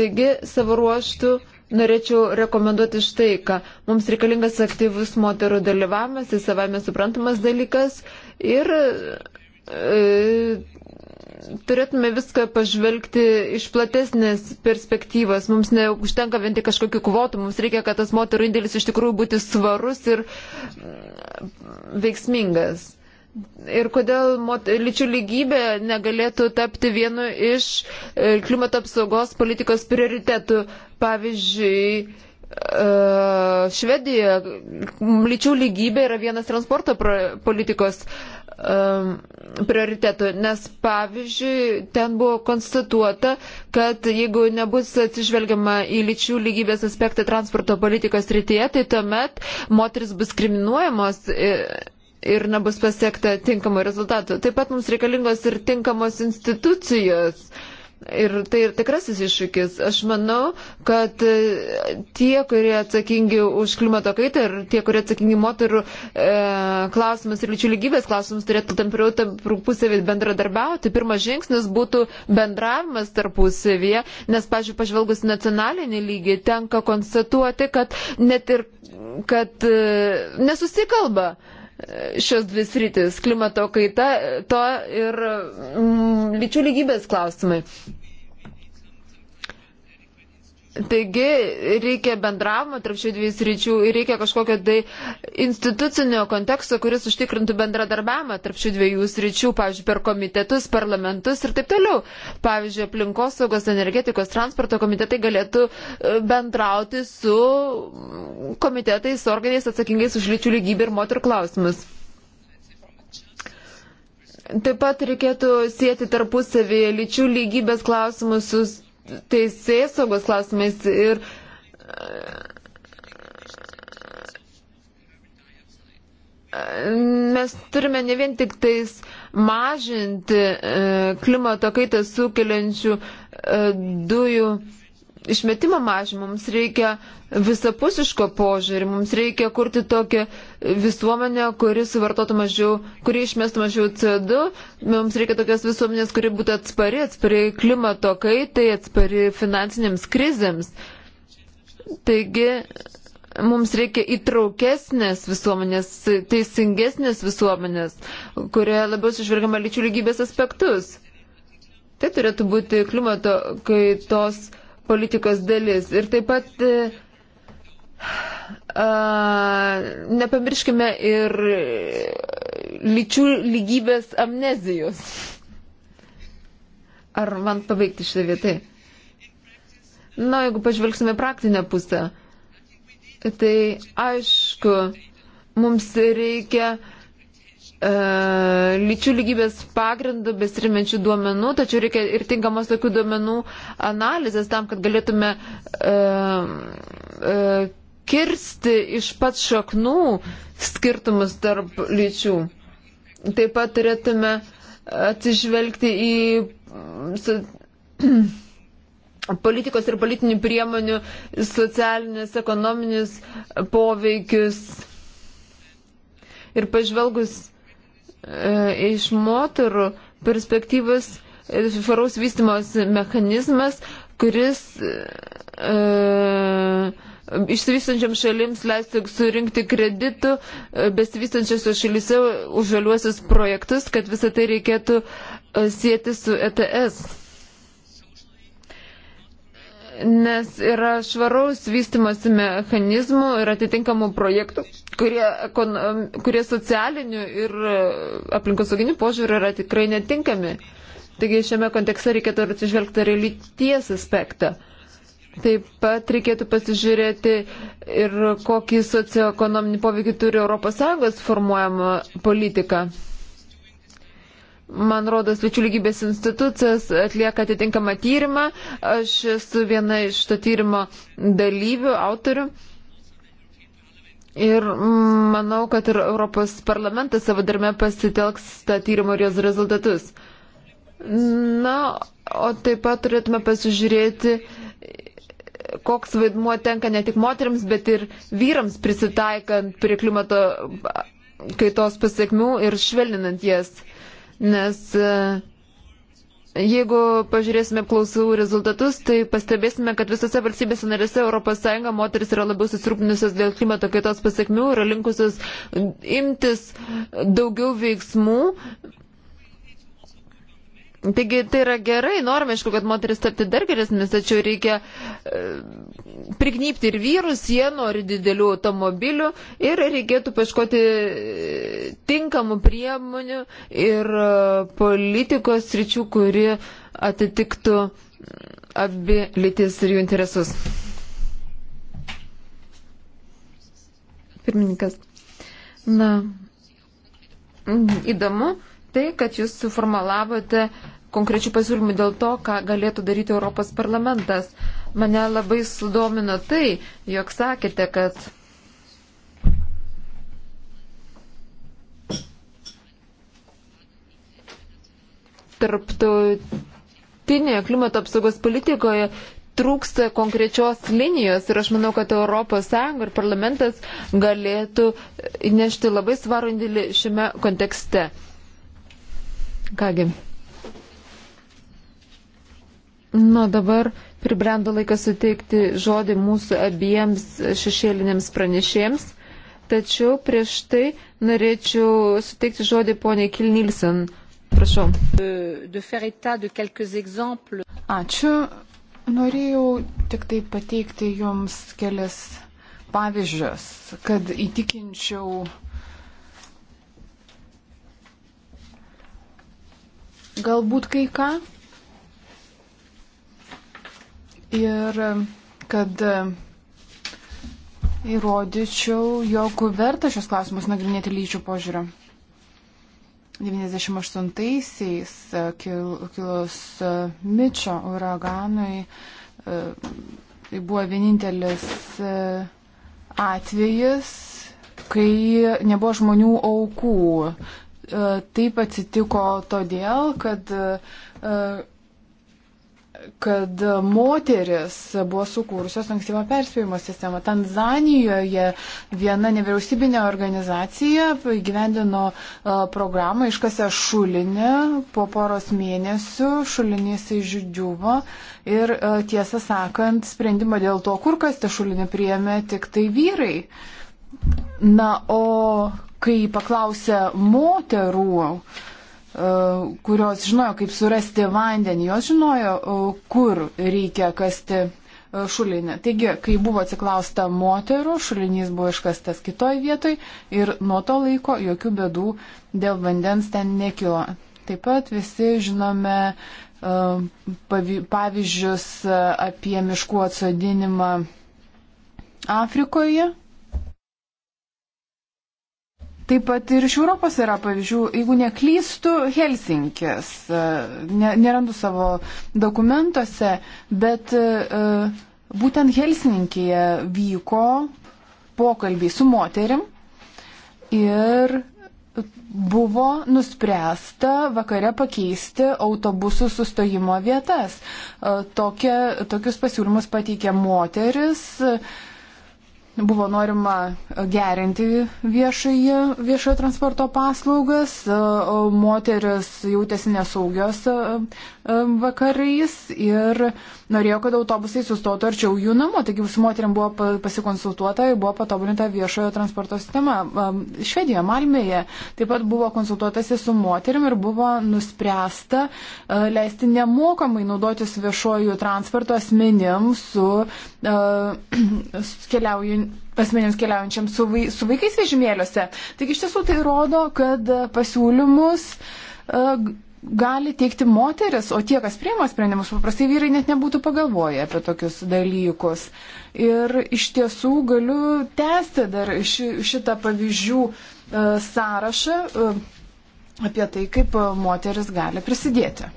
Taigi, savo ruoštų norėčiau rekomenduoti štai, ką mums reikalingas aktyvus moterų dalyvavimas, jis tai savame suprantamas dalykas ir e, turėtume viską pažvelgti iš platesnės perspektyvos. Mums neužtenka vien tik kažkokių kvotų, mums reikia, kad tas moterų indėlis iš tikrųjų būtų svarus ir mm, veiksmingas. Ir kodėl lyčių lygybė negalėtų tapti vienu iš e, klimato apsaugos politikos prioritetų. Pavyzdžiui, e, Švedija lyčių lygybė yra vienas transporto politikos e, prioritetų, nes pavyzdžiui, ten buvo konstatuota, kad jeigu nebus atsižvelgiama į lyčių lygybės aspektą transporto politikos rytyje, tai tuomet moteris bus kriminuojamos ir nebus pasiekta tinkamų rezultatų. Taip pat mums reikalingos ir tinkamos institucijos. Ir tai ir tikrasis iššūkis. Aš manau, kad e, tie, kurie atsakingi už klimato kaitą ir tie, kurie atsakingi moterų e, klausimus ir lyčių lygybės klausimus turėtų tampriau tarpusavį bendradarbiauti. Pirmas žingsnis būtų bendravimas tarpusavyje, nes, pažiūrėjau, pažvelgus nacionalinį lygį, tenka konstatuoti, kad net ir kad e, nesusikalba. E, šios dvi sritis - klimato kaita, to ir mm, lyčių lygybės klausimai. Taigi reikia bendravimo tarp šių dviejų sričių ir reikia kažkokio tai institucinio konteksto, kuris užtikrintų bendradarbiavimą tarp šių dviejų sričių, pavyzdžiui, per komitetus, parlamentus ir taip toliau. Pavyzdžiui, aplinkosaugos, energetikos, transporto komitetai galėtų e, bendrauti su komitetais, organiais atsakingais už lyčių lygybę ir moterų klausimus. Taip pat reikėtų sėti tarpusavį lyčių lygybės klausimus su teisės saugos klausimais ir mes turime ne vien tik tais mažinti e, klimato kaitą sukeliančių e, dujų išmetimo mažymą, mums reikia visapusiško požiūrį, mums reikia kurti tokią visuomenę, kuri suvartotų mažiau, kuri išmestų mažiau CO2, mums reikia tokios visuomenės, kuri būtų atspari, atspari klimato kaitai, atspari finansinėms krizėms. Taigi, mums reikia įtraukesnės visuomenės, teisingesnės visuomenės, kurioje labiau sužvelgiama lyčių lygybės aspektus. Tai turėtų būti klimato kaitos politikos dalis. Ir taip pat e, a, nepamirškime ir lyčių lygybės amnezijos. Ar man pabaigti šitą vietą? Na, jeigu pažvelgsime praktinę pusę, tai aišku, mums reikia uh, E, lyčių lygybės pagrindų besirimenčių duomenų, tačiau reikia ir tinkamos tokių duomenų analizės tam, kad galėtume uh, uh, kirsti iš pat šaknų skirtumus tarp lyčių. Taip pat turėtume atsižvelgti į su, politikos ir politinių priemonių socialinius, ekonominius poveikius. Ir pažvelgus E, iš moterų perspektyvos e, švaraus vystimos mechanizmas, kuris e, išsivystančiam šalims leisti surinkti kreditų e, besivystančiose šalyse už žaliuosius projektus, kad visą tai reikėtų sieti su ETS nes yra švaraus vystimosi mechanizmų ir atitinkamų projektų, kurie, kurie socialiniu ir aplinkosauginiu požiūriu yra tikrai netinkami. Taigi šiame kontekste reikėtų atsižvelgti ir lyties aspektą. Taip pat reikėtų pasižiūrėti ir kokį socioekonominį poveikį turi ES formuojama politika man rodos, lyčių lygybės institucijos atlieka atitinkamą tyrimą. Aš esu viena iš to tyrimo dalyvių, autorių. Ir manau, kad ir Europos parlamentas savo darme pasitelks tą tyrimą ir jos rezultatus. Na, o taip pat turėtume pasižiūrėti, koks vaidmuo tenka ne tik moteriams, bet ir vyrams prisitaikant prie klimato kaitos pasiekmių ir švelninant jas nes e, jeigu pažiūrėsime klausų rezultatus, tai pastebėsime, kad visose valstybėse narėse ES moteris yra labiau susirūpinusios dėl klimato kaitos pasiekmių, yra linkusios imtis daugiau veiksmų Taigi tai yra gerai, norime, aišku, kad moteris tapti dar geresnėmis, tačiau reikia e, prignypti ir vyrus, jie nori didelių automobilių ir reikėtų paškoti e, tinkamų priemonių ir e, politikos sričių, kuri atitiktų abi lytis ir jų interesus. Pirmininkas. Na, įdomu tai, kad jūs suformalavote konkrečių pasiūlymų dėl to, ką galėtų daryti Europos parlamentas. Mane labai sudomino tai, jog sakėte, kad tarptautinėje klimato apsaugos politikoje trūksta konkrečios linijos ir aš manau, kad ES ir parlamentas galėtų nešti labai svarų indėlį šiame kontekste. Kągi. Na dabar pribrendo laikas suteikti žodį mūsų abiems šešėlinėms pranešėjams, tačiau prieš tai norėčiau suteikti žodį poniai Kilnilsen. Prašau. Ačiū. Norėjau tik tai pateikti jums kelias pavyzdžius, kad įtikinčiau uh, galbūt kai ką. Ir kad įrodyčiau, jog verta šios klausimus nagrinėti lyčių požiūriu. 98-aisiais kilus Mičio uraganui e, tai buvo vienintelis e, atvejis, kai nebuvo žmonių aukų. E, taip atsitiko todėl, kad, e, kad moteris buvo sukūrusios ankstyvo perspėjimo sistemą. Tanzanijoje viena nevyriausybinė organizacija įgyvendino e, programą iškasę šulinį po poros mėnesių, šulinys išdžiuvo ir tiesą sakant, sprendimą dėl to, kur kasti šulinį priėmė tik tai vyrai. Na, o kai paklausė moterų, e, kurios žinojo, kaip surasti vandenį, jos žinojo, e, kur reikia kasti e, šulinį. Taigi, kai buvo atsiklausta moterų, šulinys buvo iškastas kitoj vietoj ir nuo to laiko jokių bėdų dėl vandens ten nekilo. Taip pat visi žinome pavyzdžius apie miškų atsodinimą Afrikoje, Taip pat ir iš Europos yra pavyzdžių, jeigu neklystų Helsinkis, e, ne, nerandu savo dokumentuose, bet e, būtent Helsinkėje vyko pokalbiai su moterim ir buvo nuspręsta vakare pakeisti autobusų sustojimo vietas. E, Tokie, tokius pasiūlymus pateikė moteris, buvo norima gerinti viešoje, viešojo transporto paslaugas, moteris jautėsi nesaugios vakarais ir norėjo, kad autobusai sustotų arčiau jų namų. Taigi su moteriam buvo pasikonsultuota ir buvo patobulinta viešojo transporto sistema. Švedijoje, Malmėje taip pat buvo konsultuotasi su moterim ir buvo nuspręsta leisti nemokamai naudotis viešojų transporto asmenim su, su keliaujant asmenims keliaujančiams su, vai, su vaikais vežimėliuose. Taigi iš tiesų tai rodo, kad pasiūlymus e, gali teikti moteris, o tie, kas priema sprendimus, paprastai vyrai net nebūtų pagalvoję apie tokius dalykus. Ir iš tiesų galiu tęsti dar ši, šitą pavyzdžių e, sąrašą e, apie tai, kaip moteris gali prisidėti.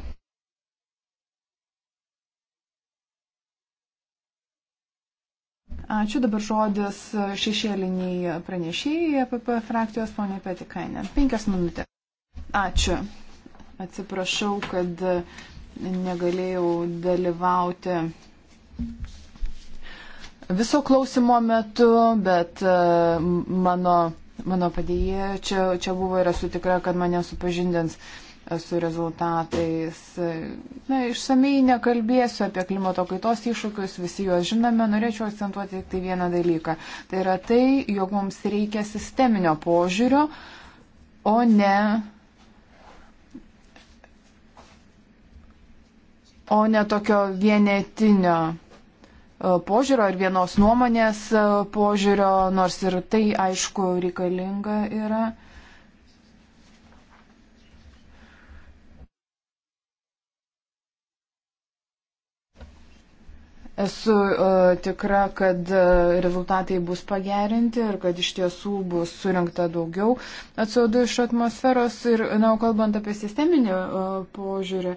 Ačiū dabar žodis šešėliniai pranešėjai APP e frakcijos, ponė Petikainė. Penkias minutės. Ačiū. Atsiprašau, kad negalėjau dalyvauti viso klausimo metu, bet e, mano, mano padėjėja čia, čia buvo ir esu tikra, kad mane supažindins su rezultatais. Na, išsamei nekalbėsiu apie klimato kaitos iššūkius, visi juos žinome, norėčiau akcentuoti tik tai vieną dalyką. Tai yra tai, jog mums reikia sisteminio požiūrio, o ne o ne tokio vienetinio e, požiūrio ar vienos nuomonės e, požiūrio, nors ir tai aišku reikalinga yra. Esu uh, tikra, kad uh, rezultatai bus pagerinti ir kad iš tiesų bus surinkta daugiau CO2 iš atmosferos. Ir, na, kalbant apie sisteminį uh, požiūrį,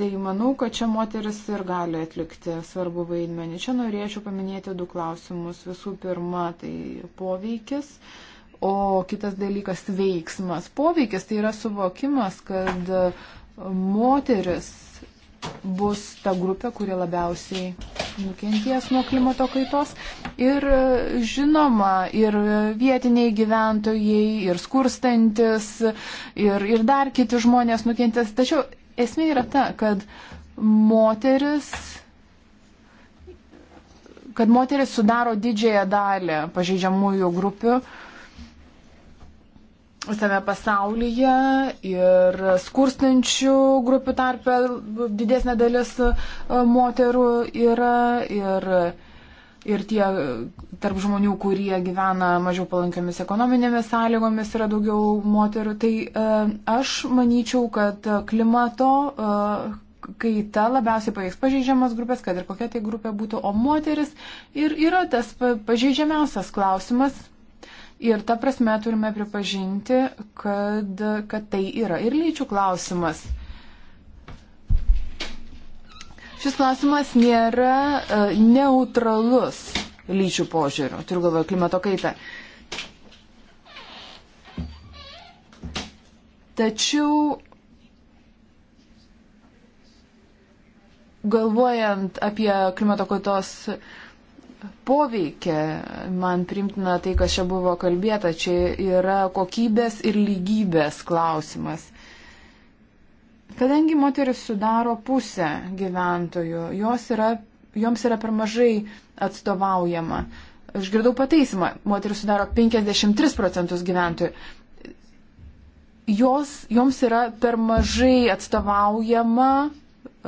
tai manau, kad čia moteris ir gali atlikti svarbu vaidmenį. Čia norėčiau paminėti du klausimus. Visų pirma, tai poveikis. O kitas dalykas - veiksmas. Poveikis tai yra suvokimas, kad moteris bus ta grupė, kuri labiausiai nukenties nuo klimato kaitos. Ir e, žinoma, ir vietiniai gyventojai, ir skurstantis, ir, ir dar kiti žmonės nukenties. Tačiau esmė yra ta, kad moteris kad moteris sudaro didžiąją dalį pažeidžiamųjų grupių, uh, visame pasaulyje ir skurstančių grupių tarpe didesnė dalis e, moterų yra ir, ir tie tarp žmonių, kurie gyvena mažiau palankiamis ekonominėmis sąlygomis, yra daugiau moterų. Tai e, aš manyčiau, kad klimato e, kaita labiausiai paveiks pažeidžiamas grupės, kad ir kokia tai grupė būtų, o moteris ir yra tas pažeidžiamiausias klausimas Ir ta prasme turime pripažinti, kad, kad tai yra ir lyčių klausimas. Šis klausimas nėra uh, neutralus lyčių požiūrių, turiu galvoje klimato kaitą. Tačiau galvojant apie klimato kaitos uh, poveikia. Man primtina tai, kas čia buvo kalbėta, čia yra kokybės ir lygybės klausimas. Kadangi moteris sudaro pusę gyventojų, jos yra, joms yra per mažai atstovaujama. Aš girdau pataisimą, moteris sudaro 53 procentus gyventojų. Jos, joms yra per mažai atstovaujama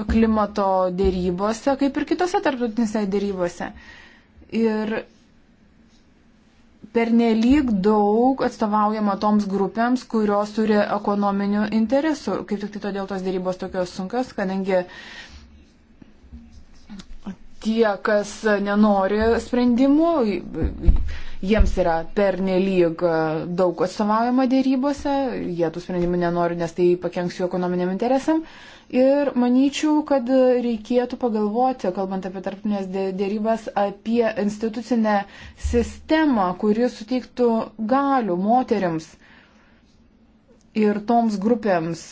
klimato dėrybose, kaip ir kitose tarptautinėse dėrybose. Uh, ir pernelyg daug atstovaujama toms grupėms, kurios turi ekonominių interesų. Kaip tik tai todėl tos dėrybos tokios sunkios, kadangi tie, kas nenori sprendimų, jiems yra pernelyg daug atstovaujama dėrybose, jie tų sprendimų nenori, nes tai pakenks jų ekonominiam interesam. Uh, Ir manyčiau, kad reikėtų pagalvoti, kalbant apie tarptinės dėrybas, apie institucinę sistemą, kuri suteiktų galių moteriams ir toms grupėms,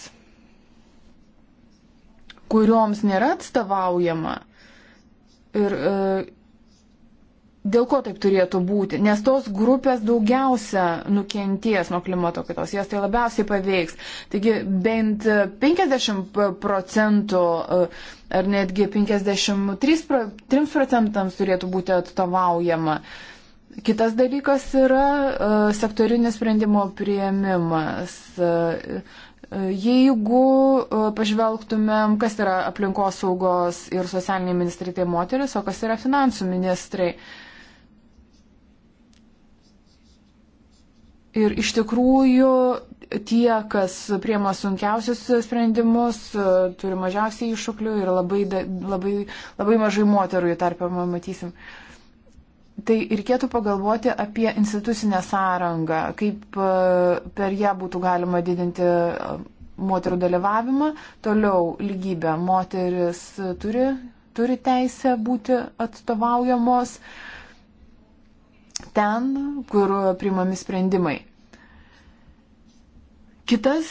kurioms nėra atstovaujama. Ir e, Dėl ko taip turėtų būti? Nes tos grupės daugiausia nukenties nuo klimato kaitos, jas tai labiausiai paveiks. Taigi bent 50 procentų ar netgi 53 procentams turėtų būti atstovaujama. Kitas dalykas yra e, sektorinis sprendimo prieimimas. E, e, jeigu pažvelgtumėm, kas yra aplinkosaugos ir socialiniai ministrai, tai moteris, o kas yra finansų ministrai, uh, Ir iš tikrųjų tie, kas priema sunkiausius sprendimus, turi mažiausiai iššūklių ir labai, labai, labai mažai moterų jų tarpę matysim. Tai reikėtų pagalvoti apie institucinę sąrangą, kaip e, per ją būtų galima didinti e, moterų dalyvavimą. Toliau lygybė. Moteris turi, turi teisę būti atstovaujamos. Uh, ten, kur priimami sprendimai. Kitas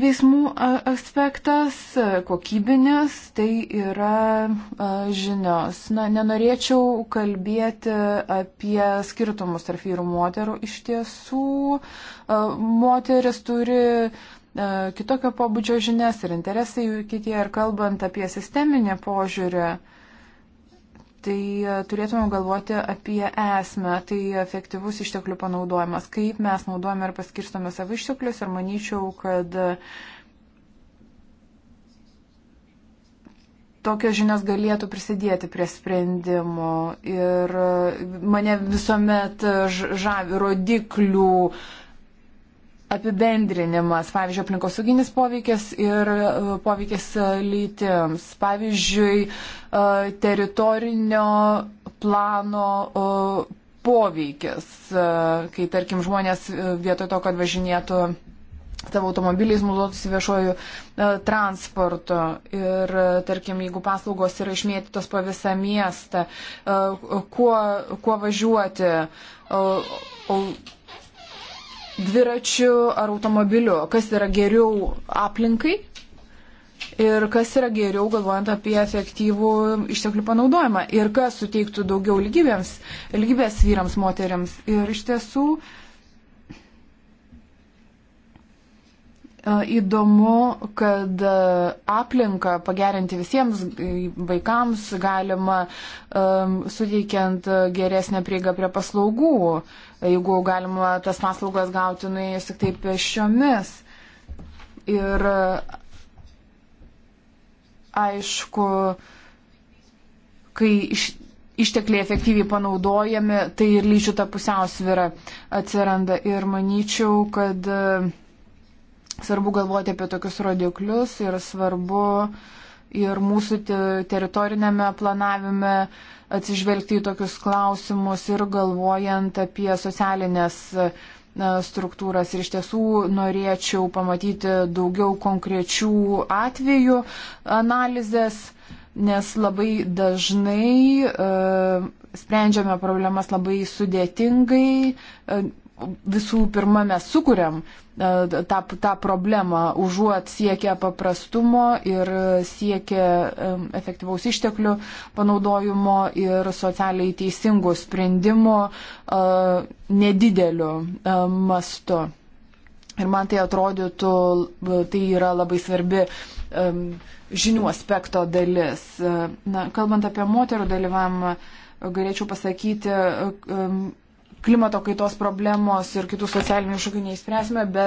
veiksmų aspektas, kokybinis, tai yra žinios. Na, nenorėčiau kalbėti apie skirtumus tarp vyrų moterų. Iš tiesų, moteris turi kitokio pobūdžio žinias ir interesai jų kitie. Ir kalbant apie sisteminę požiūrį, tai e, turėtume galvoti apie esmę, tai efektyvus išteklių panaudojimas, kaip mes naudojame ir paskirstome savo išteklius ir manyčiau, kad tokios žinios galėtų prisidėti prie sprendimo ir mane visuomet žavi rodiklių apibendrinimas, pavyzdžiui, aplinkosauginis poveikis ir e, poveikis e, lytims, pavyzdžiui, e, teritorinio plano poveikis, kai, tarkim, žmonės vietoj to, kad važinėtų savo automobiliais naudotųsi viešuoju transportu. Ir, tarkim, jeigu paslaugos yra išmėtytos po visą miestą, kuo, kuo važiuoti, dviračiu ar automobiliu, kas yra geriau aplinkai ir kas yra geriau galvojant apie efektyvų išteklių panaudojimą ir kas suteiktų daugiau lygybėms, lygybės vyrams, moteriams. Ir iš tiesų e, įdomu, kad e, aplinką pagerinti visiems e, vaikams galima suteikiant geresnę prieigą prie paslaugų, jeigu galima tas paslaugas gauti nuėjus tik taip pešiomis. Ir aišku, kai iš, ištekliai efektyviai panaudojami, tai ir lyčių ta pusiausvyra atsiranda. Ir manyčiau, kad e, svarbu galvoti apie tokius rodiklius ir svarbu uh, ir mūsų teritorinėme planavime atsižvelgti į tokius klausimus ir galvojant apie socialinės struktūras ir iš tiesų norėčiau pamatyti daugiau konkrečių atvejų analizės, nes labai dažnai e, sprendžiame problemas labai sudėtingai, e, visų pirma mes sukūrėm e, tą, tą problemą, užuot siekia paprastumo ir siekia e, efektyvaus išteklių panaudojimo ir socialiai teisingų sprendimų e, nedideliu mastu. Ir man tai atrodytų, tai yra labai svarbi žinių aspekto dalis. Na, kalbant apie moterų dalyvavimą, galėčiau pasakyti, klimato kaitos problemos ir kitų socialinių iššūkių neįspręsime be,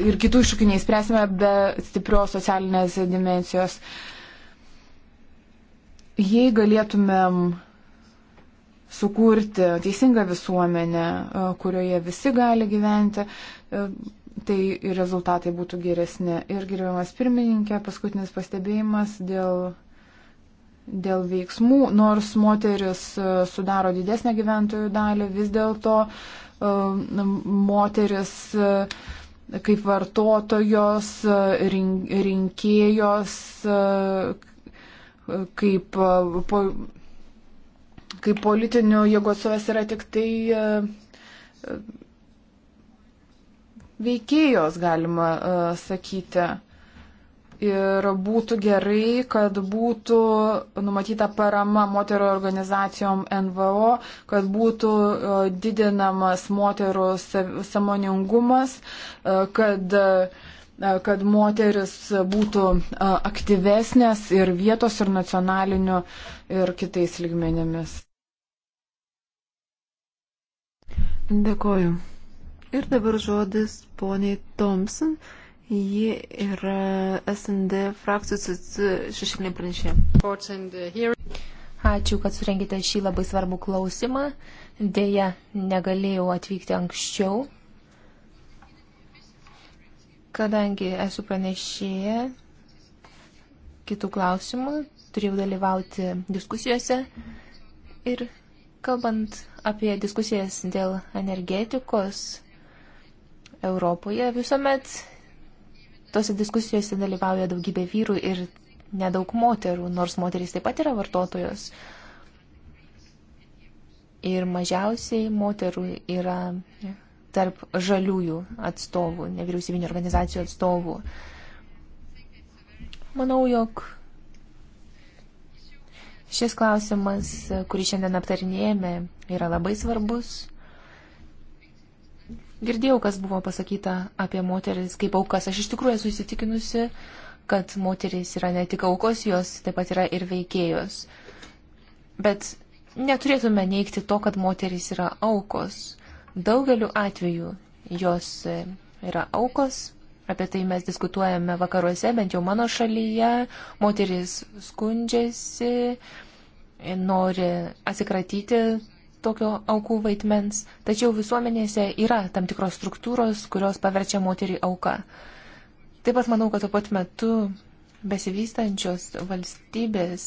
ir kitų iššūkių neįspręsime be stiprios socialinės dimensijos. Jei galėtumėm sukurti teisingą visuomenę, e, kurioje visi gali gyventi, e, tai rezultatai būtų geresni. Ir gerbiamas pirmininkė, paskutinis pastebėjimas dėl dėl veiksmų, nors moteris e, sudaro didesnę gyventojų dalį, vis dėlto e, moteris e, kaip vartotojos, rinkėjos, kaip, kaip politinių jėgų atstovės yra tik tai veikėjos, galima sakyti. Ir būtų gerai, kad būtų numatyta parama moterų organizacijom NVO, kad būtų e, didinamas moterų samoningumas, e, kad, e, kad moteris būtų aktyvesnės ir vietos, ir nacionaliniu, ir kitais lygmenėmis. Dėkoju. Ir dabar žodis poniai Thompson Ji yra SND frakcijos šešinė pranešė. Ačiū, kad surengėte šį labai svarbų klausimą. Deja, negalėjau atvykti anksčiau, kadangi esu pranešėję kitų klausimų, turėjau dalyvauti diskusijose ir kalbant apie diskusijas dėl energetikos Europoje, visuomet Tose diskusijose dalyvauja daugybė vyrų ir nedaug moterų, nors moterys taip pat yra vartotojos. Ir mažiausiai moterų yra tarp žaliųjų atstovų, nevyriausybinio organizacijų atstovų. Manau, jog šis klausimas, kurį šiandien aptarinėjame, yra labai svarbus. Girdėjau, kas buvo pasakyta apie moteris kaip aukas. Aš iš tikrųjų esu įsitikinusi, kad moteris yra ne tik aukos, jos taip pat yra ir veikėjos. Bet neturėtume neikti to, kad moteris yra aukos. Daugeliu atveju jos yra aukos, apie tai mes diskutuojame vakaruose, bent jau mano šalyje, moteris skundžiasi, nori atsikratyti tokio aukų vaidmens, tačiau visuomenėse yra tam tikros struktūros, kurios paverčia moterį auką. Taip pat manau, kad tuo pat metu besivystančios valstybės,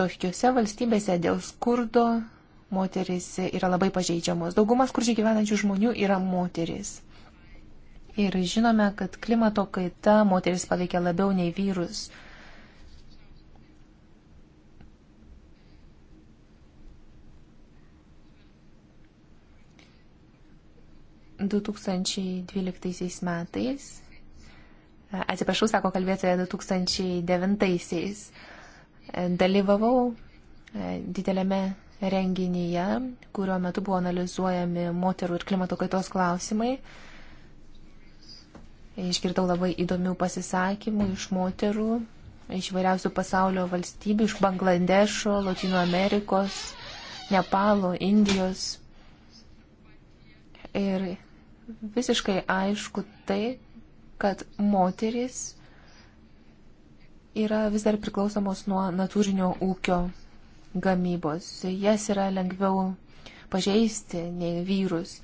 tokiuose valstybėse dėl skurdo moteris yra labai pažeidžiamos. Daugumas skurdžiai gyvenančių žmonių yra moteris. Ir žinome, kad klimato kaita moteris paveikia labiau nei vyrus. 2012 metais, atsiprašau, sako kalbėtoja 2009-aisiais, dalyvavau e, didelėme renginyje, kurio metu buvo analizuojami moterų ir klimato kaitos klausimai. Išgirdau labai įdomių pasisakymų iš moterų, iš vairiausių pasaulio valstybių, iš Bangladešo, Latino Amerikos, Nepalo, Indijos. Ir visiškai aišku tai, kad moteris yra vis dar priklausomos nuo natūrinio ūkio gamybos. Jas yra lengviau pažeisti nei vyrus.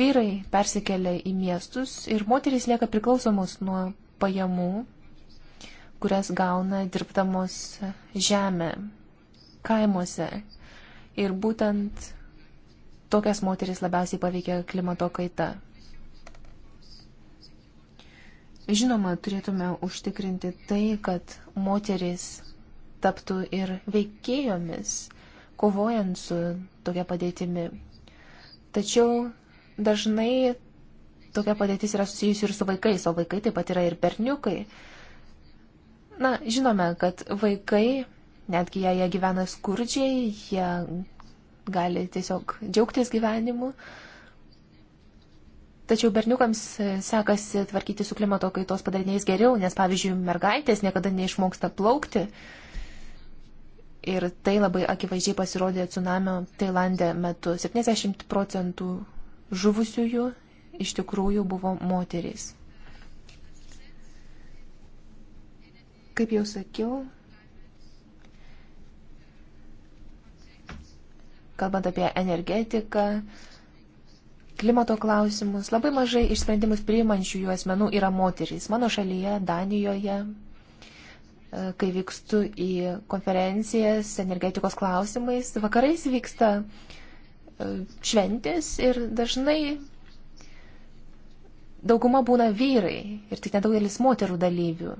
Vyrai persikelia į miestus ir moteris lieka priklausomos nuo pajamų, kurias gauna dirbdamos žemę, kaimuose. Ir būtent tokias moteris labiausiai paveikia klimato kaita. Žinoma, turėtume užtikrinti tai, kad moteris taptų ir veikėjomis, kovojant su tokia padėtimi. Tačiau dažnai tokia padėtis yra susijusi ir su vaikais, o vaikai taip pat yra ir berniukai. Na, žinome, kad vaikai, netgi jei jie gyvena skurdžiai, jie gali tiesiog džiaugtis gyvenimu. Tačiau berniukams e, sekasi tvarkyti su klimato kaitos padariniais geriau, nes, pavyzdžiui, mergaitės niekada neišmoksta plaukti. Ir tai labai akivaizdžiai pasirodė tsunamio Tailandė metu. 70 procentų žuvusiųjų iš tikrųjų buvo moterys. Kaip jau sakiau, kalbant apie energetiką, klimato klausimus, labai mažai iš sprendimus priimančių jų asmenų yra moterys. Mano šalyje, Danijoje, e, kai vykstu į konferencijas energetikos klausimais, vakarais vyksta e, šventės ir dažnai dauguma būna vyrai ir tik nedaugelis moterų dalyvių.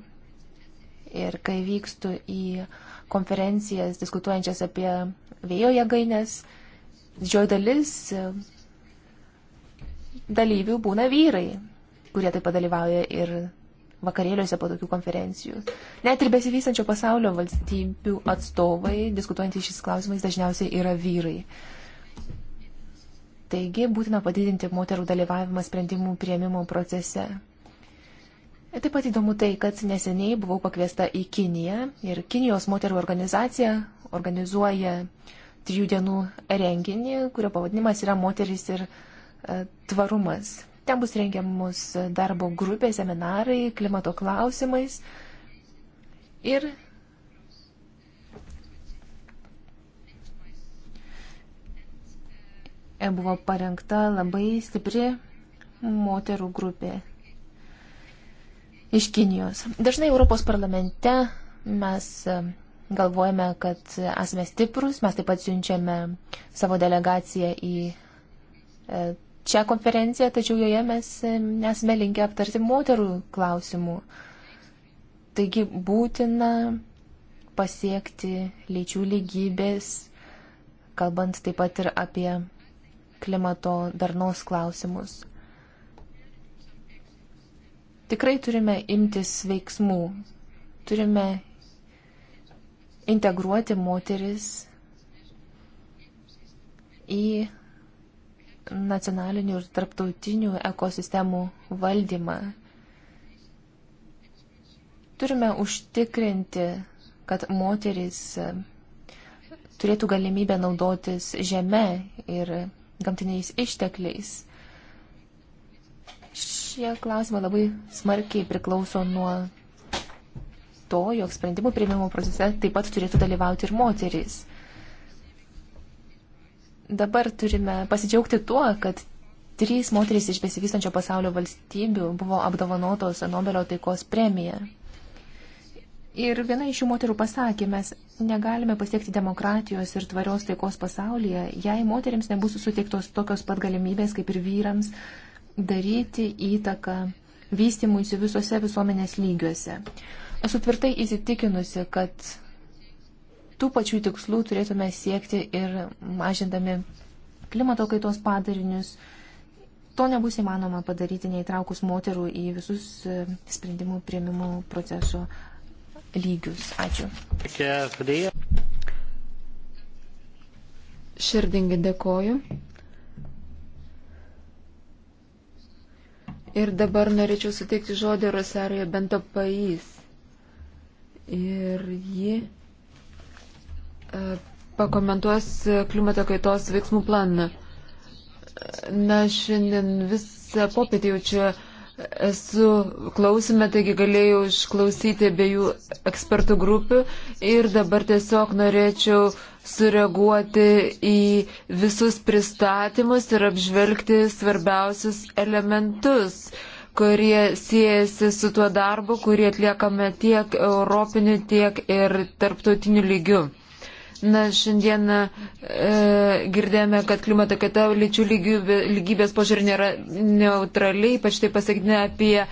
Ir kai vykstu į konferencijas diskutuojančias apie vėjo jėgainės, didžioji dalis e, dalyvių būna vyrai, kurie taip pat dalyvauja ir vakarėliuose po tokių konferencijų. Net ir besivystančio pasaulio valstybių atstovai, diskutuojantys šis klausimais, dažniausiai yra vyrai. Taigi būtina padidinti moterų dalyvavimą sprendimų prieimimo procese. Ir taip pat įdomu tai, kad neseniai buvau pakviesta į Kiniją ir Kinijos moterų organizacija organizuoja trijų dienų renginį, kurio pavadinimas yra moteris ir e, tvarumas. Ten bus rengiamos darbo grupės, seminarai klimato klausimais ir e, buvo parengta labai stipri moterų grupė iš Kinijos. Dažnai Europos parlamente mes e, galvojame, kad esame stiprus, mes taip pat siunčiame savo delegaciją į e, čia konferenciją, tačiau joje mes e, nesame linkę aptarti moterų klausimų. Taigi būtina pasiekti lyčių lygybės, kalbant taip pat ir apie klimato darnos klausimus. Tikrai turime imtis veiksmų, turime integruoti moteris į nacionalinių ir tarptautinių ekosistemų valdymą. Turime užtikrinti, kad moteris turėtų galimybę naudotis žeme ir gamtiniais ištekliais. Šie klausimai labai smarkiai priklauso nuo to, jog sprendimų prieimimo procese taip pat turėtų dalyvauti ir moterys. Dabar turime pasidžiaugti tuo, kad trys moterys iš besivystančio pasaulio valstybių buvo apdovanotos Nobelio taikos premija. Ir viena iš šių moterų pasakė, mes negalime pasiekti demokratijos ir tvarios taikos pasaulyje, jei moteriams nebus suteiktos tokios pat galimybės kaip ir vyrams daryti įtaką vystimuisi visose visuomenės lygiuose. Esu tvirtai įsitikinusi, kad tų pačių tikslų turėtume siekti ir mažindami klimato kaitos padarinius. To nebus įmanoma padaryti neįtraukus moterų į visus e, sprendimų prieimimų proceso lygius. Ačiū. Širdingai dėkoju. Ir dabar norėčiau suteikti žodį Rosario Bentopais ir ji e, pakomentuos klimato kaitos veiksmų planą. Na, šiandien visą popietį jau čia esu klausime, taigi galėjau išklausyti abiejų ekspertų grupių ir dabar tiesiog norėčiau sureaguoti į visus pristatymus ir apžvelgti svarbiausius elementus. Uh, kurie siejasi su tuo darbu, kurį atliekame tiek europiniu, tiek ir tarptautiniu lygiu. Na, šiandieną e, girdėjome, kad klimato kaita lyčių lygybė, lygybės požiūrį nėra neutraliai, ypač tai pasakytinė apie e,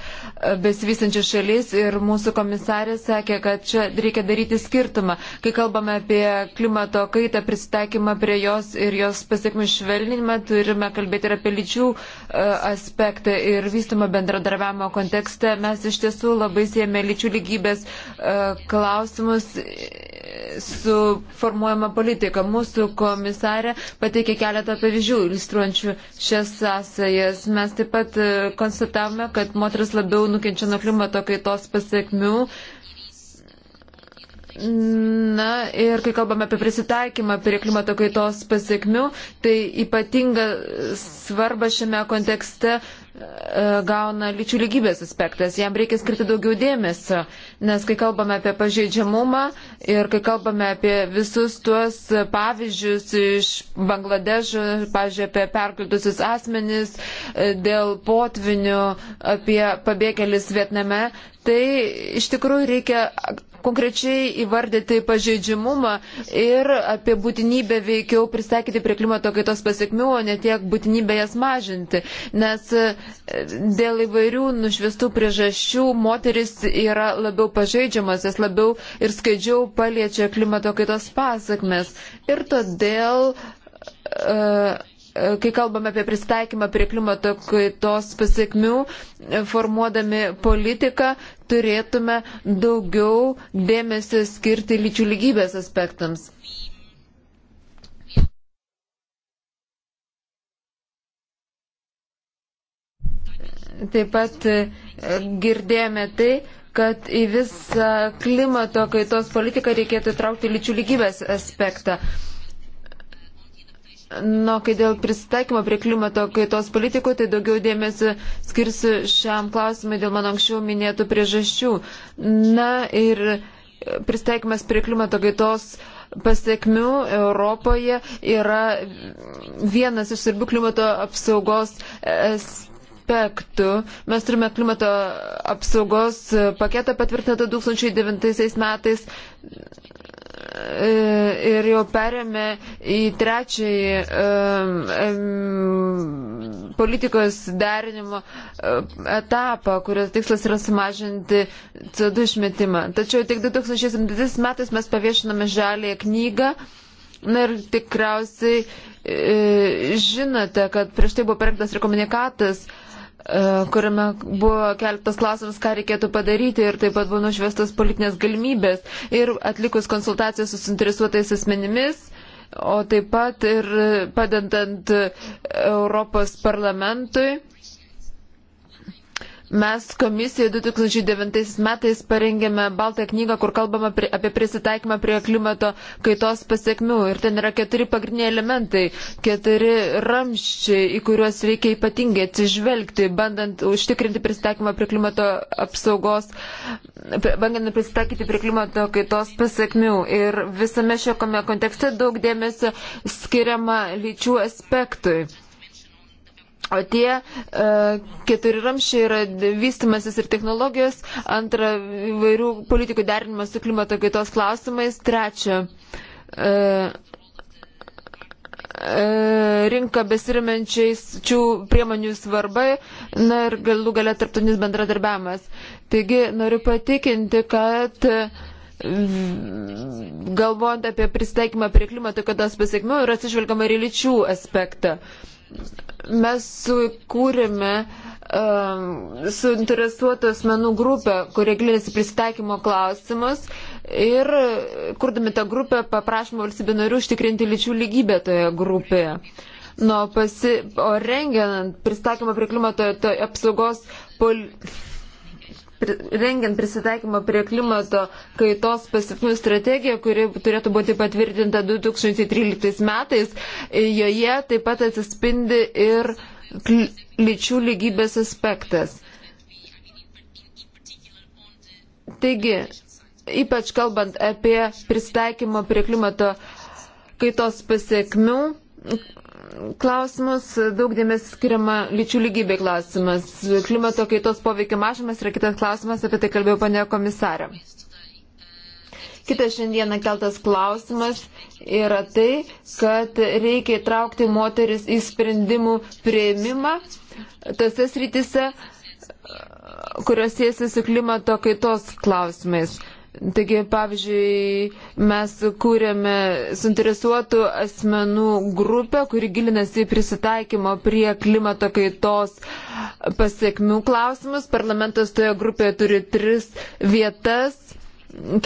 besivystančias šalis ir mūsų komisarė sakė, kad čia reikia daryti skirtumą. Kai kalbame apie klimato kaitą, prisitaikymą prie jos ir jos pasiekmių švelninimą, turime kalbėti ir apie lyčių e, aspektą ir vystumą bendradarbiavimo kontekste. Mes iš tiesų labai siejame lyčių lygybės e, klausimus su formuojimu formuojama politika. Mūsų komisarė pateikė keletą pavyzdžių iliustruojančių šias sąsajas. Mes taip pat e, konstatavome, kad moteris labiau nukenčia nuo klimato kaitos pasiekmių Na ir kai kalbame apie prisitaikymą prie klimato kaitos pasiekmių, tai ypatinga svarba šiame kontekste e, gauna lyčių lygybės aspektas. Jam reikia skirti daugiau dėmesio, nes kai kalbame apie pažeidžiamumą ir kai kalbame apie visus tuos pavyzdžius iš Bangladežo, pavyzdžiui, apie perkildusius asmenis e, dėl potvinių, apie pabėgėlis Vietname, tai iš tikrųjų reikia konkrečiai įvardyti pažeidžiamumą ir apie būtinybę veikiau pristaikyti prie klimato kaitos pasiekmių, o ne tiek būtinybę jas mažinti. Nes e, dėl įvairių nušvistų priežasčių moteris yra labiau pažeidžiamas, jas labiau ir skaidžiau paliečia klimato kaitos pasiekmes. Ir todėl. Uh, kai kalbame apie pristaikymą prie klimato kaitos pasiekmių, formuodami politiką, turėtume daugiau dėmesio skirti lyčių lygybės aspektams. Taip pat e, girdėjome tai, kad į visą klimato kaitos politiką reikėtų traukti lyčių lygybės aspektą. Na, kai dėl pristaikymo prie klimato kaitos politikų, tai daugiau dėmesio skirsiu šiam klausimui dėl mano anksčiau minėtų priežasčių. Na ir pristaikymas prie klimato kaitos pasiekmių Europoje yra vienas iš svarbių klimato apsaugos aspektų. Mes turime klimato apsaugos paketą patvirtintą 2009 metais ir jau perėmė į trečiąjį um, um, politikos derinimo etapą, kurio tikslas yra sumažinti CO2 išmetimą. Tačiau tik 2007 metais mes paviešiname žalėją knygą. Na ir tikriausiai e, žinote, kad prieš tai buvo parengtas rekomunikatas e, E, kuriame buvo keltas klausimas, ką reikėtų padaryti ir taip pat buvo nušvestas politinės galimybės. Ir atlikus konsultacijas su suinteresuotais asmenimis, o taip pat ir padedant Europos parlamentui Mes komisijoje 2009 metais parengėme baltą knygą, kur kalbama pri, apie prisitaikymą prie klimato kaitos pasiekmių. Ir ten yra keturi pagrindiniai elementai, keturi ramščiai, į kuriuos reikia ypatingai atsižvelgti, bandant užtikrinti prisitaikymą prie klimato apsaugos, bandant prisitaikyti prie klimato kaitos pasiekmių. Ir visame šiokame kontekste daug dėmesio skiriama lyčių aspektui. O tie e, keturi ramščiai yra vystimasis ir technologijos, antra įvairių politikų derinimas su klimato kaitos klausimais, trečia e, e rinka besirimenčiais šių priemonių svarbai, na ir galų galia tarptautinis bendradarbiavimas. Taigi noriu patikinti, kad galvojant apie pristaikymą prie klimato kaitos pasiekmių yra atsižvelgiama ir lyčių aspektą mes sukūrėme um, suinteresuotų asmenų grupę, kurie gilinasi pristaikymo klausimus ir kurdami tą grupę paprašome valstybė narių užtikrinti lyčių lygybę toje grupėje. Nuo pasi, o rengiant pristatymą prie klimato apsaugos politiką rengiant prisitaikymą prie klimato kaitos pasiekmių strategiją, kuri turėtų būti patvirtinta 2013 metais, joje taip pat atsispindi ir lyčių lygybės aspektas. Taigi, ypač kalbant apie pristaikymą prie klimato kaitos pasiekmių, klausimus, daug dėmesio skiriama lyčių lygybė klausimas. Klimato kaitos poveikio mažymas yra kitas klausimas, apie tai kalbėjau panėjo komisarė. Kitas šiandieną keltas klausimas yra tai, kad reikia įtraukti moteris į sprendimų prieimimą tose srityse, kurios siesi su klimato kaitos klausimais. Taigi, pavyzdžiui, mes kūrėme suinteresuotų asmenų grupę, kuri gilinasi į prisitaikymo prie klimato kaitos pasiekmių klausimus. Parlamentas toje grupėje turi tris vietas.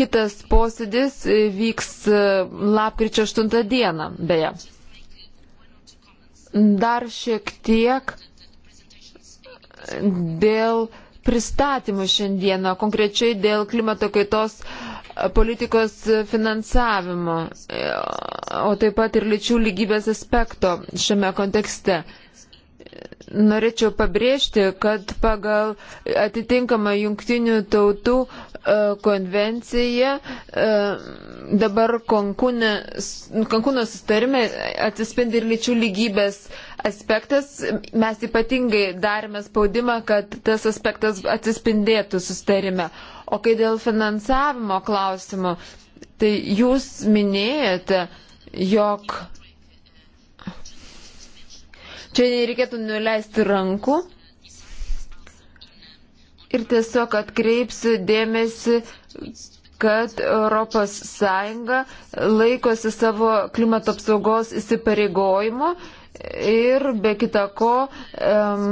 Kitas posėdis vyks lapkričio 8 dieną, beje. Dar šiek tiek dėl uh, pristatymų šiandieną, konkrečiai dėl klimato kaitos e, politikos finansavimo, e, o taip pat ir lyčių lygybės aspekto šiame kontekste. Norėčiau pabrėžti, kad pagal atitinkamą jungtinių tautų E, konvencija e, dabar Kankūno sustarime atsispindi ir lyčių lygybės aspektas. Mes ypatingai darėme spaudimą, kad tas aspektas atsispindėtų sustarime. O kai dėl finansavimo klausimų, tai jūs minėjote, jog čia nereikėtų nuleisti rankų ir tiesiog atkreipsiu dėmesį, kad ES laikosi savo klimato apsaugos įsipareigojimo ir be kita ko um,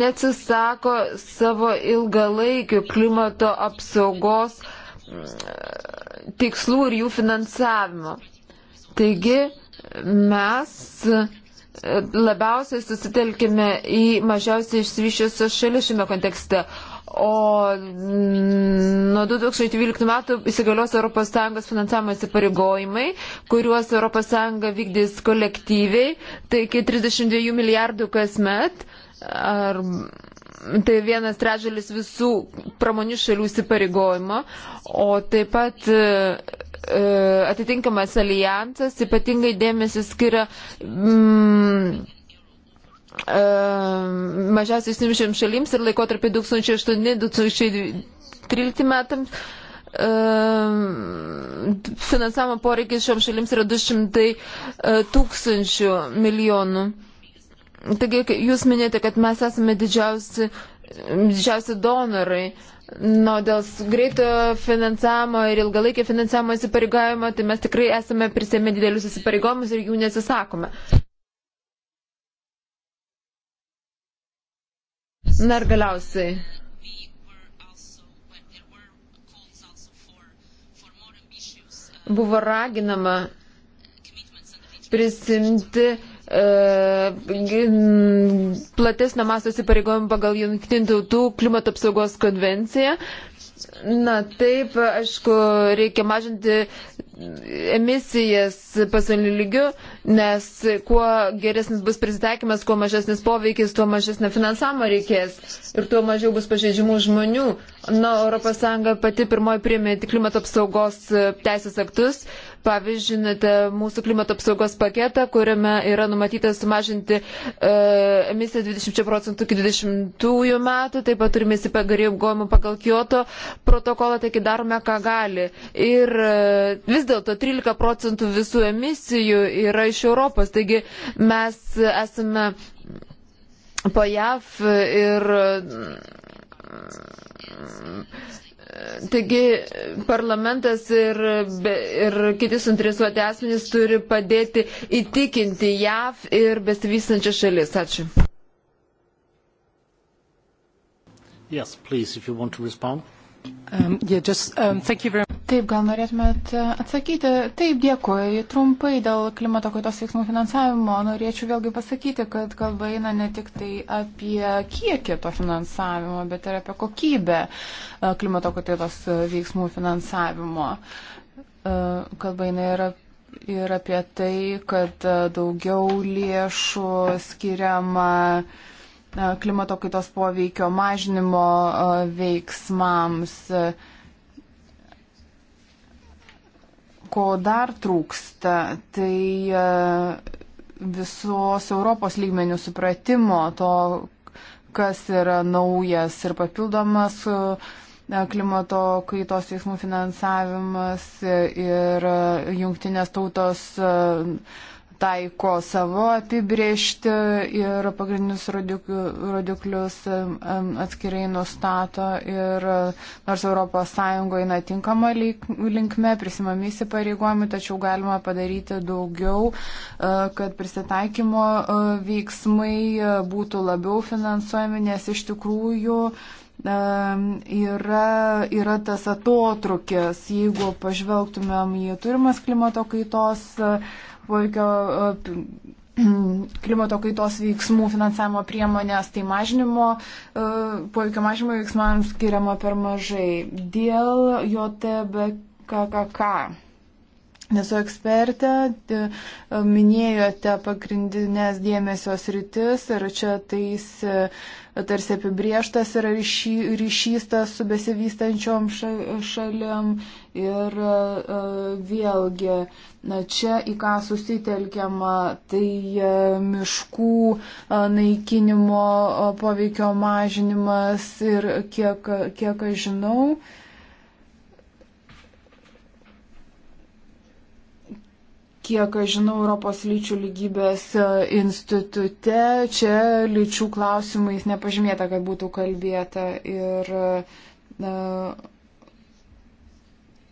neatsisako savo ilgalaikių klimato apsaugos mm, tikslų ir jų finansavimo. Taigi mes labiausiai susitelkime į mažiausiai išsivyščiusios šalis šiame kontekste. O mm, nuo 2012 metų įsigalios ES finansavimo įsipareigojimai, kuriuos ES vykdys kolektyviai, tai iki 32 milijardų kasmet. Ar tai vienas trečdalis visų pramonių šalių įsipareigojimo, o taip pat E, atitinkamas alijansas ypatingai dėmesį skiria mm, e, mažiausiai 700 šalims ir laikotarpį 2008-2013 metams. E, finansavimo poreikis šioms šalims yra 200 tūkstančių milijonų. Taigi, jūs minėjote, kad mes esame didžiausi, didžiausi donorai. Uh, Nu, dėl greito finansavimo ir ilgalaikio finansavimo įsipareigojimo, tai mes tikrai esame prisėmę didelius įsipareigojimus ir jų nesisakome. Na ir galiausiai. Buvo raginama prisimti E, platesnio masto įsipareigojimų pagal Junktinių tautų klimato apsaugos konvenciją. Na taip, aišku, reikia mažinti emisijas pasaulio lygiu, nes kuo geresnis bus prisitaikymas, kuo mažesnis poveikis, tuo mažesnė finansavimo reikės ir tuo mažiau bus pažeidžiamų žmonių. Na, ES pati pirmoji priėmė klimato apsaugos teisės aktus, Pavyzdžiui, žinote, mūsų klimato apsaugos paketą, kuriame yra numatyta sumažinti e, emisiją 20 procentų iki 20 metų, taip pat turime įsipagarėjimų pagal Kyoto protokolą, taigi darome, ką gali. Ir e, vis dėlto 13 procentų visų emisijų yra iš Europos, taigi mes esame po JAV ir Taigi parlamentas ir, ir kiti suinteresuoti asmenys turi padėti įtikinti JAV ir besivystančią šalis. Ačiū. Yes, please, if you want to respond. Um, yeah, just, um, thank you very much. Taip, gal norėtumėt atsakyti. Taip, dėkui. Trumpai dėl klimato kaitos veiksmų finansavimo norėčiau vėlgi pasakyti, kad kalba eina ne tik tai apie kiekį to finansavimo, bet ir apie kokybę e, klimato kaitos veiksmų finansavimo. E, kalba eina ir apie ir apie tai, kad e, daugiau lėšų skiriama klimato kaitos poveikio mažinimo veiksmams. ko dar trūksta, tai e, visos Europos lygmenių supratimo to, kas yra naujas ir papildomas e, klimato kaitos veiksmų finansavimas ir e, jungtinės tautos taiko savo apibriežti ir pagrindinius rodiklius atskirai nustato ir nors ES eina tinkama linkme, prisimami įsipareigojami, tačiau galima padaryti daugiau, e, kad prisitaikymo e, veiksmai e, būtų labiau finansuojami, nes iš tikrųjų yra, yra tas atotrukis, jeigu pažvelgtumėm į turimas klimato kaitos poveikio e, klimato kaitos veiksmų finansavimo priemonės, tai mažinimo, e, poveikio mažinimo veiksmams skiriama per mažai. Dėl JTBKK. Nesu ekspertė, e, minėjote pagrindinės dėmesio sritis ir čia tais tarsi apibrieštas yra ryšys, ryšys tas su besivystančiom šalim Ir e, vėlgi, čia į ką susitelkiama, tai e, miškų e, naikinimo poveikio mažinimas ir kiek, kiek aš žinau, kiek aš žinau, Europos lyčių lygybės institute čia lyčių klausimais nepažymėta, kad būtų kalbėta. Ir, uh,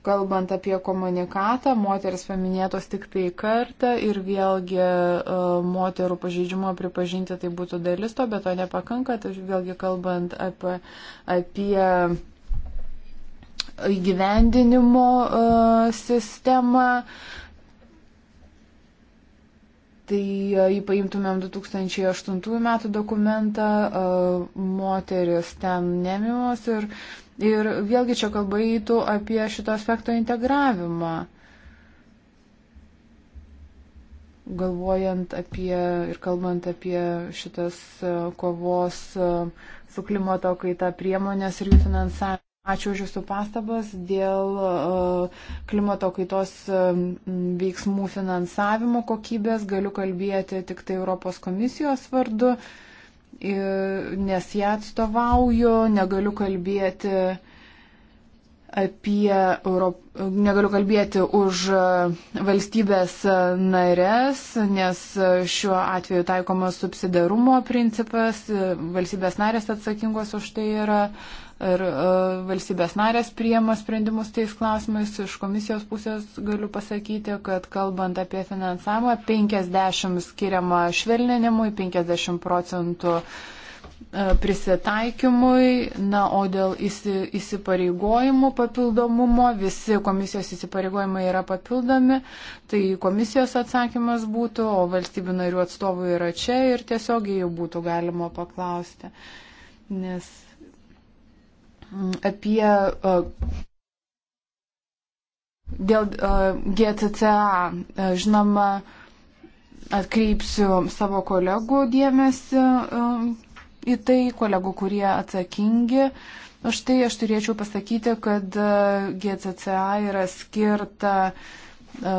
Kalbant apie komunikatą, moteris paminėtos tik tai kartą ir vėlgi e, moterų pažeidžiamo pripažinti tai būtų dalis to, bet to nepakanka. Tai vėlgi kalbant apie, apie įgyvendinimo e, sistemą, Tai e, jei paimtumėm 2008 metų dokumentą, moteris ten nemimos ir Ir vėlgi čia kalba įtų apie šito aspekto integravimą. Galvojant apie ir kalbant apie šitas e, kovos e, su klimato kaita priemonės ir jų finansavimą. Ačiū už Jūsų pastabas dėl e, klimato kaitos veiksmų finansavimo kokybės. Galiu kalbėti tik tai Europos komisijos vardu nes ją atstovauju, negaliu kalbėti apie Europ... negaliu kalbėti už valstybės narės, nes šiuo atveju taikomas subsidarumo principas, valstybės narės atsakingos už tai yra ar e, valstybės narės priema sprendimus tais klausimais. Iš komisijos pusės galiu pasakyti, kad kalbant apie finansavimą, 50 skiriama švelninimui, 50 procentų e, prisitaikymui, na, o dėl įsi, įsipareigojimų papildomumo, visi komisijos įsipareigojimai yra papildomi, tai komisijos atsakymas būtų, o valstybių narių atstovų yra čia ir tiesiog jų būtų galima paklausti. Nes apie. E, dėl e, GCCA, e, žinoma, atkreipsiu savo kolegų dėmesį į tai, kolegų, kurie atsakingi. Aš tai aš turėčiau pasakyti, kad GCCA yra skirta uh, E,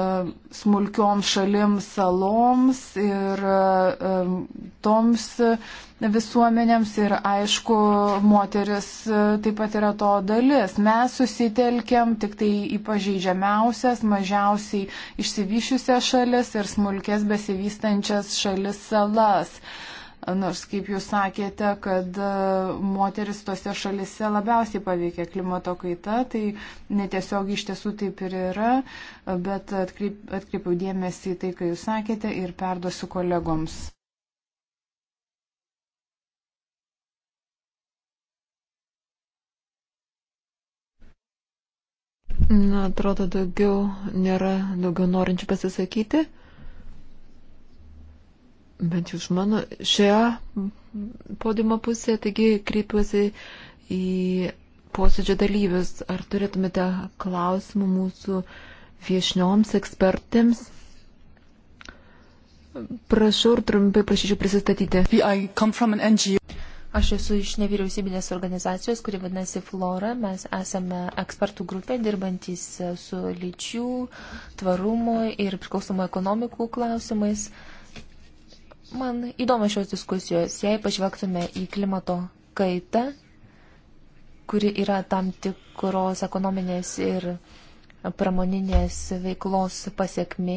smulkiom šalim saloms ir e, e, toms visuomenėms ir aišku, moteris taip pat yra to dalis. Mes susitelkėm tik tai į pažeidžiamiausias, mažiausiai išsivyšiusias šalis ir smulkės besivystančias šalis salas. Uh, Nors, kaip jūs sakėte, kad e, moteris tose šalise labiausiai paveikia klimato kaita, tai netiesiog iš tiesų taip ir yra, bet atkreip, atkreipiau dėmesį į tai, ką jūs sakėte ir perduosiu kolegoms. Na, atrodo, daugiau nėra daugiau norinčių pasisakyti bent jau iš mano šioje podimo pusėje, taigi kreipiuosi į posėdžio dalyvius. Ar turėtumėte klausimų mūsų viešnioms ekspertėms? Prašau ir trumpai prašyčiau prisistatyti. Aš esu iš nevyriausybinės organizacijos, kuri vadinasi Flora. Mes esame ekspertų grupė, dirbantys su lyčių, tvarumo ir priklausomų ekonomikų klausimais. Uh, Man įdomu šios diskusijos, jei pažvelgtume į klimato kaitą, kuri yra tam tikros ekonominės ir pramoninės veiklos pasiekmi.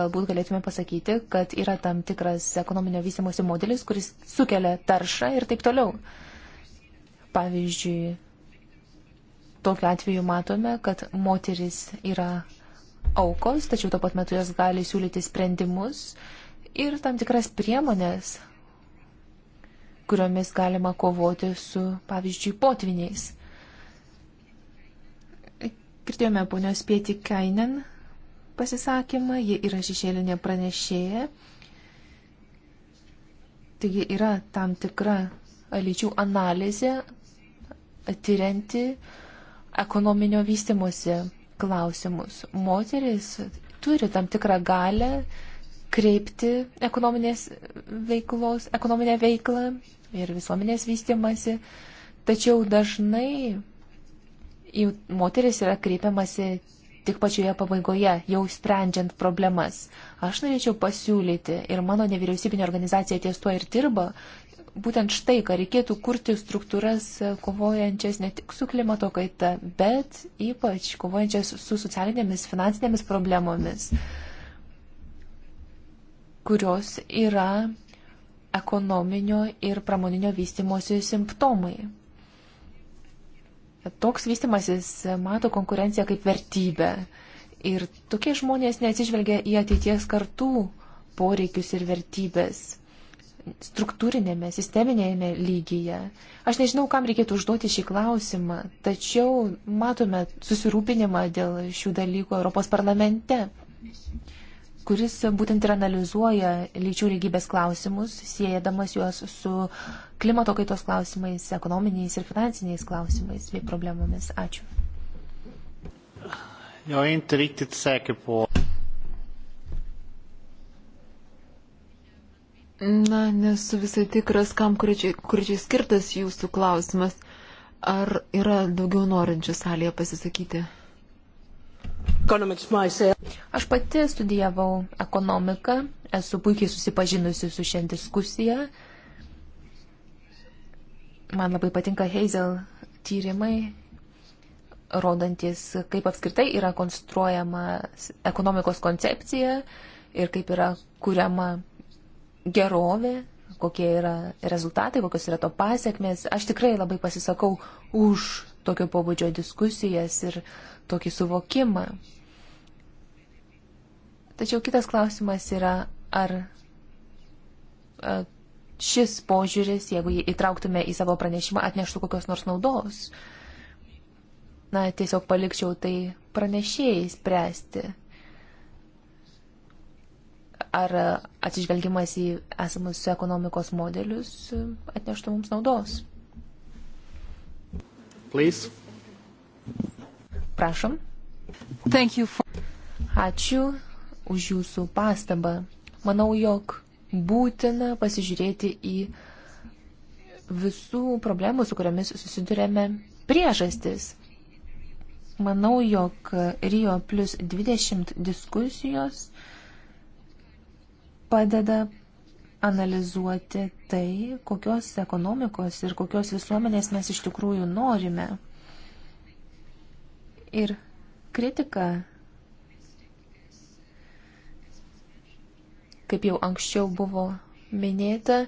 Galbūt galėtume pasakyti, kad yra tam tikras ekonominio vystimosi modelis, kuris sukelia taršą ir taip toliau. Pavyzdžiui, tokiu atveju matome, kad moteris yra aukos, tačiau tuo pat metu jos gali siūlyti sprendimus ir tam tikras priemonės, kuriomis galima kovoti su, pavyzdžiui, potviniais. Girdėjome ponios Pieti Kainen pasisakymą, ji yra šešėlinė pranešėja. Taigi yra tam tikra lyčių analizė, tyrianti ekonominio vystimosi klausimus. Moteris turi tam tikrą galę kreipti ekonominės veiklos, ekonominę veiklą ir visuomenės vystimasi, tačiau dažnai į moteris yra kreipiamasi tik pačioje pabaigoje, jau sprendžiant problemas. Aš norėčiau pasiūlyti, ir mano nevyriausybinė organizacija ties tuo ir dirba, būtent štai, ką reikėtų kurti struktūras e, kovojančias ne tik su klimato kaita, bet ypač kovojančias su socialinėmis, finansinėmis problemomis, kurios yra ekonominio ir pramoninio vystimosi simptomai. Toks vystimasis mato konkurenciją kaip vertybę ir tokie žmonės neatsižvelgia į ateities kartų poreikius ir vertybės struktūrinėme, sisteminėme lygyje. Aš nežinau, kam reikėtų užduoti šį klausimą, tačiau matome susirūpinimą dėl šių dalykų Europos parlamente, kuris būtent ir analizuoja lyčių lygybės klausimus, siejamas juos su klimato kaitos klausimais, ekonominiais ir finansiniais klausimais bei problemomis. Ačiū. Jag är inte riktigt säker på Na, nesu visai tikras, kam kurčiai, kurčiai skirtas jūsų klausimas. Ar yra daugiau norinčių salėje pasisakyti? Aš pati studijavau ekonomiką, esu puikiai susipažinusi su šią diskusiją. Man labai patinka Hazel tyrimai, rodantis, kaip apskritai yra konstruojama ekonomikos koncepcija ir kaip yra kuriama gerovė, kokie yra rezultatai, kokios yra to pasiekmes. Aš tikrai labai pasisakau už tokio pobūdžio diskusijas ir tokį suvokimą. Tačiau kitas klausimas yra, ar šis požiūris, jeigu jį įtrauktume į savo pranešimą, atneštų kokios nors naudos. Na, tiesiog palikčiau tai pranešėjai spręsti ar atsižvelgimas į esamus ekonomikos modelius atneštų mums naudos. Please. Prašom. For... Ačiū už jūsų pastabą. Manau, jog būtina pasižiūrėti į visų problemų, su kuriamis susidurėme, priežastis. Manau, jog Rio plus 20 diskusijos uh, padeda analizuoti tai, kokios ekonomikos ir kokios visuomenės mes iš tikrųjų norime. Ir kritika, kaip jau anksčiau buvo minėta,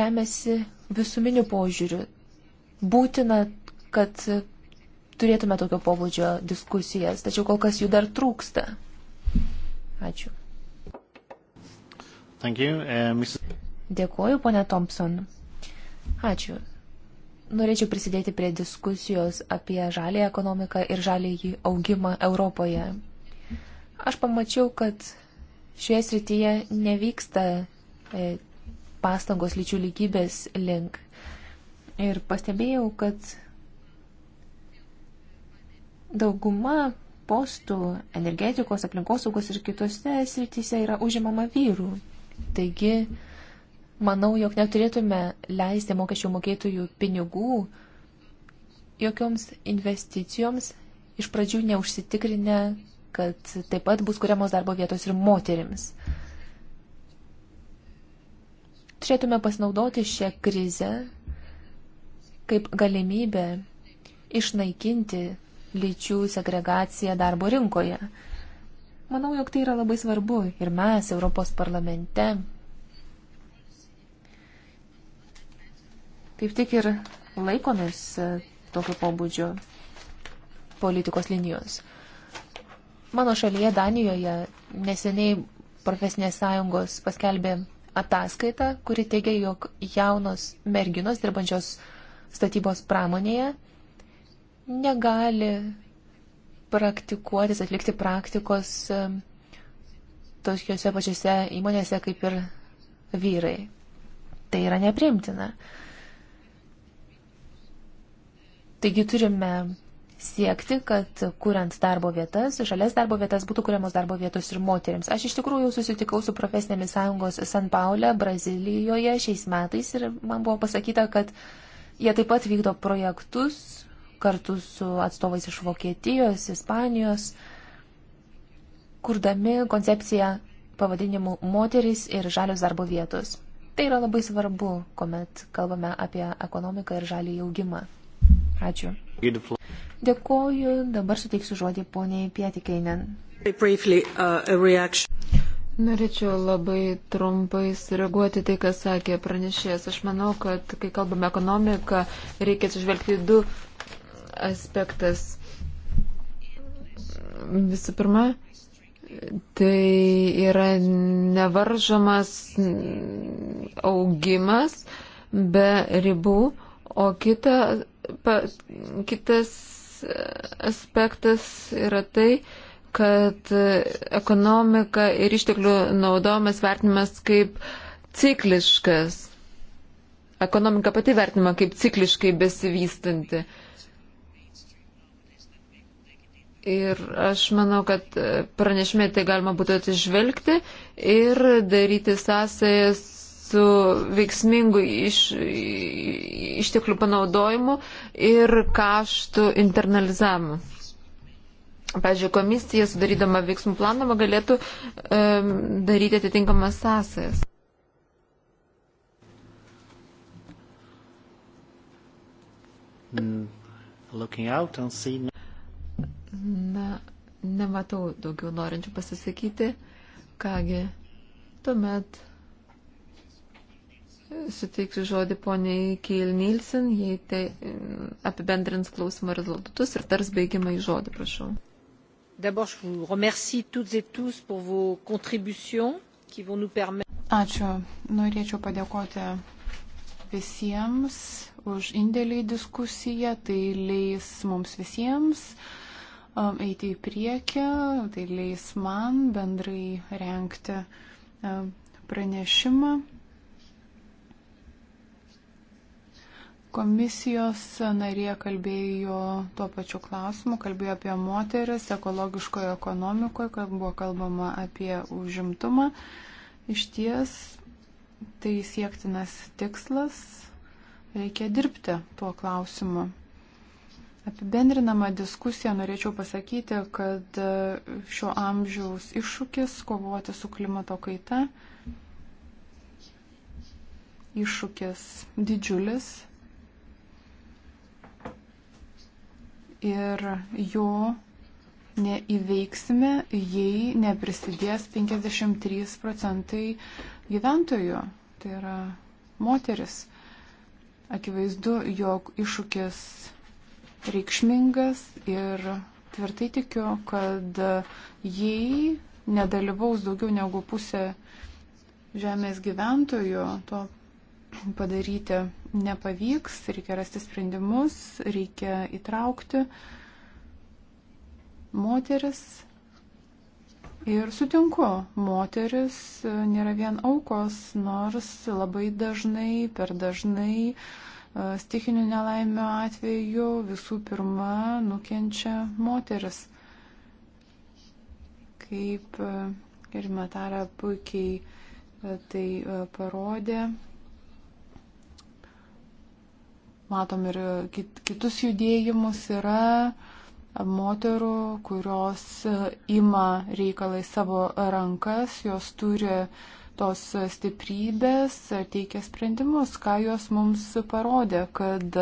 remiasi visuminiu požiūriu. Būtina, kad turėtume tokio pobūdžio diskusijas, tačiau kol kas jų dar trūksta. Ačiū. Thank you. Uh, Mrs... Dėkuoju, ponė Thompson. Ačiū. Norėčiau prisidėti prie diskusijos apie žalį ekonomiką ir žalį augimą Europoje. Aš pamačiau, kad šioje srityje nevyksta e, pastangos lyčių lygybės link. Ir pastebėjau, kad dauguma postų energetikos, aplinkosaugos ir kitose srityse yra užimama vyrų. Taigi, manau, jog neturėtume leisti mokesčių mokėtojų pinigų jokioms investicijoms, iš pradžių neužsitikrinę, kad taip pat bus kuriamos darbo vietos ir moterims. Turėtume pasinaudoti šią krizę kaip galimybę išnaikinti lyčių segregaciją darbo rinkoje. Manau, jog tai yra labai svarbu ir mes Europos parlamente kaip tik ir laikomės e, tokio pobūdžio politikos linijos. Mano šalyje, Danijoje, neseniai profesinės sąjungos paskelbė ataskaitą, kuri teigia, jog jaunos merginos dirbančios statybos pramonėje negali praktikuotis, atlikti praktikos tokiuose pačiuose įmonėse kaip ir vyrai. Tai yra neprimtina. Taigi turime siekti, kad kuriant darbo vietas, žalias darbo vietas būtų kuriamos darbo vietos ir moteriams. Aš iš tikrųjų susitikau su profesinėmis sąjungos San Paule, Brazilijoje šiais metais ir man buvo pasakyta, kad jie taip pat vykdo projektus kartu su atstovais iš Vokietijos, Ispanijos, kurdami koncepciją pavadinimu moterys ir žalios darbo vietos. Tai yra labai svarbu, kuomet kalbame apie ekonomiką ir žalį augimą. Ačiū. Dėkoju, dabar suteiksiu žodį poniai Pietikeinen. Uh, Norėčiau labai trumpai sureaguoti tai, ką sakė pranešėjas. Aš manau, kad kai kalbame ekonomiką, reikia atsižvelgti du aspektas. Visų pirma, tai yra nevaržomas augimas be ribų, o kita, pa, kitas aspektas yra tai, kad ekonomika ir išteklių naudojimas vertinimas kaip cikliškas. Ekonomika pati vertinima kaip cikliškai besivystanti. Uh, Ir aš manau, kad pranešime tai galima būtų atsižvelgti ir daryti sąsąją su veiksmingu iš, išteklių panaudojimu ir kaštų internalizavimu. Pavyzdžiui, komisija sudarydama veiksmų planą galėtų um, daryti atitinkamas sąsajas. Mm, looking out and seeing. Na, nematau daugiau norinčių pasisakyti. Kągi, tuomet suteiksiu žodį poniai Keil Nilsen, jei tai mm, apibendrins klausimo rezultatus ir tars baigimą į žodį, prašau. D'abord, je vous remercie toutes et tous pour vos contributions qui vont nous permettre. Ačiū. Norėčiau padėkoti visiems už indėlį į diskusiją. Tai leis mums visiems uh, Um, eiti į priekį, tai leis man bendrai renkti um, pranešimą. Komisijos narė kalbėjo tuo pačiu klausimu, kalbėjo apie moteris ekologiškoje ekonomikoje, kad buvo kalbama apie užimtumą. Iš ties tai siektinas tikslas, reikia dirbti tuo klausimu. Apibendrinama diskusija norėčiau pasakyti, kad e, šio amžiaus iššūkis kovoti su klimato kaita, iššūkis didžiulis ir jo neįveiksime, jei neprisidės 53 procentai gyventojų, tai yra moteris. Akivaizdu, jog iššūkis reikšmingas ir tvirtai tikiu, kad jei nedalyvaus daugiau negu pusė žemės gyventojų, to padaryti nepavyks, reikia rasti sprendimus, reikia įtraukti moteris. Ir sutinku, moteris nėra vien aukos, nors labai dažnai, per dažnai uh, stikinių nelaimių atveju visų pirma nukenčia moteris. Kaip ir Matara puikiai tai parodė, matom ir kit, kitus judėjimus yra moterų, kurios ima reikalai savo rankas, jos turi uh, tos stiprybės teikia sprendimus, ką jos mums parodė, kad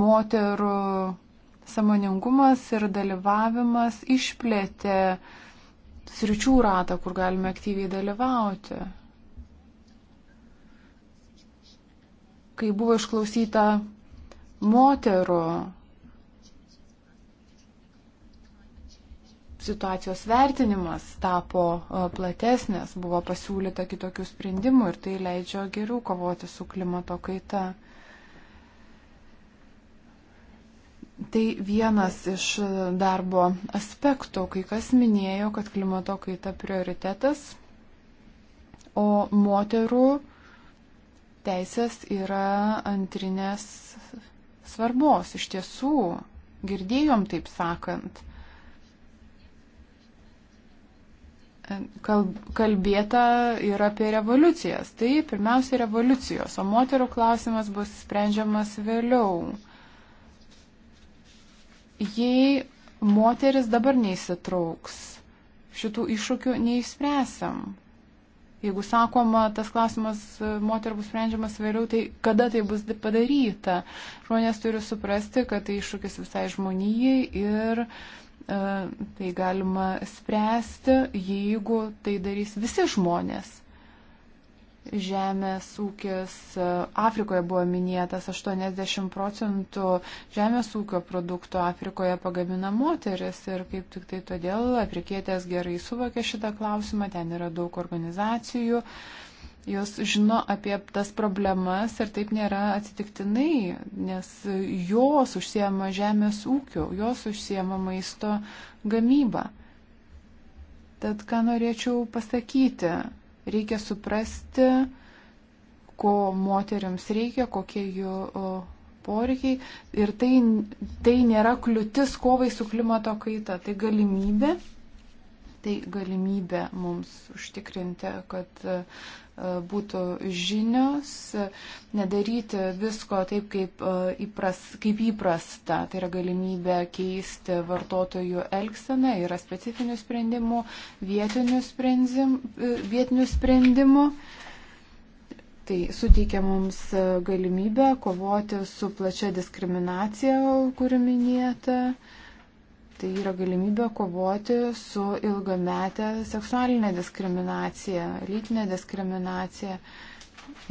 moterų samoningumas ir dalyvavimas išplėtė sričių ratą, kur galime aktyviai dalyvauti. Kai buvo išklausyta moterų situacijos vertinimas tapo e, platesnės, buvo pasiūlyta kitokių sprendimų ir tai leidžia geriau kovoti su klimato kaita. Tai vienas iš e, darbo aspektų, kai kas minėjo, kad klimato kaita prioritetas, o moterų teisės yra antrinės svarbos. Iš tiesų, girdėjom taip sakant. kalbėta ir apie revoliucijas. Tai pirmiausia revoliucijos, o moterų klausimas bus sprendžiamas vėliau. Jei moteris dabar neįsitrauks, šitų iššūkių neįspręsim. Jeigu sakoma, tas klausimas e, moterų bus sprendžiamas vėliau, tai kada tai bus padaryta? Žmonės turi suprasti, kad tai iššūkis visai žmonijai ir uh, E, tai galima spręsti, jeigu tai darys visi žmonės. Žemės ūkis e, Afrikoje buvo minėtas 80 procentų žemės ūkio produktų Afrikoje pagamina moteris ir kaip tik tai todėl afrikietės gerai suvokė šitą klausimą, ten yra daug organizacijų. Uh, jos žino apie tas problemas ir taip nėra atsitiktinai, nes jos užsiema žemės ūkiu, jos užsiema maisto gamyba. Tad ką norėčiau pasakyti, reikia suprasti, ko moteriams reikia, kokie jų poreikiai. Ir tai, tai nėra kliūtis kovai su klimato kaita, tai galimybė. Tai galimybė mums užtikrinti, kad E, būtų žinios, nedaryti visko taip, kaip, e, įpras, kaip įprasta. Tai yra galimybė keisti vartotojų elgseną, yra specifinių sprendimų, vietinių sprendimų. E, vietinių sprendimų. Tai suteikia mums galimybę kovoti su plačia diskriminacija, kuri minėta. Uh, Tai yra galimybė kovoti su ilgametė seksualinė diskriminacija, lytinė diskriminacija.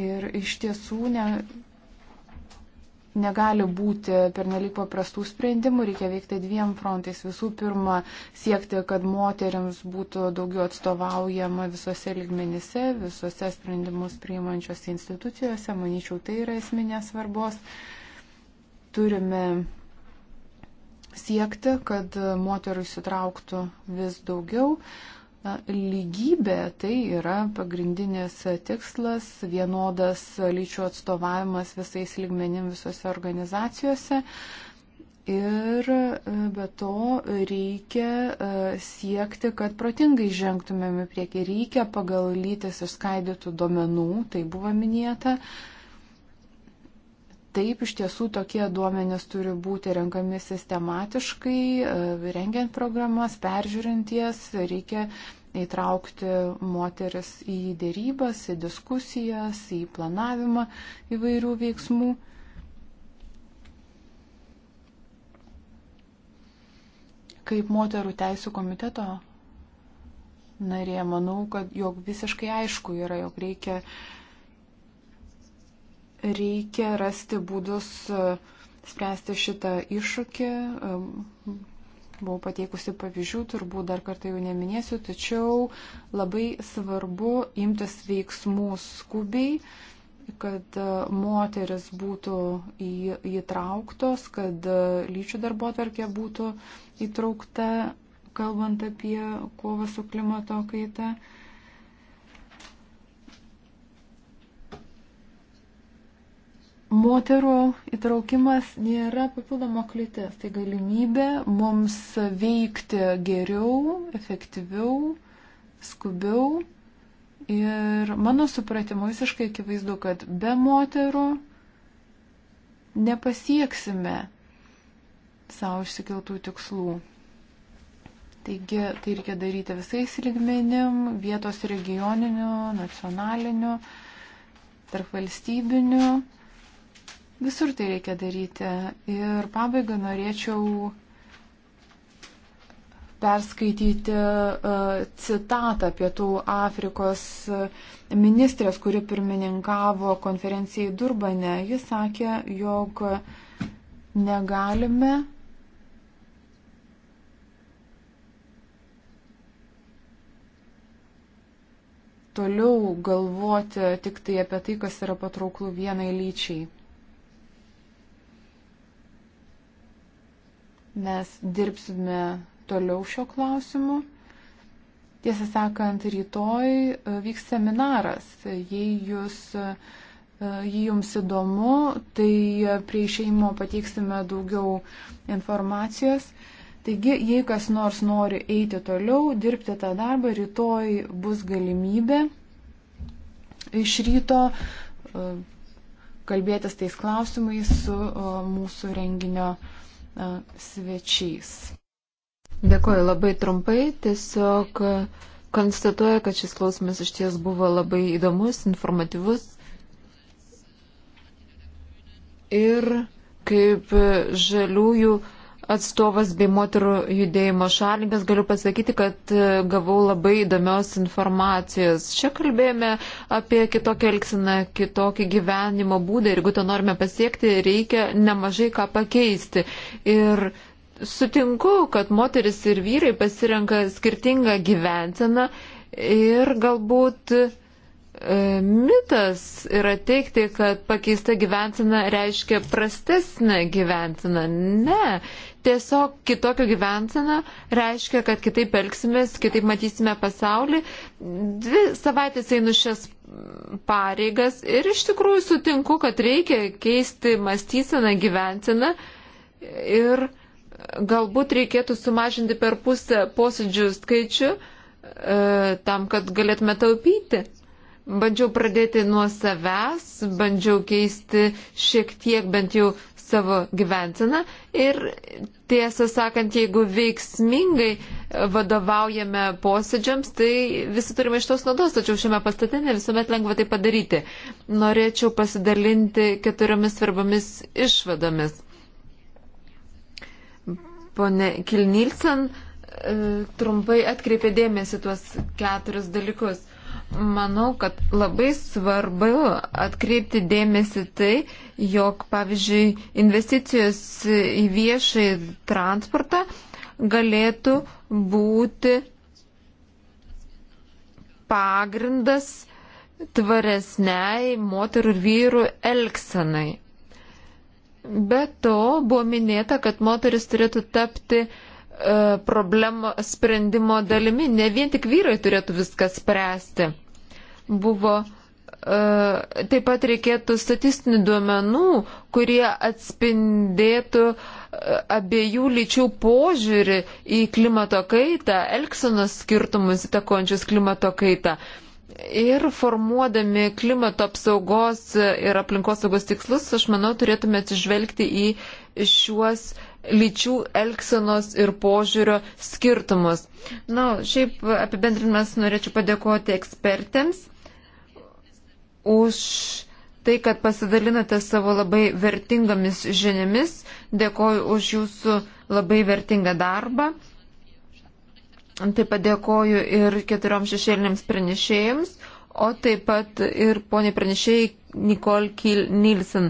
Ir iš tiesų ne, negali būti pernelyg paprastų sprendimų, reikia veikti dviem frontais. Visų pirma, siekti, kad moteriams būtų daugiau atstovaujama visose ligmenyse, visose sprendimus priimančiose institucijose. Manyčiau, tai yra esminės svarbos. Turime siekti, kad moterų įsitrauktų vis daugiau. Na, lygybė tai yra pagrindinis tikslas, vienodas lyčių atstovavimas visais lygmenim visose organizacijose. Ir e, be to reikia e, siekti, kad protingai žengtumėm į priekį. Reikia pagal lytis išskaidytų duomenų, tai buvo minėta. Uh, Taip, iš tiesų tokie duomenys turi būti renkami sistematiškai, e, rengiant programas, peržiūrint jas, reikia įtraukti moteris į dėrybas, į diskusijas, į planavimą įvairių veiksmų. Kaip moterų teisų komiteto narė, manau, kad jog visiškai aišku yra, jog reikia uh, reikia rasti būdus e, spręsti šitą iššūkį. E, buvau pateikusi pavyzdžių, turbūt dar kartą jų neminėsiu, tačiau labai svarbu imtis veiksmų skubiai, kad e, moteris būtų į, įtrauktos, kad lyčių darbo atverkė būtų įtraukta, kalbant apie kovą su klimato kaita. Uh, moterų įtraukimas nėra papildoma kliūtis, tai galimybė mums veikti geriau, efektyviau, skubiau. Ir mano supratimu visiškai akivaizdu, kad be moterų nepasieksime savo išsikeltų tikslų. Taigi tai reikia daryti visais lygmenim, vietos regioniniu, nacionaliniu, tarp valstybiniu Visur tai reikia daryti. Ir pabaigai norėčiau perskaityti uh, citatą Pietų Afrikos ministrės, kuri pirmininkavo konferencijai Durbane. Jis sakė, jog negalime toliau galvoti tik tai apie tai, kas yra patrauklų vienai lyčiai. Mes dirbsime toliau šio klausimu. Tiesą sakant, rytoj e, vyks seminaras. Jei jūs e, jį jums įdomu, tai e, prie išeimo pateiksime daugiau informacijos. Taigi, jei kas nors nori eiti toliau, dirbti tą darbą, rytoj bus galimybė iš ryto kalbėtis tais klausimais su mūsų renginio svečiais. Dėkuoju labai trumpai, tiesiog konstatuoju, kad šis klausimas iš ties buvo labai įdomus, informatyvus. Ir kaip žaliųjų atstovas bei moterų judėjimo šalininkas, galiu pasakyti, kad e, gavau labai įdomios informacijos. Čia kalbėjome apie kitokią elgsiną, kitokį gyvenimo būdą ir jeigu to norime pasiekti, reikia nemažai ką pakeisti. Ir sutinku, kad moteris ir vyrai pasirenka skirtingą gyvenseną ir galbūt e, mitas yra teikti, kad pakeista gyventina reiškia prastesnė gyventina. Ne, Tiesiog kitokio gyvensena reiškia, kad kitaip elgsimės, kitaip matysime pasaulį. Dvi savaitės einu šias pareigas ir iš tikrųjų sutinku, kad reikia keisti mąstyseną, gyvenseną ir galbūt reikėtų sumažinti per pusę posėdžių skaičių e, tam, kad galėtume taupyti. Bandžiau pradėti nuo savęs, bandžiau keisti šiek tiek bent jau savo gyventiną ir tiesą sakant, jeigu veiksmingai vadovaujame posėdžiams, tai visi turime iš tos naudos, tačiau šiame pastate ne visuomet lengva tai padaryti. Norėčiau pasidalinti keturiomis svarbomis išvadomis. Pone Kilnilsen e, trumpai atkreipė dėmesį tuos keturis dalykus. Manau, kad labai svarbu atkreipti dėmesį tai, jog, pavyzdžiui, investicijos į viešai transportą galėtų būti pagrindas tvaresniai moterų ir vyrų elgsenai. Be to buvo minėta, kad moteris turėtų tapti uh, E, problemo sprendimo dalimi. Ne vien tik vyrai turėtų viską spręsti. Buvo e, taip pat reikėtų statistinių duomenų, kurie atspindėtų e, abiejų lyčių požiūrį į klimato kaitą, elksenos skirtumus įtakojančius klimato kaitą. Ir formuodami klimato apsaugos ir aplinkosaugos tikslus, aš manau, turėtume atsižvelgti į šiuos lyčių elgsenos ir požiūrio skirtumus. Na, šiaip apibendrinimas norėčiau padėkoti ekspertėms už tai, kad pasidalinote savo labai vertingomis žiniomis. Dėkoju už jūsų labai vertingą darbą. Taip pat dėkoju ir keturioms šešėlinėms pranešėjams, o taip pat ir poniai pranešėjai Nikol Kil Nilsen.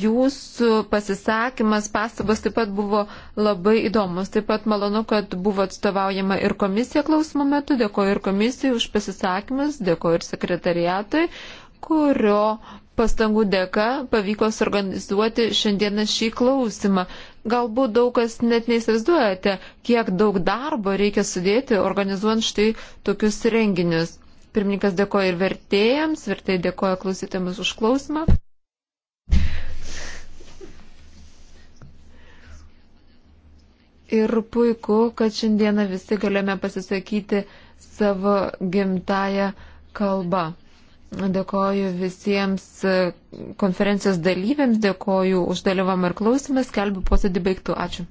Jūsų pasisakymas, pastabas taip pat buvo labai įdomus. Taip pat malonu, kad buvo atstovaujama ir komisija klausimų metu. Dėkoju ir komisijai už pasisakymus, dėkoju ir sekretariatui, kurio pastangų dėka pavyko suorganizuoti šiandieną šį klausimą. Galbūt daug kas net neįsivaizduojate, kiek daug darbo reikia sudėti organizuojant štai tokius renginius. Pirmininkas dėkoja ir vertėjams, vertėjai dėkoja klausytėmis už klausimą. Ir puiku, kad šiandieną visi galėjome pasisakyti savo gimtają kalbą. Dėkoju visiems konferencijos dalyviams, dėkoju už dalyvamą ir klausimą, skelbiu posėdį baigtų. Ačiū.